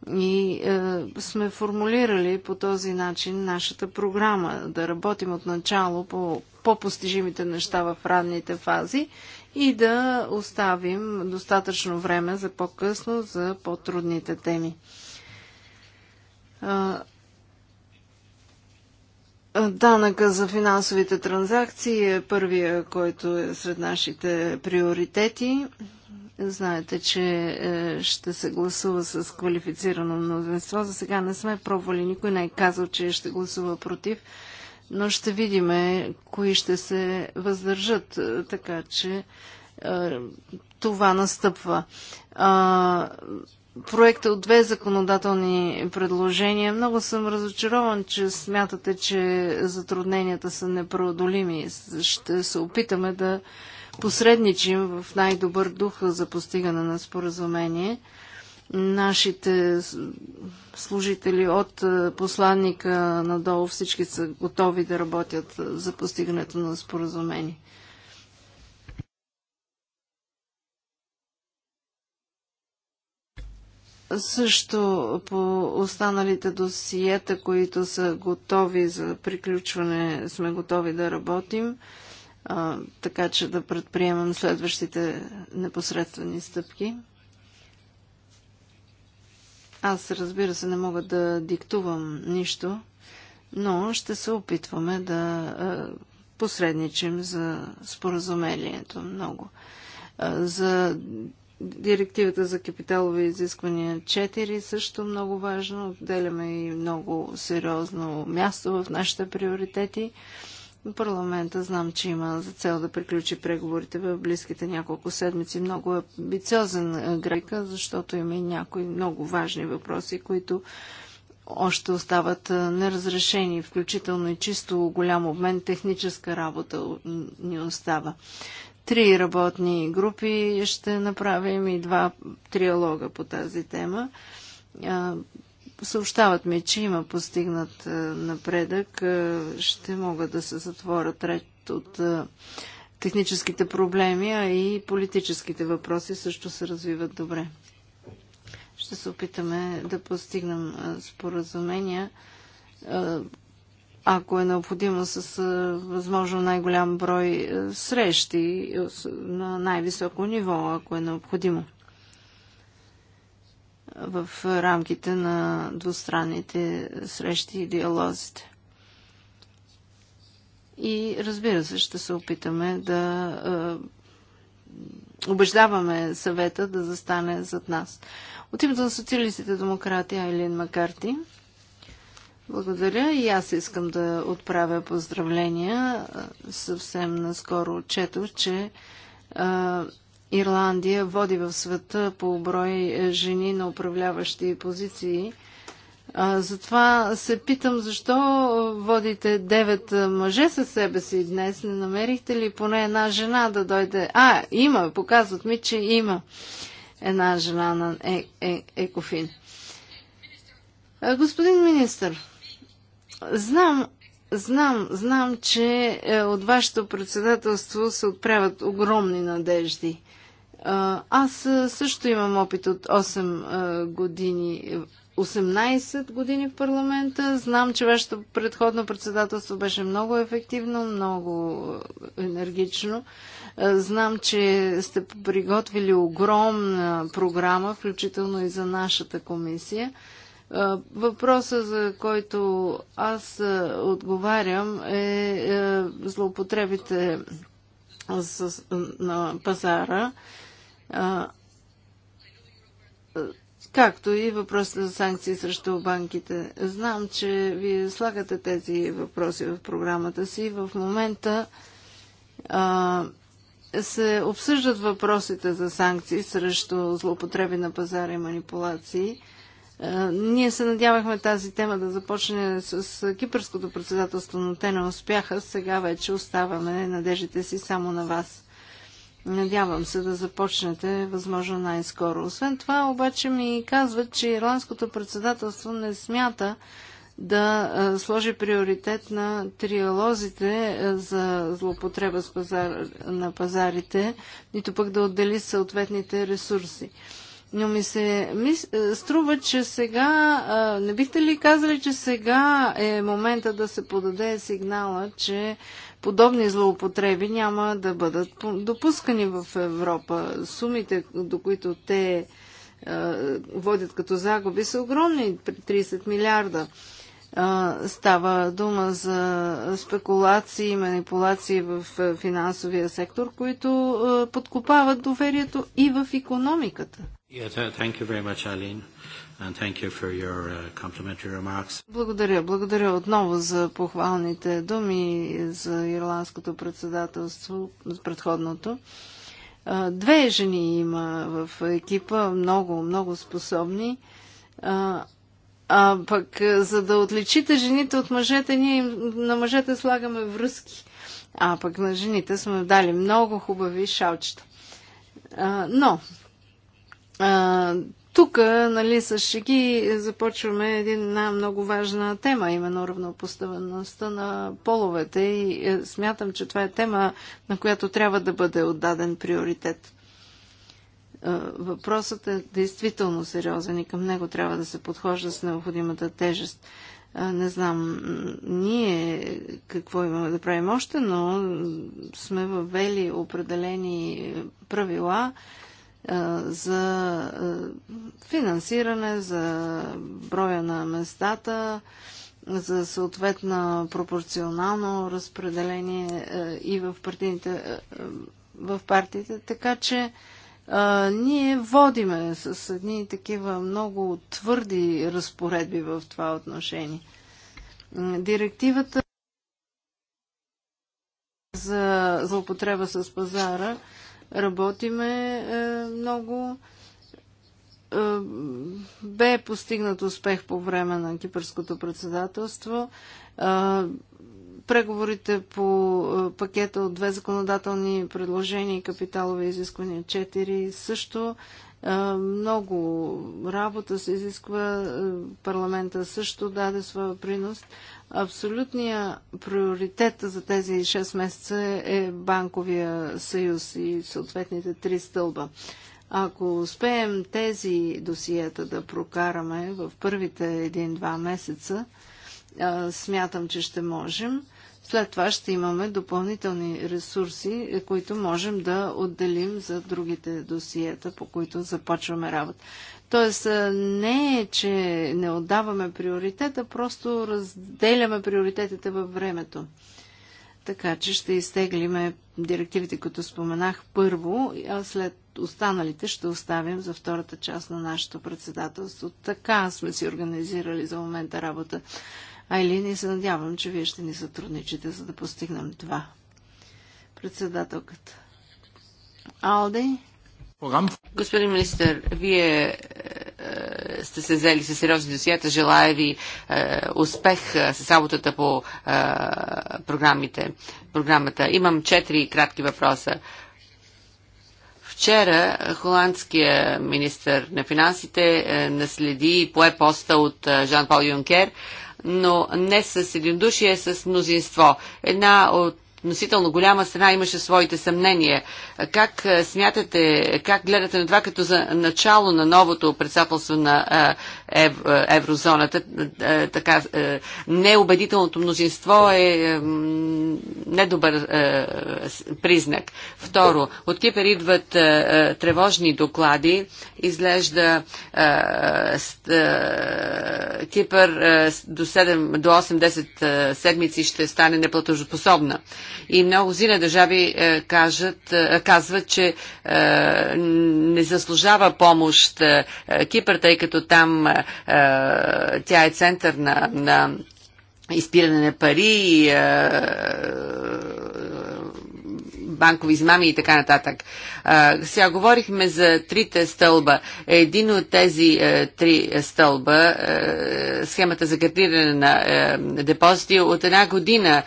и е, сме формулирали по този начин нашата програма да работим от начало по по-постижимите неща в ранните фази и да оставим достатъчно време за по-късно за по-трудните теми. Е, данъка за финансовите транзакции е първия, който е сред нашите приоритети. Знаете, че е, ще се гласува с квалифицирано мнозинство. За сега не сме пробвали, никой не е казал, че ще гласува против, но ще видим е, кои ще се въздържат, е, така че това настъпва. Проекта от две законодателни предложения. Много съм разочарован, че смятате, че затрудненията са непреодолими. Ще се опитаме да посредничим в най-добър дух за постигане на споразумение. Нашите служители от посланника надолу всички са готови да работят за постигането на споразумение. Също по останалите досиета, които са готови за приключване, сме готови да работим а, така че да предприемам следващите непосредствени стъпки. Аз, разбира се, не мога да диктувам нищо, но ще се опитваме да а, посредничим за споразумението много. А, за директивата за капиталови изисквания 4 също много важно. Отделяме и много сериозно място в нашите приоритети. А, Парламента знам, че има за цел да приключи преговорите в близките няколко седмици. Много е амбициозен грека, защото има и някои много важни въпроси, които още остават е, неразрешени, включително и чисто голям обмен техническа работа ни остава. Три работни групи ще направим и два триалога по тази тема е, Съобщават ми, че има постигнат е, напредък. Е, ще могат да се затворят ред от е, техническите проблеми, а и политическите въпроси също се развиват добре. Ще се опитаме да постигнем споразумения, ако е необходимо, с възможно най-голям брой срещи на най-високо ниво, ако е необходимо в рамките на двустранните срещи и диалозите. И разбира се, ще се опитаме да е, убеждаваме съвета да застане зад нас. От името на социалистите демократи Айлин Макарти. Благодаря и аз искам да отправя поздравления. Съвсем наскоро отчетох, че Ирландия води в света по брой жени на управляващи позиции. А, затова се питам защо водите девет мъже със себе си днес. Не намерихте ли поне една жена да дойде? А, има, показват ми, че има една жена на е, е, Екофин. А, господин министр, знам, знам, знам, че е, от вашето председателство се отправят огромни надежди. Аз също имам опит от 8 години, 18 години в парламента. Знам, че вашето предходно председателство беше много ефективно, много енергично. Знам, че сте приготвили огромна програма, включително и за нашата комисия. Въпроса, за който аз отговарям, е, е злоупотребите на пазара както и въпросите за санкции срещу банките. Знам, че вие слагате тези въпроси в програмата си. В момента а, се обсъждат въпросите за санкции срещу злоупотреби на пазара и манипулации. А, ние се надявахме тази тема да започне с, с кипърското председателство, но те не успяха. Сега вече оставаме надеждите си само на вас. Надявам се да започнете възможно най-скоро. Освен това, обаче ми казват, че ирландското председателство не смята да сложи приоритет на триалозите за злоупотреба с пазар, на пазарите, нито пък да отдели съответните ресурси. Но ми се ми, струва, че сега, а, не бихте ли казали, че сега е момента да се подаде сигнала, че подобни злоупотреби няма да бъдат допускани в Европа. Сумите, до които те е, водят като загуби, са огромни 30 милиарда. Става дума за спекулации, манипулации в е, финансовия сектор, които е, подкопават доверието и в економиката. Yeah, Uh, благодаря. Благодаря отново за похвалните думи за ирландското председателство, предходното. Две жени има в екипа, много, много способни. А пък, за да отличите жените от мъжете, ние на мъжете слагаме връзки. А пък на жените сме дали много хубави шалчета. но, тук, нали, с шеги започваме една много важна тема, именно равнопоставеността на половете и е, смятам, че това е тема, на която трябва да бъде отдаден приоритет. Е, въпросът е действително сериозен и към него трябва да се подхожда с необходимата тежест. Е, не знам ние какво имаме да правим още, но сме въвели определени правила, за финансиране, за броя на местата, за съответна пропорционално разпределение и в партиите, в партиите. Така че ние водиме с едни такива много твърди разпоредби в това отношение. Директивата за злоупотреба с пазара Работиме е, много. Е, бе постигнат успех по време на кипърското председателство. Е, преговорите по пакета от две законодателни предложения и капиталови изисквания 4 също много работа се изисква. Парламента също даде своя принос. Абсолютният приоритет за тези 6 месеца е банковия съюз и съответните три стълба. Ако успеем тези досиета да прокараме в първите 1-2 месеца, смятам, че ще можем. След това ще имаме допълнителни ресурси, които можем да отделим за другите досиета, по които започваме работа. Тоест, не е, че не отдаваме приоритета, просто разделяме приоритетите във времето. Така че ще изтеглиме директивите, които споменах първо, а след останалите ще оставим за втората част на нашето председателство. Така сме си организирали за момента работа. Айлин и се надявам, че вие ще ни сътрудничите, за да постигнем това. Председателката. Алди? Господин министър, вие е, е сте се взели с сериозни досията. Желая ви е, успех е, с работата по е, програмите, програмата. Имам четири кратки въпроса. Вчера холандския министр на финансите е, наследи и пое поста от Жан-Пол Юнкер, но не с единодушие, с мнозинство. Една от относително голяма страна имаше своите съмнения. Как смятате, как гледате на това като за начало на новото председателство на е, еврозоната. Е, е, така, неубедителното мнозинство е недобър признак. Второ, от Кипер идват тревожни доклади. Изглежда Кипър до, 7, до 8-10 седмици ще стане неплатежоспособна. И много зина държави кажат, казват, че не заслужава помощ Кипър, тъй като там е, тя е център на, на изпиране на пари, е, банкови измами и така нататък. Е, сега говорихме за трите стълба. Един от тези три стълба, схемата за картиране на депозити, от една година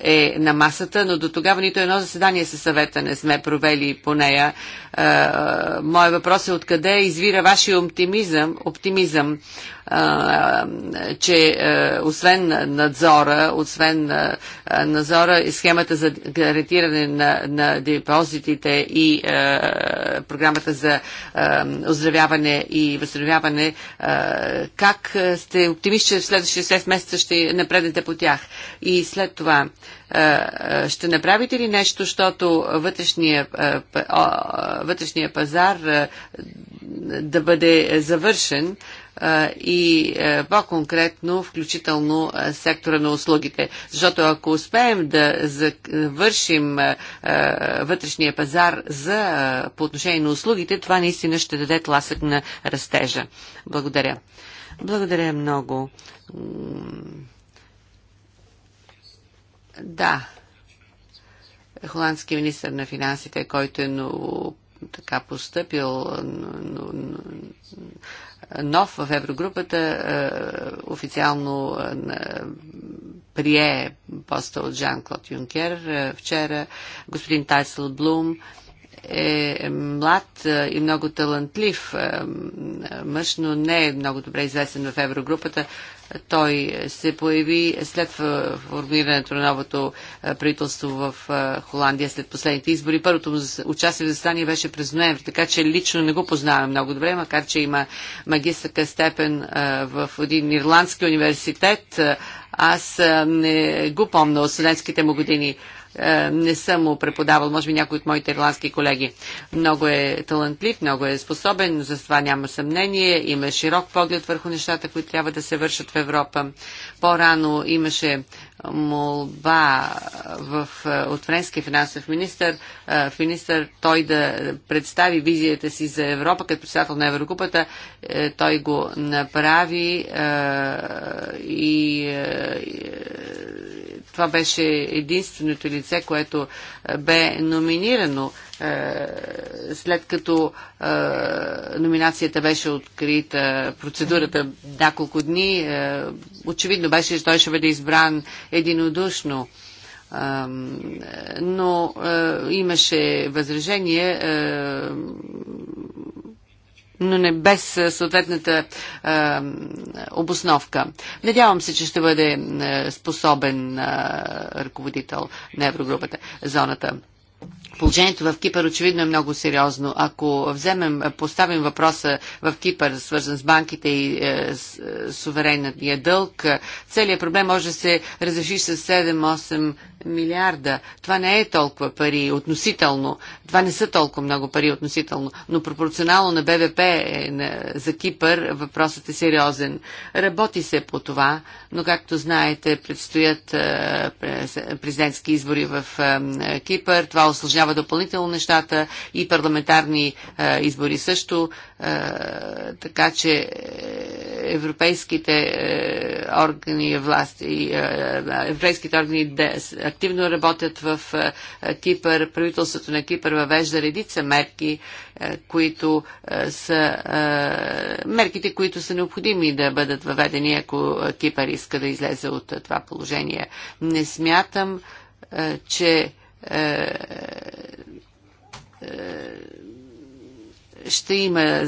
е на масата, но до тогава нито едно заседание със съвета не сме провели по нея. Е, Моя въпрос е откъде извира вашия оптимизъм, оптимизъм че е, освен надзора, освен е, надзора и схемата за гарантиране на, на депозитите и програмата за оздравяване и възстановяване, как сте оптимисти, че в следващите 6 месеца ще напреднете по тях? И след това, е, е, ще направите ли нещо, защото вътрешния, е, вътрешния пазар да бъде завършен и по-конкретно, включително сектора на услугите. Защото ако успеем да завършим вътрешния пазар за, по отношение на услугите, това наистина ще даде тласък на растежа. Благодаря. Благодаря много да. Холандски министр на финансите, който е ново, така постъпил но, но, нов в Еврогрупата, е, официално е, прие поста от Жан-Клод Юнкер. Е, вчера господин Тайсел Блум е млад е, и много талантлив е, мъж, но не е много добре известен в Еврогрупата. Той се появи след формирането на новото е, правителство в Холандия след последните избори. Първото му участие в застание беше през ноември, така че лично не го познавам много добре, макар че има магистърка степен в един ирландски университет. Аз не го помня от студентските му години. Е, не съм му преподавал, може би някой от моите ирландски колеги. Много е талантлив, много е способен, но за това няма съмнение. Има широк поглед върху нещата, които трябва да се вършат в Европа. По-рано имаше молба в, е, от френския финансов министр, е, министр той да представи визията си за Европа като председател на Еврокупата. Той го направи и това беше единственото лице, което е, бе номинирано е, след като е, номинацията беше открита, процедурата няколко дни, очевидно беше, че той ще бъде избран единодушно но имаше възражение но не без съответната а, обосновка. Надявам се, че ще бъде способен а, ръководител на Еврогрупата, зоната. Положението в Кипър очевидно е много сериозно. Ако вземем, поставим въпроса в Кипър, свързан с банките и е, с, е, суверенния дълг, целият проблем може да се разреши с 7-8 милиарда. Това не е толкова пари относително. Това не са толкова много пари относително, но пропорционално на БВП е на, за Кипър въпросът е сериозен. Работи се по това, но както знаете, предстоят е, президентски избори в е, Кипър. Това осложнява допълнително нещата и парламентарни е, избори също. Е, така че е, е, европейските органи власти, европейските органи активно работят в е, е, Кипър. Правителството на Кипър въвежда редица мерки, е, които са мерките, които са необходими да бъдат въведени, ако Кипър иска да излезе от това положение. Не смятам, че ще има е,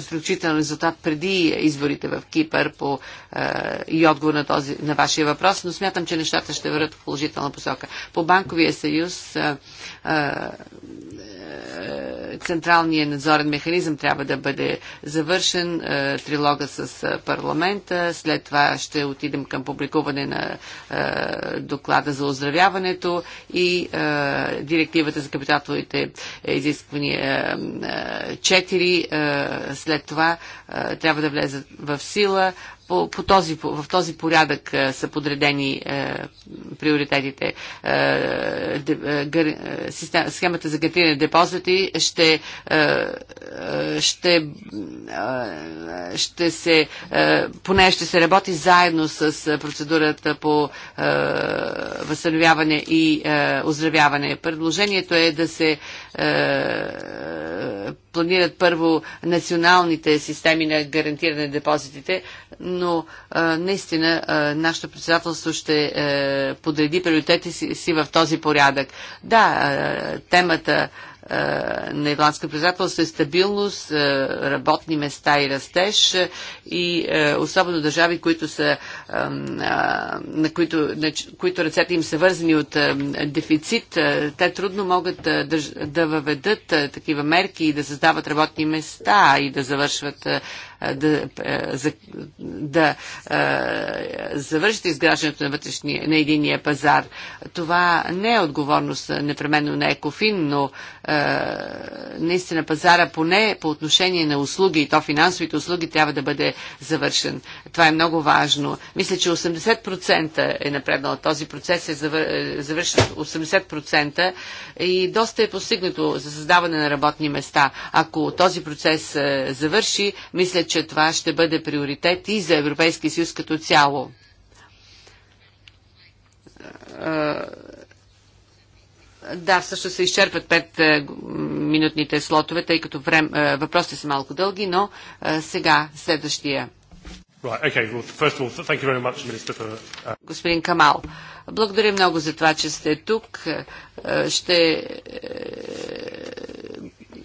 заключителен резултат преди изборите в Кипър по, е, и отговор на, този, на вашия въпрос, но смятам, че нещата ще върват в положителна посока. По банковия съюз е, е, централният надзорен механизъм трябва да бъде завършен, е, трилога с е, парламента, след това ще отидем към публикуване на доклада за оздравяването и директивата за капиталовите изисквания 4, след това трябва да влезе в сила по, по този, по, в този порядък е, са подредени е, приоритетите. Е, е, е, систем, схемата за гарантиране депозити ще, е, е, ще, е, ще се, е, поне ще се работи заедно с е, процедурата по е, възстановяване и е, оздравяване. Предложението е да се е, планират първо националните системи на гарантиране на депозитите, но а, наистина а, нашето председателство ще а, подреди приоритетите си, си в този порядък. Да, а, темата е, на Ирландското председателство е стабилност, е, работни места и растеж е, и особено държави, които са, на които, на които ръцете им са вързани от дефицит, те трудно могат да, да въведат такива мерки и да създават работни места и да завършват да, за, да завършите изграждането на, вътрешния, на единия пазар. Това не е отговорност непременно на Екофин, но наистина пазара поне по отношение на услуги и то финансовите услуги трябва да бъде завършен. Това е много важно. Мисля, че 80% е напреднал този процес, е завършен 80% и доста е постигнато за създаване на работни места. Ако този процес завърши, мисля, че че това ще бъде приоритет и за Европейския съюз като цяло. Да, също се изчерпват 5-минутните е, слотове, тъй като време, въпросите са малко дълги, но е, сега следващия. Uh, Господин Камал, благодаря много за това, че сте тук. Е, ще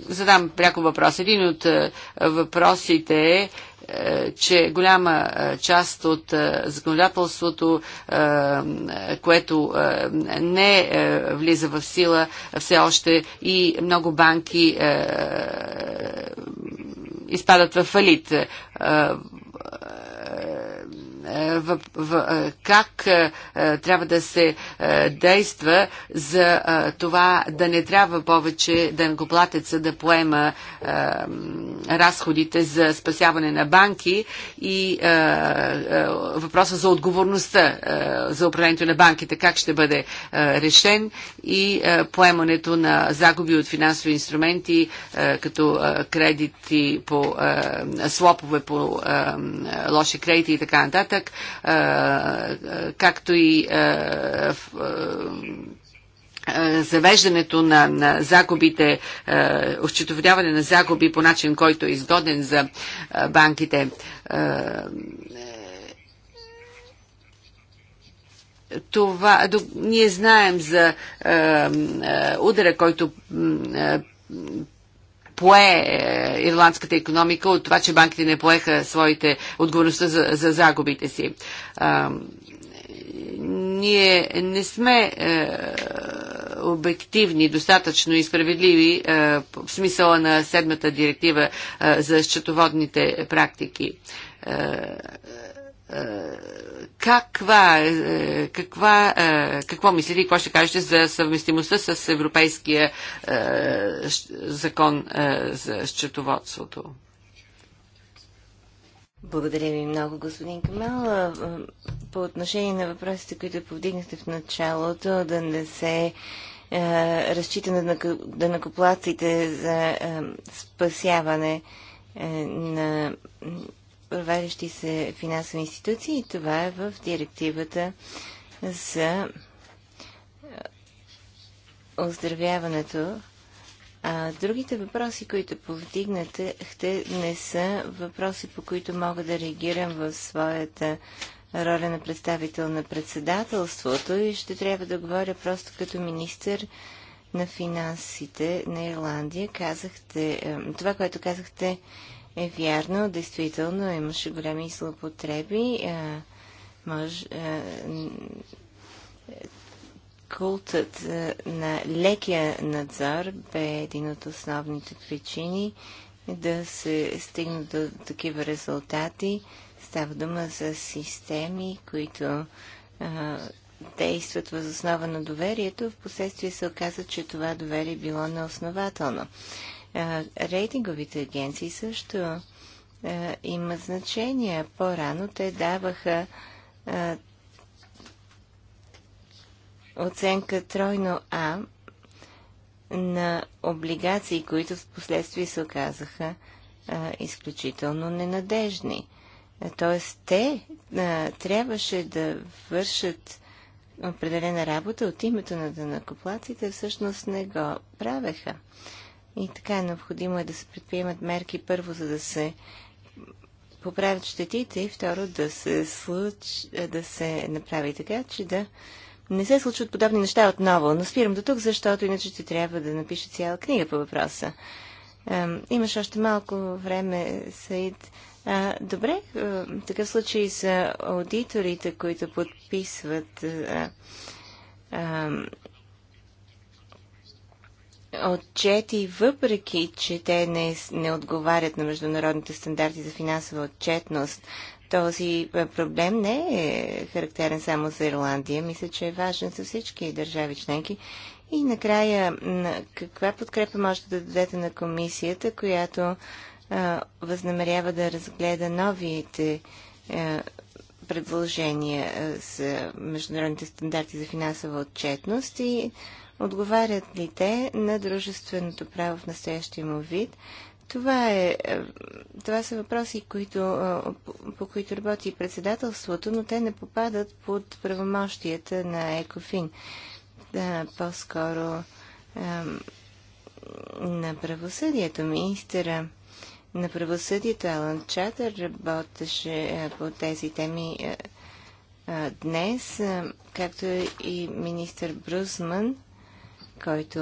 задам пряко въпрос. Един от е, въпросите е, че голяма е, част от е, законодателството, което не влиза в сила все още и много банки изпадат в фалит в, в, как трябва да се действа за това да не трябва повече дънкоплатеца да поема разходите за спасяване на банки и въпроса за отговорността за управлението на банките, как ще бъде решен и поемането на загуби от финансови инструменти като кредити по слопове по лоши кредити и така нататък нататък, както и завеждането на, на загубите, осчетоводяване на загуби по начин, който е изгоден за банките. Това, до, ние знаем за удара, който е, пое е, ирландската економика от това, че банките не поеха своите отговорността за, за загубите си. А, ние не сме е, обективни, достатъчно и справедливи е, в смисъла на седмата директива е, за счетоводните практики. Е, е, каква, е, каква, е, какво мислите и какво ще кажете за съвместимостта с Европейския е, закон за счетоводството? Благодаря ви много, господин Камал. По отношение на въпросите, които повдигнахте в началото, да не се разчита на данакоплаците за спасяване на провалящи се финансови институции и това е в директивата за оздравяването. А другите въпроси, които повдигнахте, не са въпроси, по които мога да реагирам в своята роля на представител на председателството и ще трябва да говоря просто като министър на финансите на Ирландия. Казахте, това, което казахте, е вярно, действително имаше големи злопотреби. А, а, култът а, на лекия надзор бе един от основните причини да се стигне до такива резултати. Става дума за системи, които а, действат въз основа на доверието. Впоследствие се оказа, че това доверие било неоснователно. Рейтинговите агенции също имат значение. По-рано те даваха оценка тройно А на облигации, които в последствие се оказаха изключително ненадежни. Т.е. те трябваше да вършат определена работа от името на дънакоплаците всъщност не го правеха. И така, е необходимо е да се предприемат мерки първо, за да се поправят щетите и второ да се, случ... Е, да се направи така, че да не се случват подобни неща отново. Но спирам до тук, защото иначе ще трябва да напиша цяла книга по въпроса. Ем, имаш още малко време, Саид. А, добре, в такъв случай са аудиторите, които подписват а, а, отчети, въпреки че те не, не отговарят на международните стандарти за финансова отчетност, този е, проблем не е характерен само за Ирландия. Мисля, че е важен за всички държави членки. И накрая, каква подкрепа можете да дадете на комисията, която а, е, възнамерява да разгледа новите а, е, предложения за международните стандарти за финансова отчетност и Отговарят ли те на дружественото право в настоящия му вид? Това, е, е това са въпроси, които, е, по които работи председателството, но те не попадат под правомощията на ЕКОФИН. Да, по-скоро е, на правосъдието министъра на правосъдието Алан Чатър работеше по тези теми днес, както и министър Брусман – който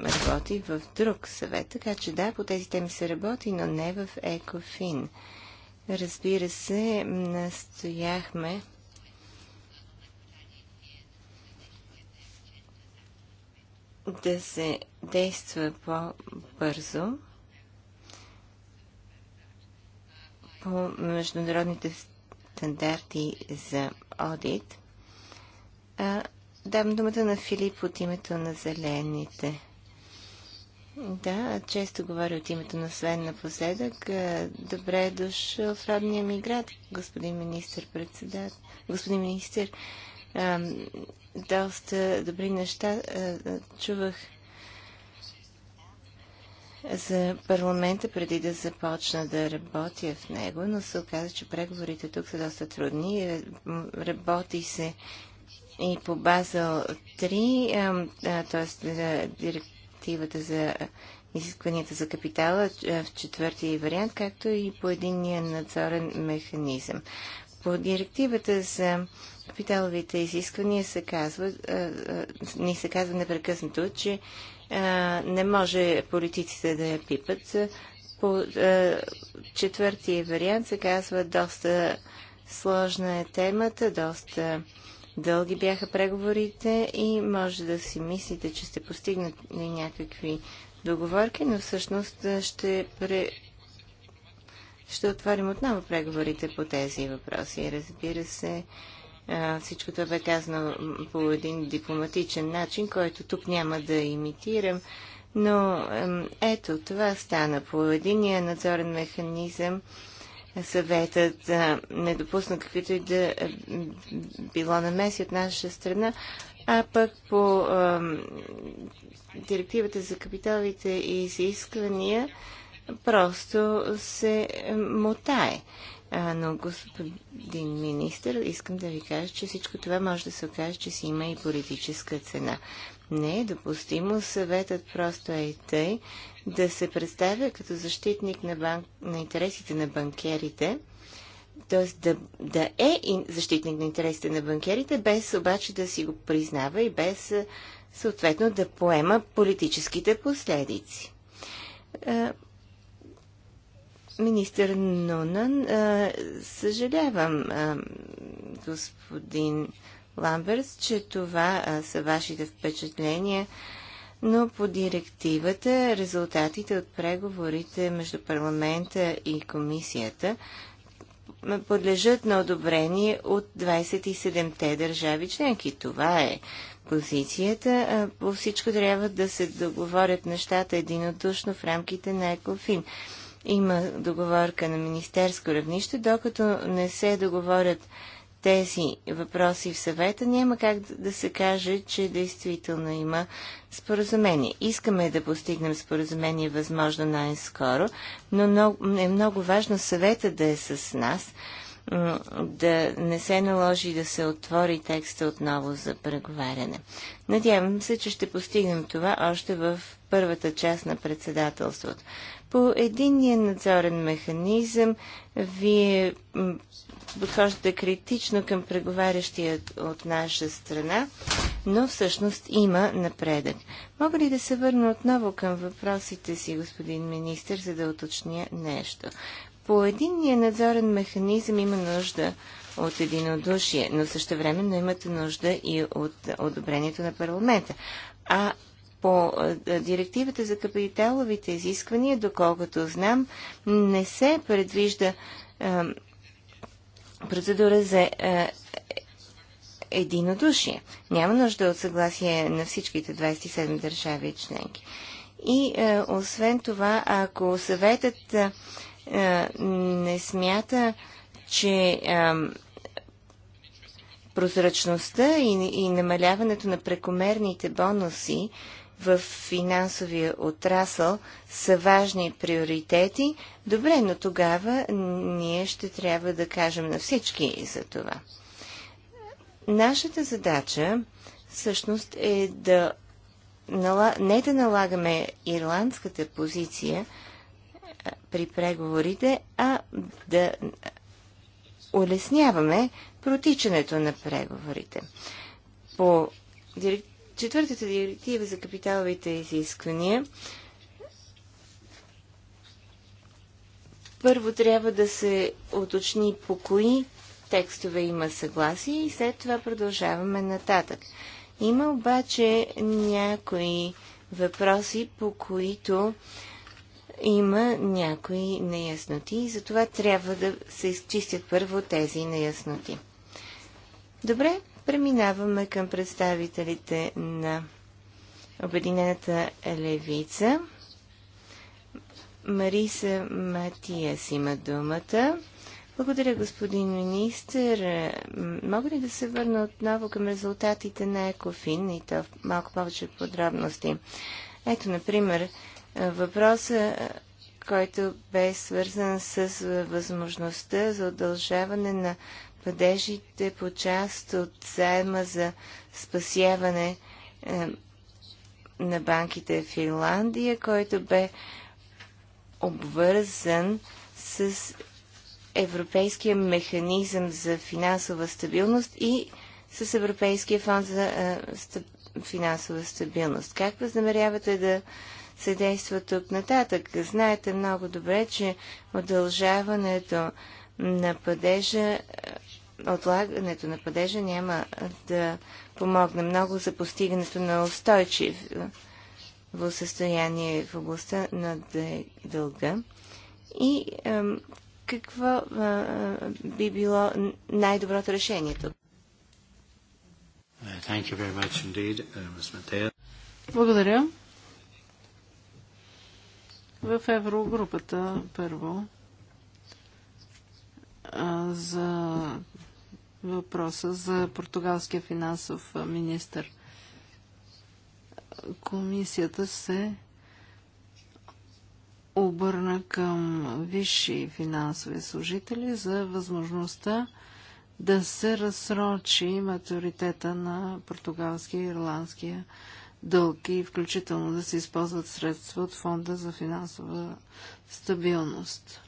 работи в друг съвет. Така че да, по тези теми се работи, но не в Екофин. Разбира се, настояхме да се действа по-бързо по международните стандарти за одит, а Давам думата на Филип от името на Зелените. Да, често говоря от името на Свен напоследък. Е, добре е дошъл в родния ми град, господин министр-председател. Господин министр, доста добри неща е, чувах за парламента преди да започна да работя в него, но се оказа, че преговорите тук са доста трудни. Е, работи се и по Базел 3, т.е. директивата за изискванията за капитала в четвъртия вариант, както и по единния надзорен механизъм. По директивата за капиталовите изисквания се казва, ни се казва непрекъснато, че не може политиците да я пипат. По четвъртия вариант се казва доста сложна е темата, доста Дълги бяха преговорите и може да си мислите, че сте постигнали някакви договорки, но всъщност ще, пре... ще отворим отново преговорите по тези въпроси. Разбира се, всичко това бе казано по един дипломатичен начин, който тук няма да имитирам, но ето това стана по единия надзорен механизъм съветът не допусна каквито и да било намеси от наша страна, а пък по а, директивата за капиталите и изисквания просто се мотае. А, но, господин министр, искам да ви кажа, че всичко това може да се окаже, че си има и политическа цена. Не е допустимо съветът просто е и тъй да се представя като защитник на, банк, на интересите на банкерите, т.е. Да, да е защитник на интересите на банкерите, без обаче да си го признава и без съответно да поема политическите последици. Министър Нунан, съжалявам, господин Ламберс, че това а, са вашите впечатления, но по директивата резултатите от преговорите между парламента и комисията подлежат на одобрение от 27-те държави членки. Това е позицията. По всичко трябва да се договорят нещата единодушно в рамките на Екофин. Има договорка на министерско равнище, докато не се договорят тези въпроси в съвета, няма как да се каже, че действително има споразумение. Искаме да постигнем споразумение възможно най-скоро, но е много важно съвета да е с нас, да не се наложи да се отвори текста отново за преговаряне. Надявам се, че ще постигнем това още в първата част на председателството. По единния надзорен механизъм вие подхождате критично към преговарящия от наша страна, но всъщност има напредък. Мога ли да се върна отново към въпросите си, господин министр, за да уточня нещо? По единния надзорен механизъм има нужда от единодушие, но също същевременно имате нужда и от одобрението на парламента. А по директивата за капиталовите изисквания, доколкото знам, не се предвижда процедура за е, единодушие. Няма нужда от съгласие на всичките 27 държави и членки. И е, освен това, ако съветът е, е, не смята, че е, прозрачността и, и намаляването на прекомерните бонуси в финансовия отрасъл са важни приоритети, добре, но тогава ние ще трябва да кажем на всички за това. Нашата задача всъщност е да не да налагаме ирландската позиция при преговорите, а да улесняваме протичането на преговорите. По директ... Четвъртата директива за капиталовите изисквания. Първо трябва да се уточни по кои текстове има съгласие и след това продължаваме нататък. Има обаче някои въпроси, по които има някои неясноти и затова трябва да се изчистят първо тези неясноти. Добре, Преминаваме към представителите на Обединената левица. Мариса Матиас има думата. Благодаря, господин министр. Мога ли да се върна отново към резултатите на Екофин и то в малко повече подробности? Ето, например, въпроса, който бе свързан с възможността за удължаване на падежите по част от заема за спасяване е, на банките в Ирландия, който бе обвързан с Европейския механизъм за финансова стабилност и с Европейския фонд за е, финансова стабилност. Как възнамерявате да се действа тук нататък? Знаете много добре, че удължаването на падежа е, отлагането на падежа няма да помогне много за постигането на устойчиво е, състояние в областта на дълга. И какво е, е, би било най-доброто решение тук? Uh, Благодаря. В еврогрупата първо за въпроса за португалския финансов министр. Комисията се обърна към висши финансови служители за възможността да се разсрочи матуритета на португалския и ирландския дълг и включително да се използват средства от Фонда за финансова стабилност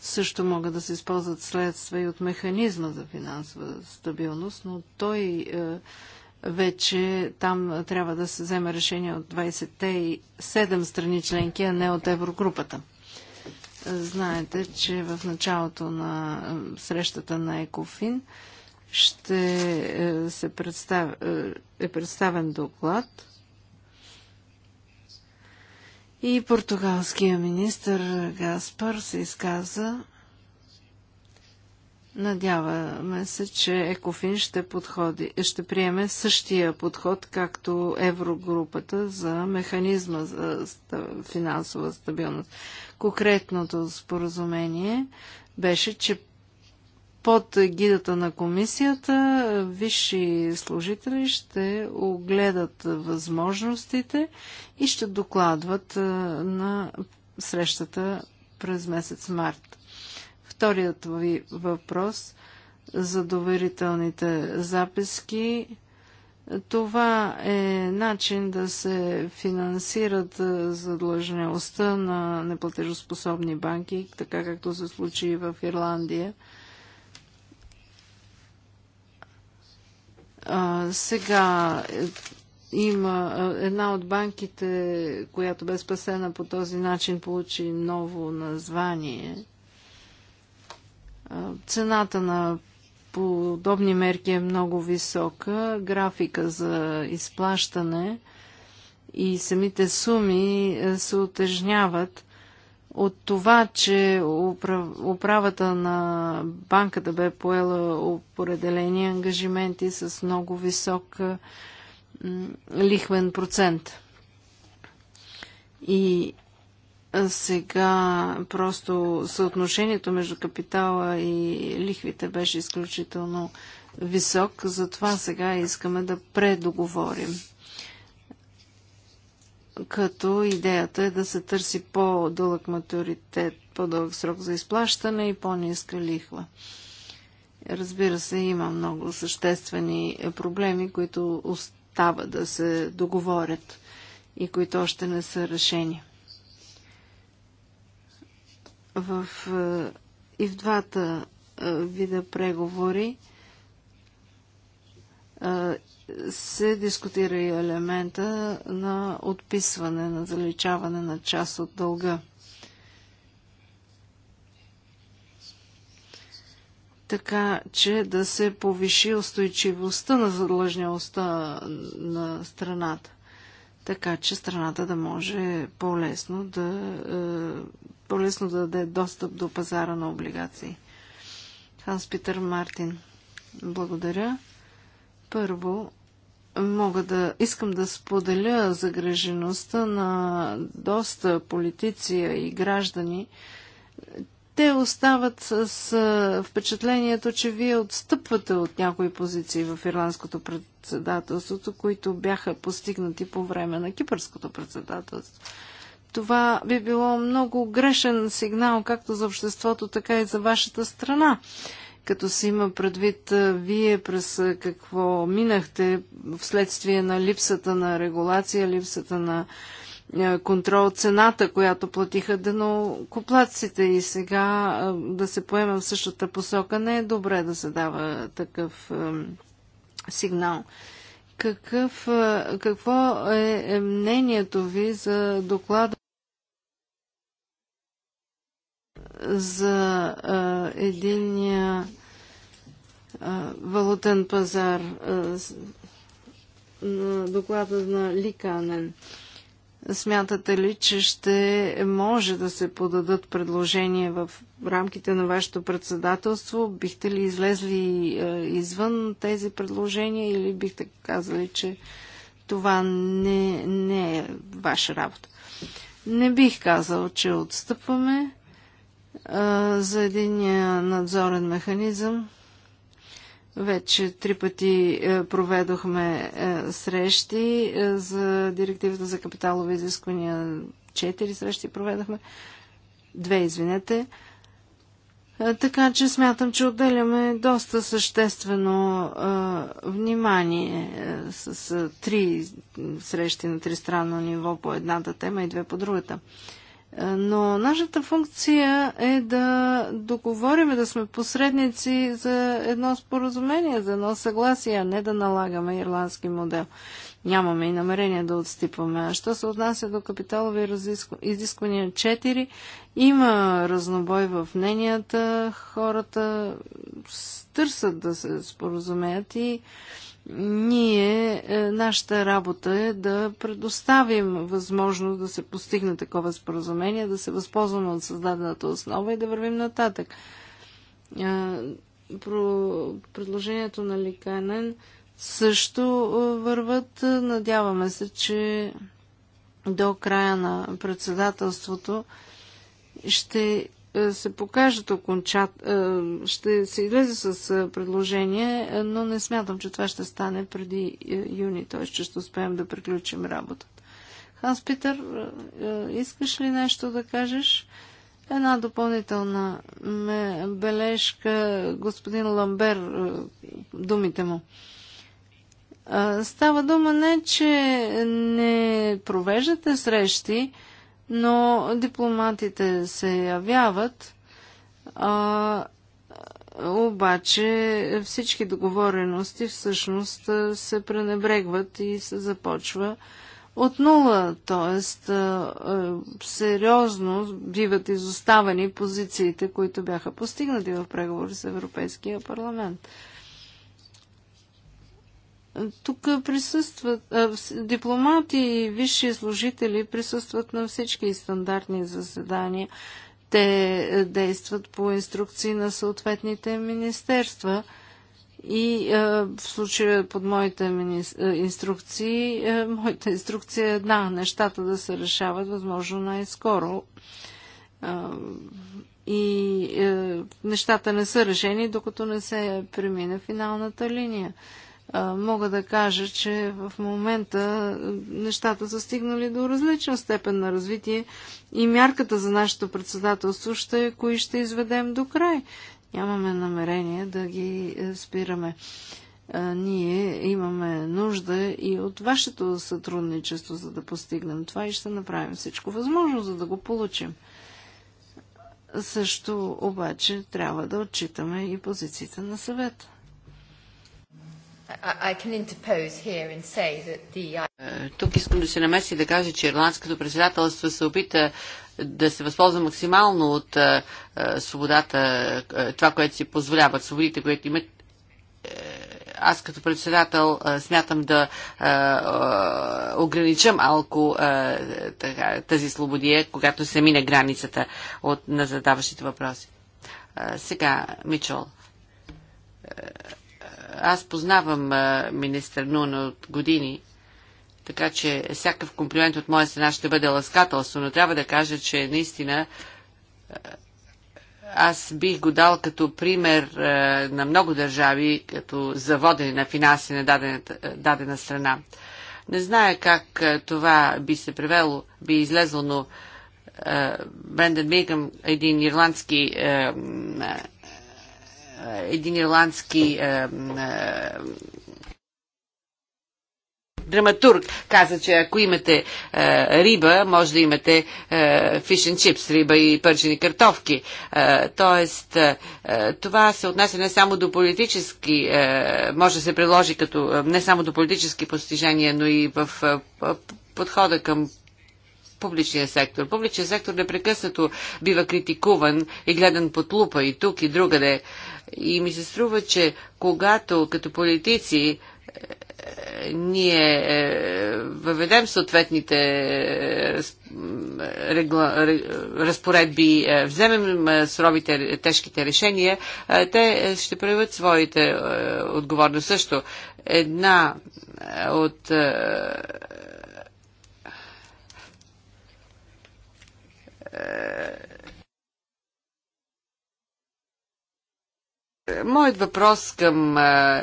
също могат да се използват следства и от механизма за финансова стабилност, но той е, вече там трябва да се вземе решение от 27 и 7 страни членки, а не от Еврогрупата. Знаете, че в началото на е, срещата на Екофин ще е, се представ... е, е представен доклад и португалския министр Гаспар се изказа. Надяваме се, че Екофин ще, подходи, ще приеме същия подход, както Еврогрупата за механизма за финансова стабилност. Конкретното споразумение беше, че под гидата на комисията висши служители ще огледат възможностите и ще докладват на срещата през месец март. Вторият ви въпрос за доверителните записки. Това е начин да се финансират задлъжнялостта на неплатежоспособни банки, така както се случи в Ирландия – А, сега е, има е, една от банките, която бе спасена по този начин, получи ново название. Цената на подобни мерки е много висока. Графика за изплащане и самите суми е, се отежняват от това, че управата на банката бе поела определени ангажименти с много висок лихвен процент. И сега просто съотношението между капитала и лихвите беше изключително висок, затова сега искаме да предоговорим като идеята е да се търси по-дълъг матуритет, по-дълъг срок за изплащане и по-ниска лихва. Разбира се, има много съществени проблеми, които остава да се договорят и които още не са решени. В, е, и в двата е, вида преговори е, се дискутира и елемента на отписване, на заличаване на част от дълга. Така, че да се повиши устойчивостта на задлъжнялостта на страната. Така, че страната да може по-лесно да, е, по-лесно да даде достъп до пазара на облигации. Ханс Питър Мартин. Благодаря. Първо, мога да искам да споделя загрежеността на доста политици и граждани. Те остават с впечатлението, че вие отстъпвате от някои позиции в ирландското председателството, които бяха постигнати по време на кипърското председателство. Това би било много грешен сигнал както за обществото, така и за вашата страна като се има предвид вие през какво минахте вследствие на липсата на регулация, липсата на контрол цената, която платиха денокоплаците и сега да се поема в същата посока, не е добре да се дава такъв сигнал. Какъв, какво е, е мнението ви за доклада за единия валутен пазар, на доклада на Ликанен. Смятате ли, че ще може да се подадат предложения в рамките на вашето председателство? Бихте ли излезли извън тези предложения или бихте казали, че това не, не е ваша работа? Не бих казал, че отстъпваме а, за един надзорен механизъм вече три пъти е, проведохме е, срещи е, за директивата за капиталови изисквания. Четири срещи проведохме. Две, извинете. Така че смятам, че отделяме доста съществено а, внимание а, с а, три срещи на тристранно ниво по едната тема и две по другата. А, е, но нашата функция е да договориме, да сме посредници за едно споразумение, за едно съгласие, а не да налагаме ирландски модел. Нямаме и намерение да отстипваме. А що се отнася до капиталови изисквания 4, има разнобой в мненията, хората търсят да се споразумеят и ние, е, нашата работа е да предоставим възможност да се постигне такова споразумение, да се възползваме от създадената основа и да вървим нататък. Е, про предложението на Ликанен също е, върват. Надяваме се, че до края на председателството ще е, се покажат окончат, е, ще се излезе с е, предложение, но не смятам, че това ще стане преди юни, т.е. че ще успеем да приключим работата. Ханс Питър, искаш ли нещо да кажеш? Една допълнителна бележка, господин Ламбер, думите му. Става дума не, че не провеждате срещи, но дипломатите се явяват, а, обаче всички договорености всъщност се пренебрегват и се започва от нула, т.е. сериозно биват изоставени позициите, които бяха постигнати в преговори с Европейския парламент. Тук присъстват дипломати и висши служители, присъстват на всички стандартни заседания. Те е, действат по инструкции на съответните министерства. И е, в случая под моите инструкции, е, моята инструкция е една, нещата да се решават възможно най-скоро. Е, и нещата не са решени, докато не се премине финалната линия мога да кажа, че в момента нещата са стигнали до различна степен на развитие и мярката за нашето председателство ще е кои ще изведем до край. Нямаме намерение да ги е, спираме. Ние имаме нужда и от вашето сътрудничество, за да постигнем това и ще направим всичко възможно, за да го получим. Също обаче трябва да отчитаме и позициите на съвета. Uh, е, тук искам да се намеси да кажа, че ирландското председателство се опита да се възползва максимално от е, е, свободата, това, което си позволяват, свободите, които имат. Аз като председател смятам да ограничам малко тази свободия, когато се мине границата на задаващите въпроси. сега, Мичол аз познавам министър Нуна от години, така че всякакъв комплимент от моя страна ще бъде ласкателство, но трябва да кажа, че наистина аз бих го дал като пример на много държави, като заводене на финанси на дадена, дадена страна. Не зная как това би се превело, би излезло, но Брендан Бигъм, един ирландски е, един ирландски е, е, драматург каза, че ако имате е, риба, може да имате фишен чипс, риба и пържени картофки. Е, тоест, е, това се отнася не само до политически, е, може да се приложи като не само до политически постижения, но и в е, подхода към публичния сектор. Публичният сектор непрекъснато бива критикуван и гледан под лупа и тук и другаде. И ми се струва, че когато като политици е, ние е, въведем съответните е, разпоредби, вземем суровите, тежките решения, те ще проявят своите отговорност също. Една от Моят въпрос към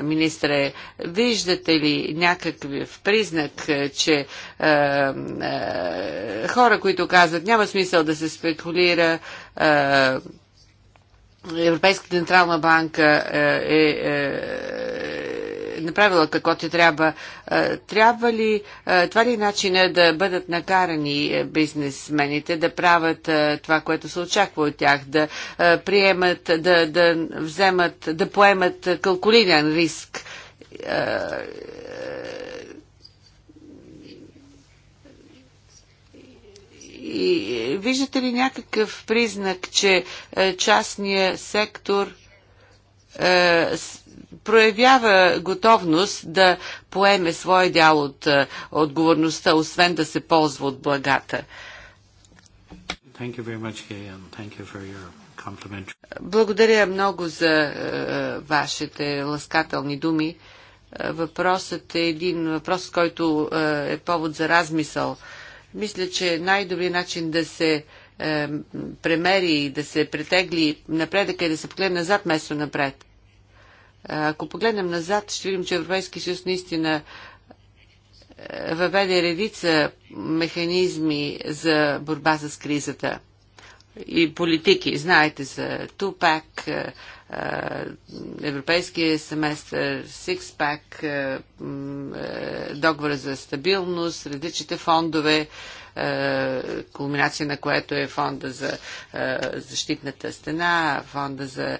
министра е, виждате ли някакъв признак, че е, е, хора, които казват няма смисъл да се спекулира, е, Европейската централна банка е, е, направила какво ти трябва. Трябва ли, това ли е начина да бъдат накарани е, бизнесмените да правят това, което се очаква от тях, да приемат, да, да вземат, да поемат калкулиран риск? И виждате ли някакъв признак, че частния сектор проявява готовност да поеме своя дял от е, отговорността, освен да се ползва от благата. Благодаря много за е, вашите ласкателни думи. Е, въпросът е един въпрос, който е, е, повод за размисъл. Мисля, че най-добрият начин да се е, премери и да се претегли напредък и да се погледне назад место напред. Ако погледнем назад, ще видим, че Европейски съюз наистина е, въведе редица механизми за борба с кризата и политики. Знаете за Тупак, е, е, Европейския семестър, Сикспак, договора за стабилност, различните фондове, кулминация на което е фонда за защитната стена, фонда за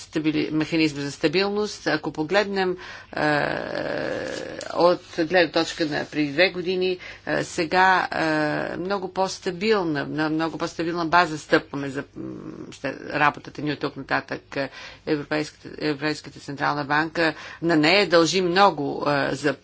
стабили... механизма за стабилност. Ако погледнем е, от гледна точка на преди две години, е, сега е, много по-стабилна, на много по-стабилна база стъпваме за ще, работата ни от тук нататък. Европейската, Европейската централна банка на нея дължи много е, за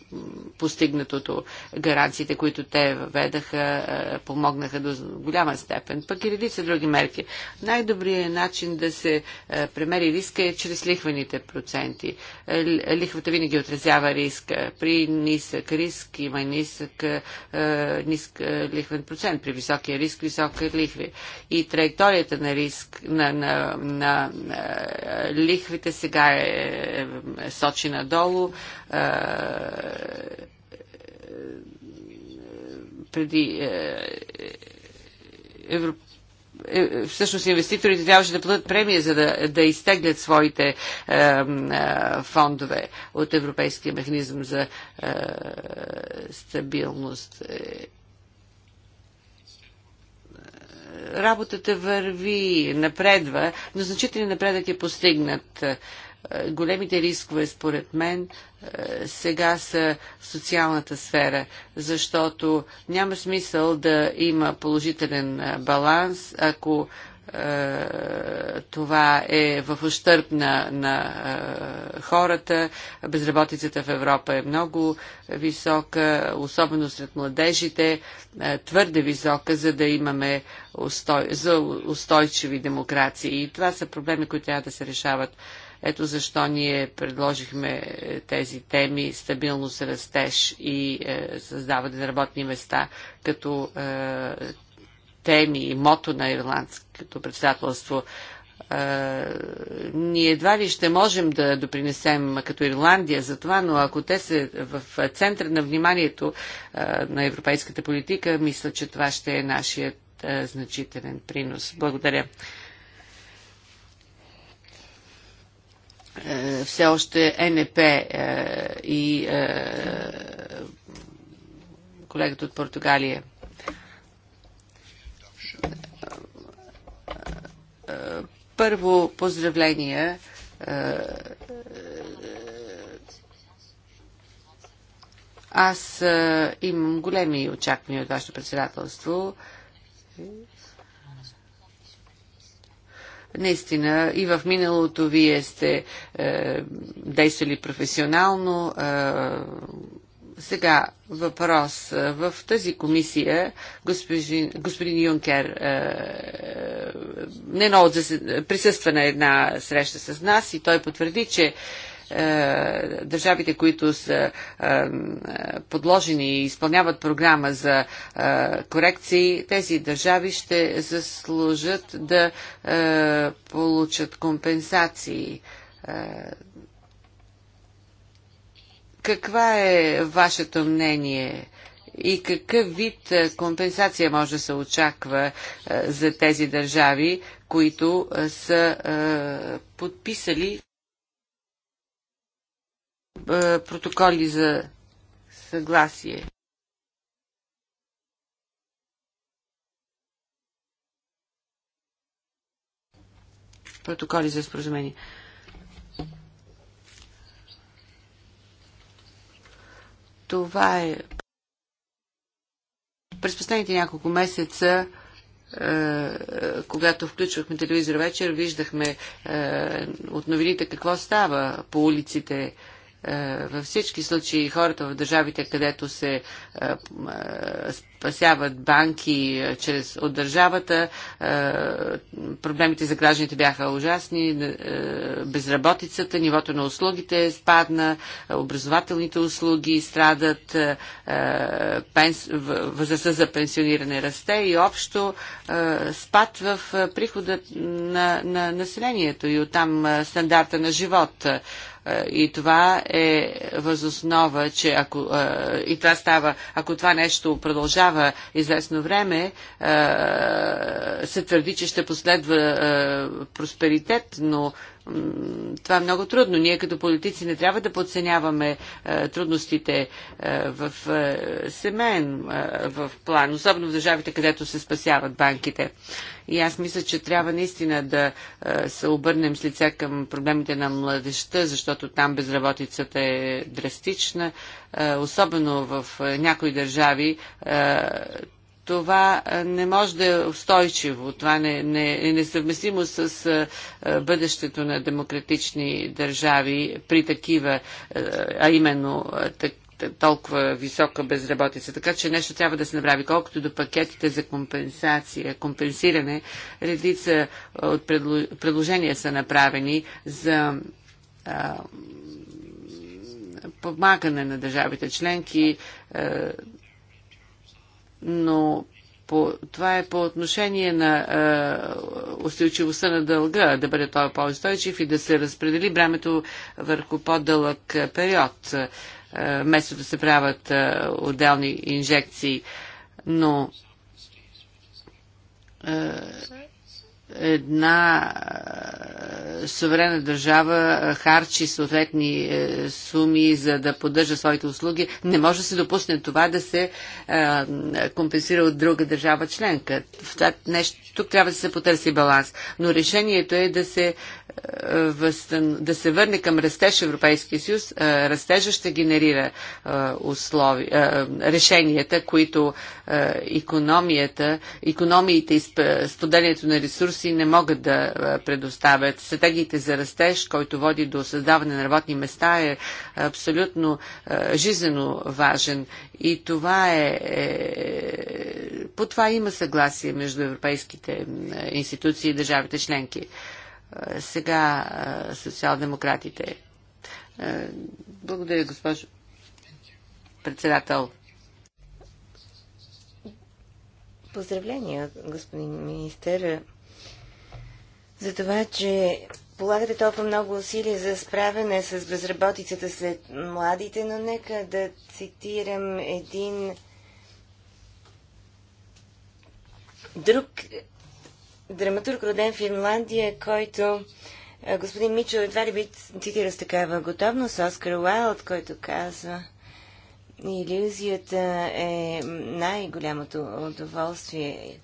постигнатото гаранциите, които те въведаха, е, помогнаха до голяма степен, пък и редица други мерки. Най-добрият начин да се е, премери риска е чрез лихвените проценти. Е, лихвата винаги отразява риска. При нисък риск има нисък, е, нисък е, лихвен процент. При високия риск висока лихви. И траекторията на риск на, на, на, на лихвите сега е сочи надолу преди е, е, е, всъщност инвеститорите трябваше да платят премия, за да, да изтеглят своите е, е, фондове от Европейския механизъм за е, стабилност. Е, работата върви, напредва, но значителен напредък е постигнат. Големите рискове, според мен, сега са в социалната сфера, защото няма смисъл да има положителен баланс, ако това е в ущърп на, на хората. Безработицата в Европа е много висока, особено сред младежите, твърде висока, за да имаме устой, за устойчиви демокрации. И това са проблеми, които трябва да се решават ето защо ние предложихме е, тези теми стабилност, растеж и е, създаване на работни места като е, теми и мото на ирландското председателство е, ние едва ли ще можем да допринесем като Ирландия за това, но ако те са в центъра на вниманието е, на европейската политика, мисля, че това ще е нашият значителен принос. Благодаря. Е, все още НП е, и е, колегата от Португалия. Първо поздравления Аз имам големи очаквания от вашето председателство Наистина и в миналото вие сте е, действали професионално. Е, сега въпрос. Е, в тази комисия господин Юнкер е, не много присъства на една среща с нас и той потвърди, че е, държавите, които са е, подложени и изпълняват програма за е, корекции, тези държави ще заслужат да получат компенсации. Каква е вашето мнение? и какъв вид компенсация може да се очаква за тези държави, които са подписали е, протоколи за съгласие. Протоколи за споразумение. Това е. През последните няколко месеца е, когато включвахме телевизор вечер, виждахме е, от новините какво става по улиците е, във всички случаи хората в държавите, където се е, е, спасяват банки чрез, от държавата. Проблемите за гражданите бяха ужасни. Безработицата, нивото на услугите спадна, образователните услуги страдат, пенс... възрастта за пенсиониране расте и общо спад в прихода на, на населението и оттам стандарта на живот. И това е възоснова, че ако, и това става, ако това нещо продължава, продължава известно време, е, се твърди, че ще последва е, просперитет, но това е много трудно. Ние като политици не трябва да подценяваме е, трудностите е, в е, семейен в план, особено в държавите, където се спасяват банките. И аз мисля, че трябва наистина да се обърнем с лице към проблемите на младеща, защото там безработицата е драстична. Особено в някои държави това не може да е устойчиво, това не, не, е несъвместимо с бъдещето на демократични държави при такива, а именно толкова висока безработица. Така че нещо трябва да се направи. Колкото до пакетите за компенсация, компенсиране, редица от предложения са направени за а, помагане на държавите членки. А, но по, това е по отношение на е, устойчивостта на дълга, да бъде той по-устойчив и да се разпредели бремето върху по-дълъг е, период, е, вместо да се правят е, отделни инжекции. Но е, една е, суверена държава е, харчи съответни е, суми за да поддържа своите услуги. Не може да се допусне това да се компенсира от друга държава членка. тук трябва да се потърси баланс. Но решението е да се, възстан... да се върне към растеж Европейския съюз. Растежа ще генерира услови... решенията, които економията, економиите и споделянето на ресурси си не могат да предоставят. Стратегиите за растеж, който води до създаване на работни места е абсолютно жизнено важен и това е, е... По това има съгласие между европейските институции и държавите членки. Сега социал-демократите. Благодаря, госпожо председател. Поздравления, господин министър за това, че полагате толкова много усилия за справяне с безработицата след младите, но нека да цитирам един друг драматург, роден в Ирландия, който господин Мичел едва ли би цитира с такава готовност, Оскар Уайлд, който казва Иллюзията е най-голямото удоволствие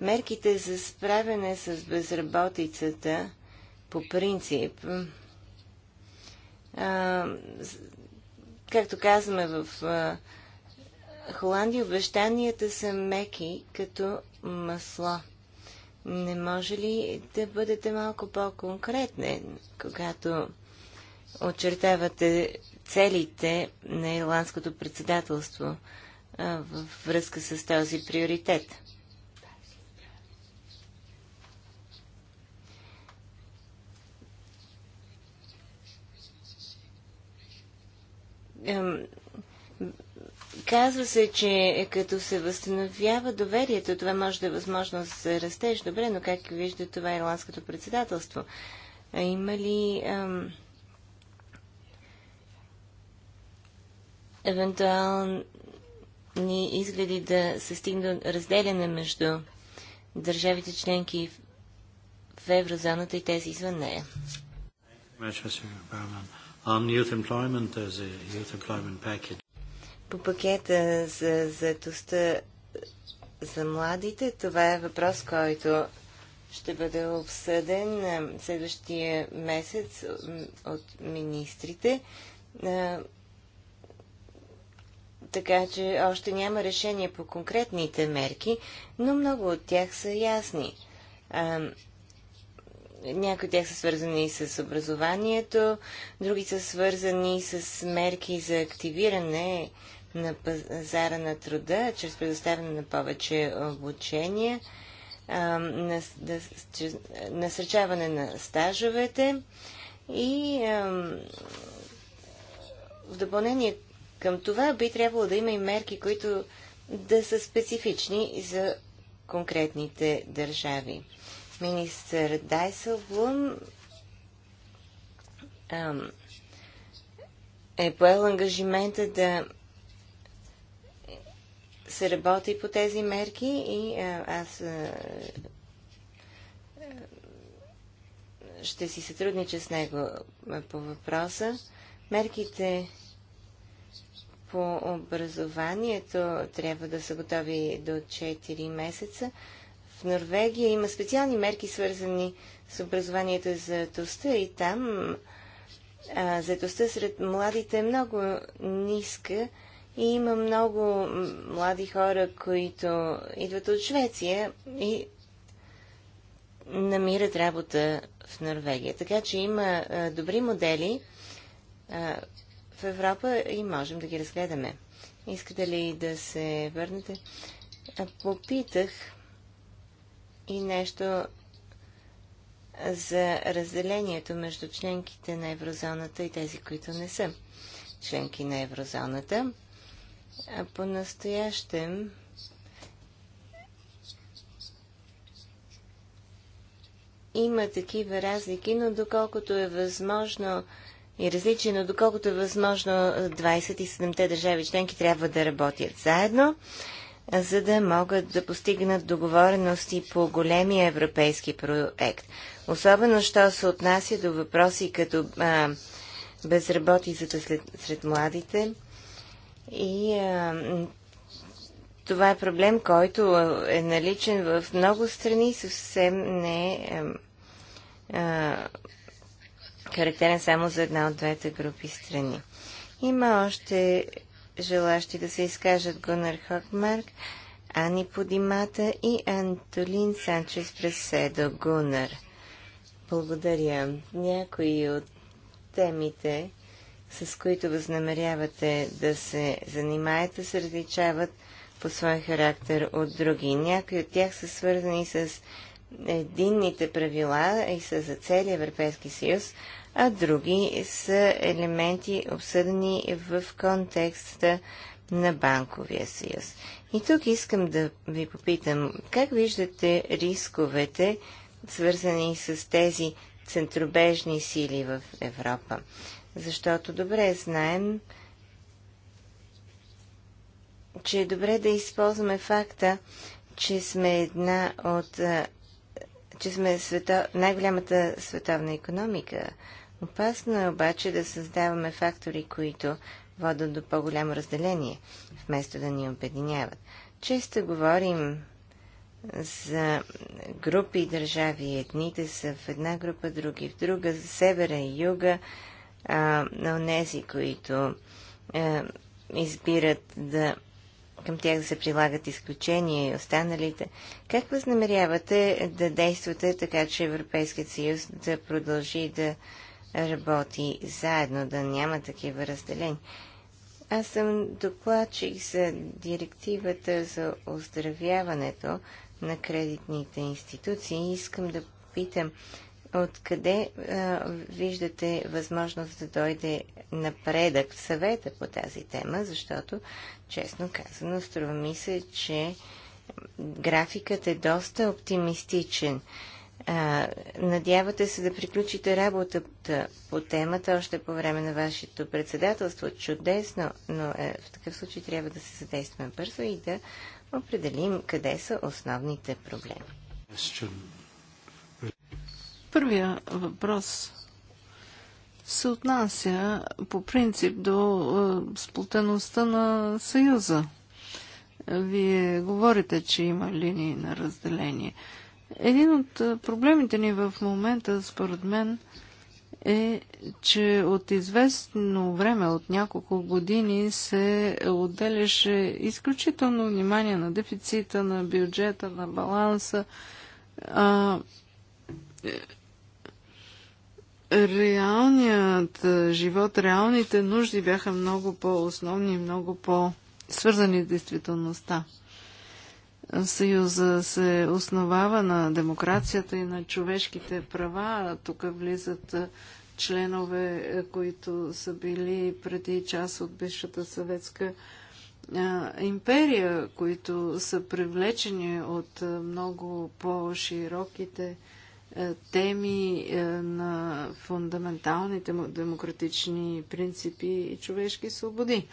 Мерките за справяне с безработицата по принцип, а, както казваме в а, Холандия, обещанията са меки като масло. Не може ли да бъдете малко по-конкретни, когато очертавате целите на ирландското председателство а, във връзка с този приоритет? Казва се, че като се възстановява доверието, това може да е възможност за растеж. Добре, но как вижда това ирландското председателство? Има ли ам, евентуални изгледи да се стигне до разделяне между държавите членки в еврозоната и тези извън нея? Much, Um, youth employment, there's a youth employment package. По пакета за заетостта за младите, това е въпрос, който ще бъде обсъден следващия месец от министрите. Така че още няма решение по конкретните мерки, но много от тях са ясни. Някои от тях са свързани с образованието, други са свързани с мерки за активиране на пазара на труда, чрез предоставяне на повече обучение, насърчаване на стажовете и в допълнение към това би трябвало да има и мерки, които да са специфични за конкретните държави министър Дайсълбун е поел ангажимента да се работи по тези мерки и аз ще си сътруднича с него по въпроса. Мерките по образованието трябва да са готови до 4 месеца. В Норвегия има специални мерки, свързани с образованието за заедостта и там а, заедостта сред младите е много ниска и има много млади хора, които идват от Швеция и намират работа в Норвегия. Така че има а, добри модели а, в Европа и можем да ги разгледаме. Искате ли да се върнете? Попитах и нещо за разделението между членките на еврозоната и тези, които не са членки на еврозоната. А по-настоящем има такива разлики, но доколкото е възможно и различие, но доколкото е възможно 27-те държави членки трябва да работят заедно за да могат да постигнат договорености по големия европейски проект. Особено, що се отнася до въпроси като а, безработицата след, сред младите. И а, това е проблем, който е наличен в много страни и съвсем не е характерен само за една от двете групи страни. Има още желащи да се изкажат Гунър Хокмарк, Ани Подимата и Антолин Санчес Преседо Гунър. Благодаря. Някои от темите, с които възнамерявате да се занимаете, се различават по своя характер от други. Някои от тях са свързани с единните правила и са за целия Европейски съюз, а други са елементи обсъдени в контекста на банковия съюз. И тук искам да ви попитам, как виждате рисковете, свързани с тези центробежни сили в Европа? Защото добре знаем, че е добре да използваме факта, че сме една от че сме свето... най-голямата световна економика Опасно е обаче да създаваме фактори, които водят до по-голямо разделение, вместо да ни обединяват. Често говорим за групи и държави. Едните са в една група, други в друга, за севера и юга, а, на онези, които а, е, избират да към тях да се прилагат изключения и останалите. Как възнамерявате да действате така, че Европейският съюз да продължи да работи заедно, да няма такива разделения. Аз съм докладчик за директивата за оздравяването на кредитните институции и искам да питам откъде а, виждате възможност да дойде напредък в съвета по тази тема, защото, честно казано, струва ми се, че графикът е доста оптимистичен. А, надявате се да приключите работата по темата още по време на вашето председателство. Чудесно, но е, в такъв случай трябва да се задействаме бързо и да определим къде са основните проблеми. Първия въпрос се отнася по принцип до е, сплутеността на Съюза. Вие говорите, че има линии на разделение – един от проблемите ни в момента, според мен, е, че от известно време, от няколко години, се отделяше изключително внимание на дефицита, на бюджета, на баланса. А, реалният живот, реалните нужди бяха много по-основни и много по-свързани с действителността. Съюза се основава на демокрацията и на човешките права. Тук влизат членове, които са били преди част от бившата съветска империя, които са привлечени от много по-широките теми на фундаменталните демократични принципи и човешки свободи.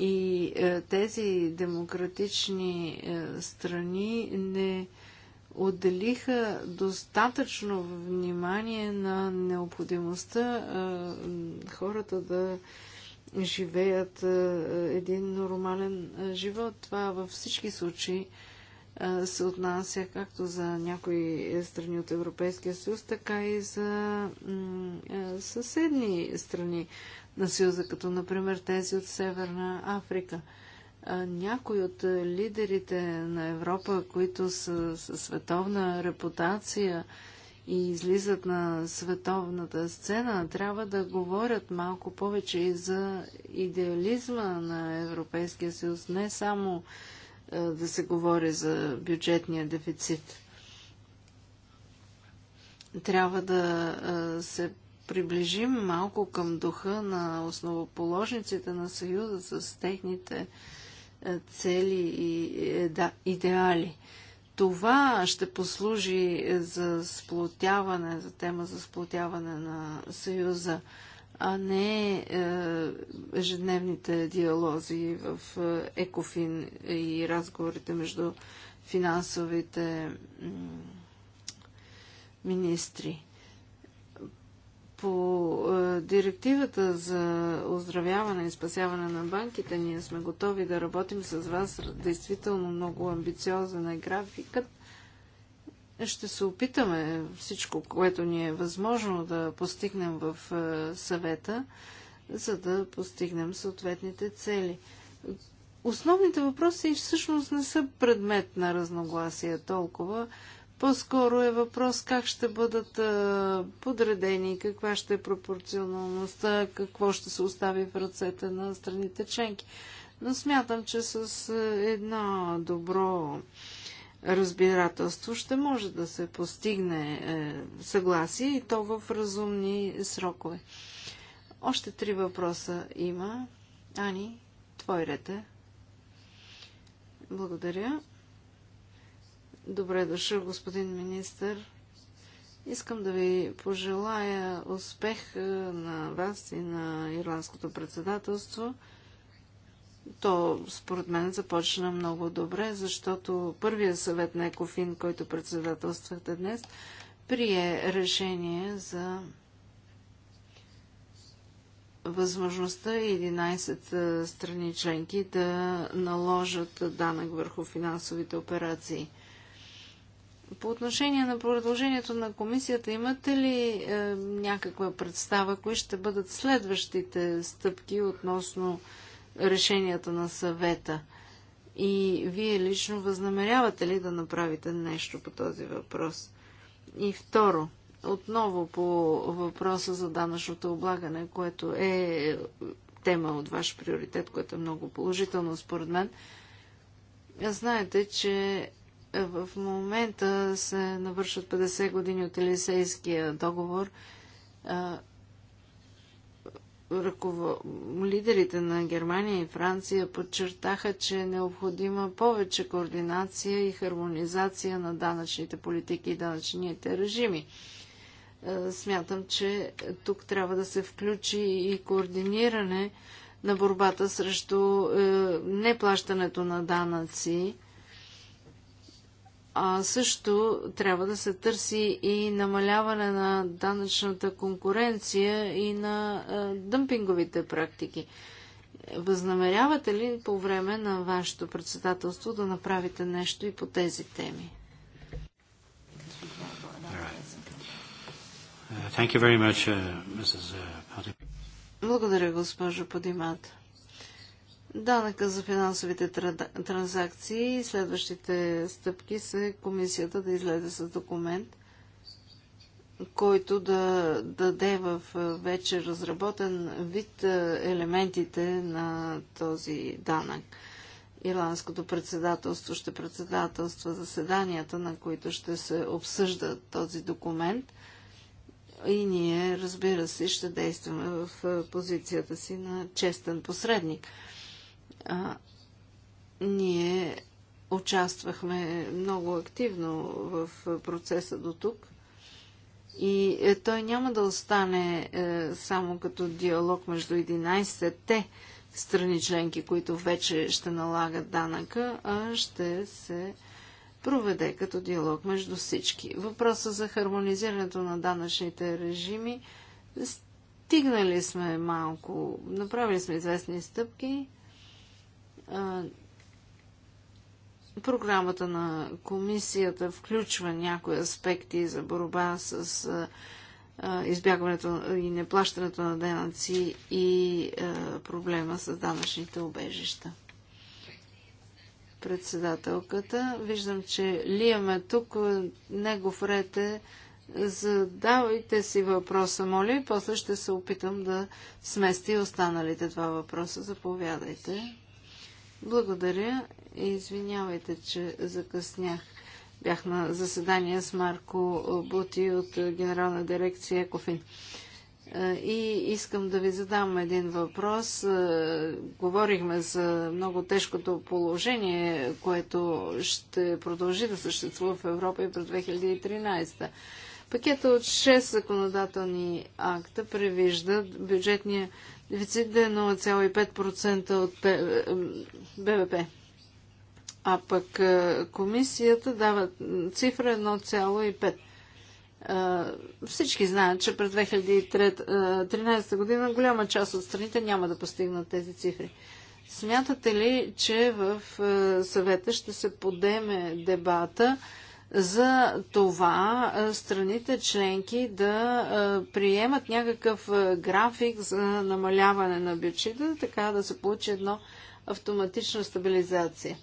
И е, тези демократични е, страни не отделиха достатъчно внимание на необходимостта е, хората да живеят е, един нормален е, живот. Това във всички случаи е, се отнася както за някои страни от Европейския съюз, така и за съседни страни на Съюза, като например тези от Северна Африка. Някои от лидерите на Европа, които са със световна репутация и излизат на световната сцена, трябва да говорят малко повече и за идеализма на Европейския съюз, не само да се говори за бюджетния дефицит. Трябва да се приближим малко към духа на основоположниците на Съюза с техните е, цели и е, да, идеали. Това ще послужи за сплотяване, за тема за сплотяване на Съюза, а не е, ежедневните диалози в Екофин и разговорите между финансовите министри. По е, директивата за оздравяване и спасяване на банките ние сме готови да работим с вас. Действително много амбициозен е графикът. Ще се опитаме всичко, което ни е възможно да постигнем в е, съвета, за да постигнем съответните цели. Основните въпроси всъщност не са предмет на разногласия толкова. По-скоро е въпрос как ще бъдат подредени, каква ще е пропорционалността, какво ще се остави в ръцете на страните членки. Но смятам, че с едно добро разбирателство ще може да се постигне е, съгласие и то в разумни срокове. Още три въпроса има. Ани, твой ред е. Благодаря. Добре дошъл, господин министр. Искам да ви пожелая успех на вас и на Ирландското председателство. То, според мен, започна много добре, защото първият съвет на Екофин, който председателствахте днес, прие решение за възможността 11 страни членки да наложат данък върху финансовите операции – по отношение на продължението на комисията, имате ли е, някаква представа, кои ще бъдат следващите стъпки относно решенията на съвета? И вие лично възнамерявате ли да направите нещо по този въпрос? И второ, отново по въпроса за данъчното облагане, което е тема от ваш приоритет, което е много положително според мен. Знаете, че е, в момента се навършват 50 години от Елисейския договор. Лидерите на Германия и Франция подчертаха, че е необходима повече координация и хармонизация на данъчните политики и данъчните режими е, смятам, че тук трябва да се включи и координиране на борбата срещу е, неплащането на данъци а също трябва да се търси и намаляване на данъчната конкуренция и на а, дъмпинговите практики. Възнамерявате ли по време на вашето председателство да направите нещо и по тези теми? Uh, uh, uh, Благодаря, госпожо Подимата данъка за финансовите транзакции. Следващите стъпки са комисията да излезе с документ, който да даде в вече разработен вид елементите на този данък. Ирландското председателство ще председателства заседанията, на които ще се обсъжда този документ. И ние, разбира се, ще действаме в позицията си на честен посредник а, ние участвахме много активно в процеса до тук. И е, той няма да остане е, само като диалог между 11-те страни членки, които вече ще налагат данъка, а ще се проведе като диалог между всички. Въпроса за хармонизирането на данъчните режими стигнали сме малко, направили сме известни стъпки. Програмата на комисията включва някои аспекти за борба с избягването и неплащането на денъци и проблема с данъчните обежища. Председателката, виждам, че Лием е тук, негов ред е Задавайте си въпроса, моля, и после ще се опитам да смести останалите два въпроса. Заповядайте. Благодаря и извинявайте, че закъснях. Бях на заседание с Марко Бути от Генерална дирекция Екофин. Е, и искам да ви задам един въпрос. Е, говорихме за много тежкото положение, което ще продължи да съществува в Европа и през 2013. Пакета от 6 законодателни акта превижда бюджетния Дефицит е 0,5% от БВП. А пък комисията дава цифра 1,5%. всички знаят, че през 2013 година голяма част от страните няма да постигнат тези цифри. Смятате ли, че в съвета ще се подеме дебата за това страните членки да приемат някакъв график за намаляване на бюджета, така да се получи едно автоматична стабилизация.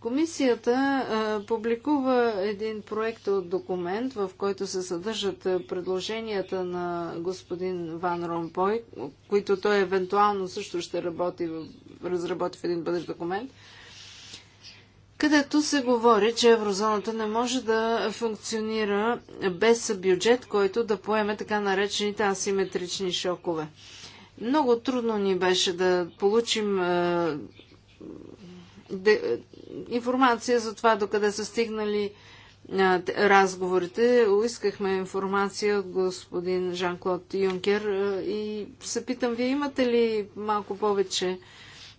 Комисията публикува един проект от документ, в който се съдържат предложенията на господин Ван Ромпой, които той евентуално също ще работи разработи в един бъдещ документ – където се говори, че еврозоната не може да функционира без бюджет, който да поеме така наречените асиметрични шокове. Много трудно ни беше да получим е, де, информация за това докъде са стигнали е, разговорите. Искахме информация от господин Жан-Клод Юнкер е, и се питам, вие имате ли малко повече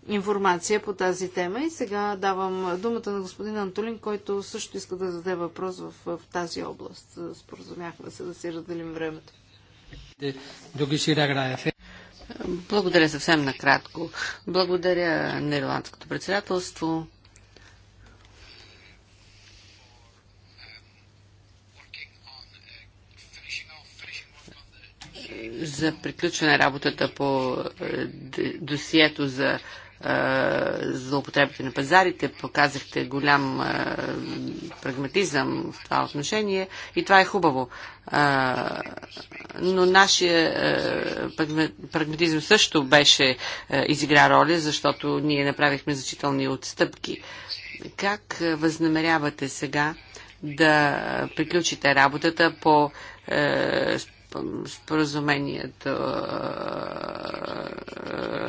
информация по тази тема. И сега давам думата на господин Антолин, който също иска да зададе въпрос в, в тази област. Споразумяхме се да си разделим времето. Е Благодаря съвсем накратко. Благодаря нерландското председателство. за приключване работата по досието за злоупотребите на пазарите, показахте голям а, прагматизъм в това отношение и това е хубаво. А, но нашия а, прагматизъм също беше изигра роля, защото ние направихме значителни отстъпки. Как възнамерявате сега да приключите работата по споразумението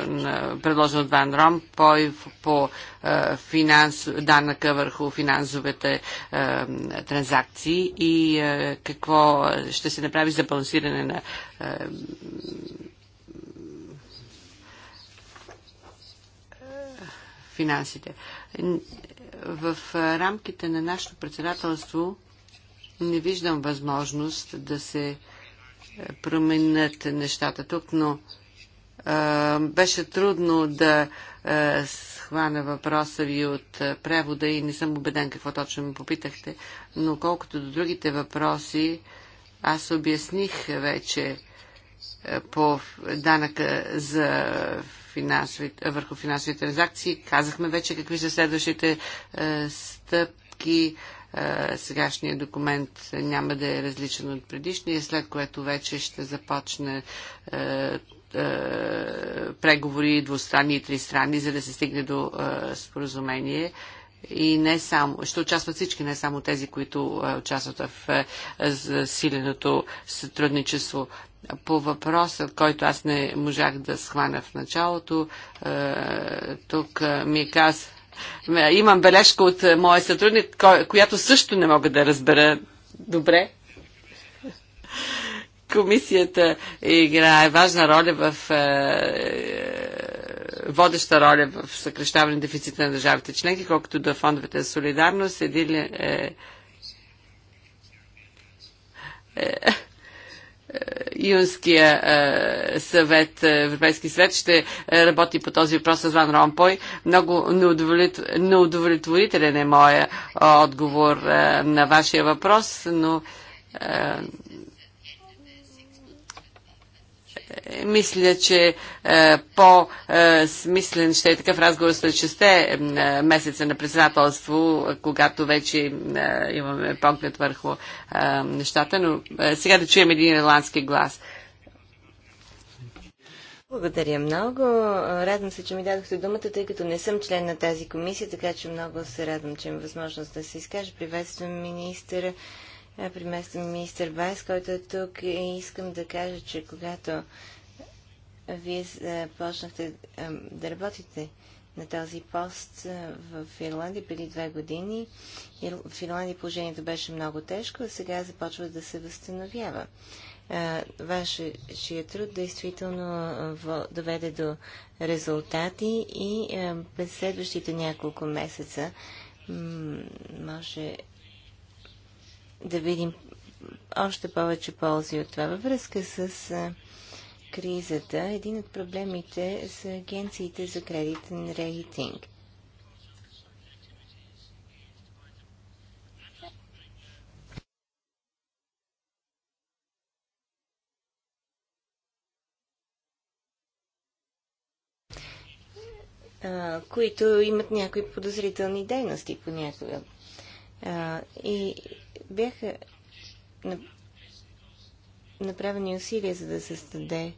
на предложено от Ван Ром по, по е, финанс, данъка върху финансовете е, транзакции и е, какво ще се направи за балансиране на финансите. В рамките на нашето председателство не виждам възможност да се променят нещата тук, но а, беше трудно да а, схвана въпроса ви от а, превода и не съм убеден какво точно ми попитахте, но колкото до другите въпроси, аз обясних вече а, по данъка за финансови, върху финансови транзакции. Казахме вече какви са следващите а, стъпки. А, е, сегашният документ няма да е различен от предишния, след което вече ще започне е, е, преговори двустранни и тристранни, за да се стигне до споразумение и не само, ще участват всички, не само тези, които участват в засиленото сътрудничество. По въпроса, който аз не можах да схвана в началото, тук ми каза Имам бележка от е, моя сътрудник, която също не мога да разбера добре. Комисията играе важна роля в е, е, водеща роля в съкрещаване дефицита на държавите членки, колкото до фондовете за солидарност. Един е, е, юнския е, съвет, е, Европейски съвет ще е, работи по този въпрос с Ван Ромпой. Много неудовлетворителен е моя отговор на вашия въпрос, но мисля, че е, по-смислен ще е такъв разговор след 6 е, месеца на председателство, когато вече е, имаме поглед върху нещата, но сега да чуем един ирландски глас. Благодаря много. Радвам се, че ми дадохте думата, тъй като не съм член на тази комисия, така че много се радвам, че има възможност да се изкаже. Приветствам министъра е, Приместен министър Байс, който е тук и искам да кажа, че когато вие почнахте да работите на този пост в Ирландия преди две години. В Ирландия положението беше много тежко, а сега започва да се възстановява. Вашия труд действително доведе до резултати и през следващите няколко месеца може да видим още повече ползи от това. Във връзка с кризата, един от проблемите са агенциите за кредитен рейтинг. които имат някои подозрителни дейности понякога. и бяха направени усилия, за да се създаде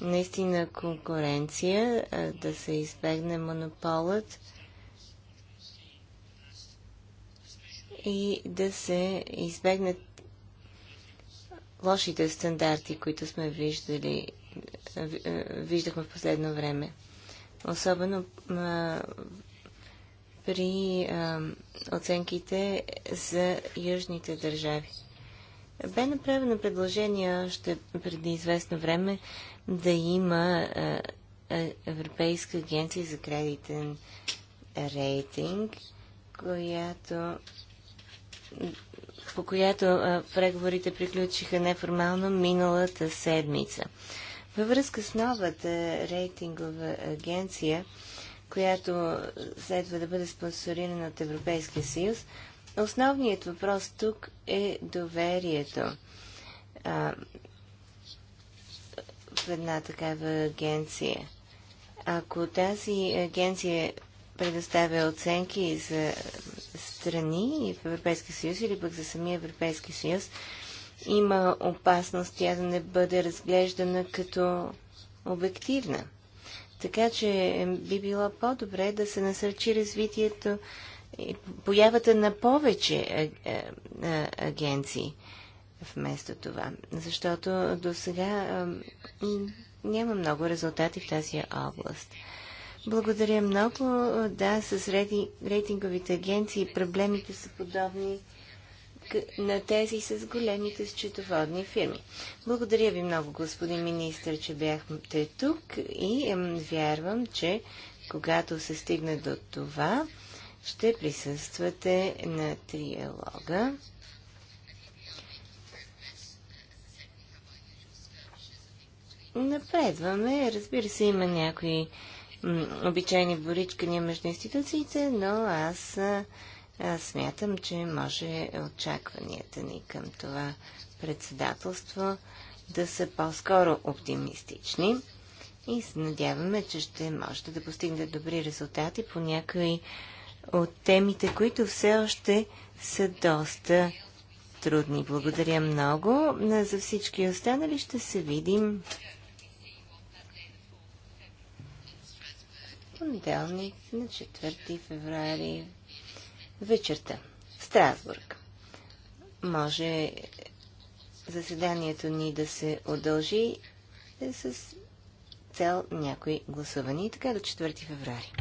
наистина конкуренция, да се избегне монополът и да се избегнат лошите стандарти, които сме виждали, виждахме в последно време. Особено при а, оценките за южните държави. Бе направено предложение още преди известно време да има а, Европейска агенция за кредитен рейтинг, която по която а, преговорите приключиха неформално миналата седмица. Във връзка с новата рейтингова агенция, която следва да бъде спонсорирана от Европейския съюз, основният въпрос тук е доверието а, в една такава агенция. Ако тази агенция предоставя оценки за страни в Европейския съюз или пък за самия Европейски съюз, има опасност тя да не бъде разглеждана като обективна. Така че би било по-добре да се насърчи развитието и появата на повече агенции вместо това. Защото до сега няма много резултати в тази област. Благодаря много. Да, с рейтинговите агенции проблемите са подобни на тези с големите счетоводни фирми. Благодаря ви много, господин министр, че бяхте тук и вярвам, че когато се стигне до това, ще присъствате на триалога. Напредваме. Разбира се, има някои обичайни боричкания между институциите, но аз аз смятам, че може очакванията ни към това председателство да са по-скоро оптимистични и се надяваме, че ще можете да постигнете добри резултати по някои от темите, които все още са доста трудни. Благодаря много. За всички останали ще се видим понеделник на 4 февруари вечерта в Страсбург. Може заседанието ни да се удължи е, с цел някои гласувани. И така до 4 феврари.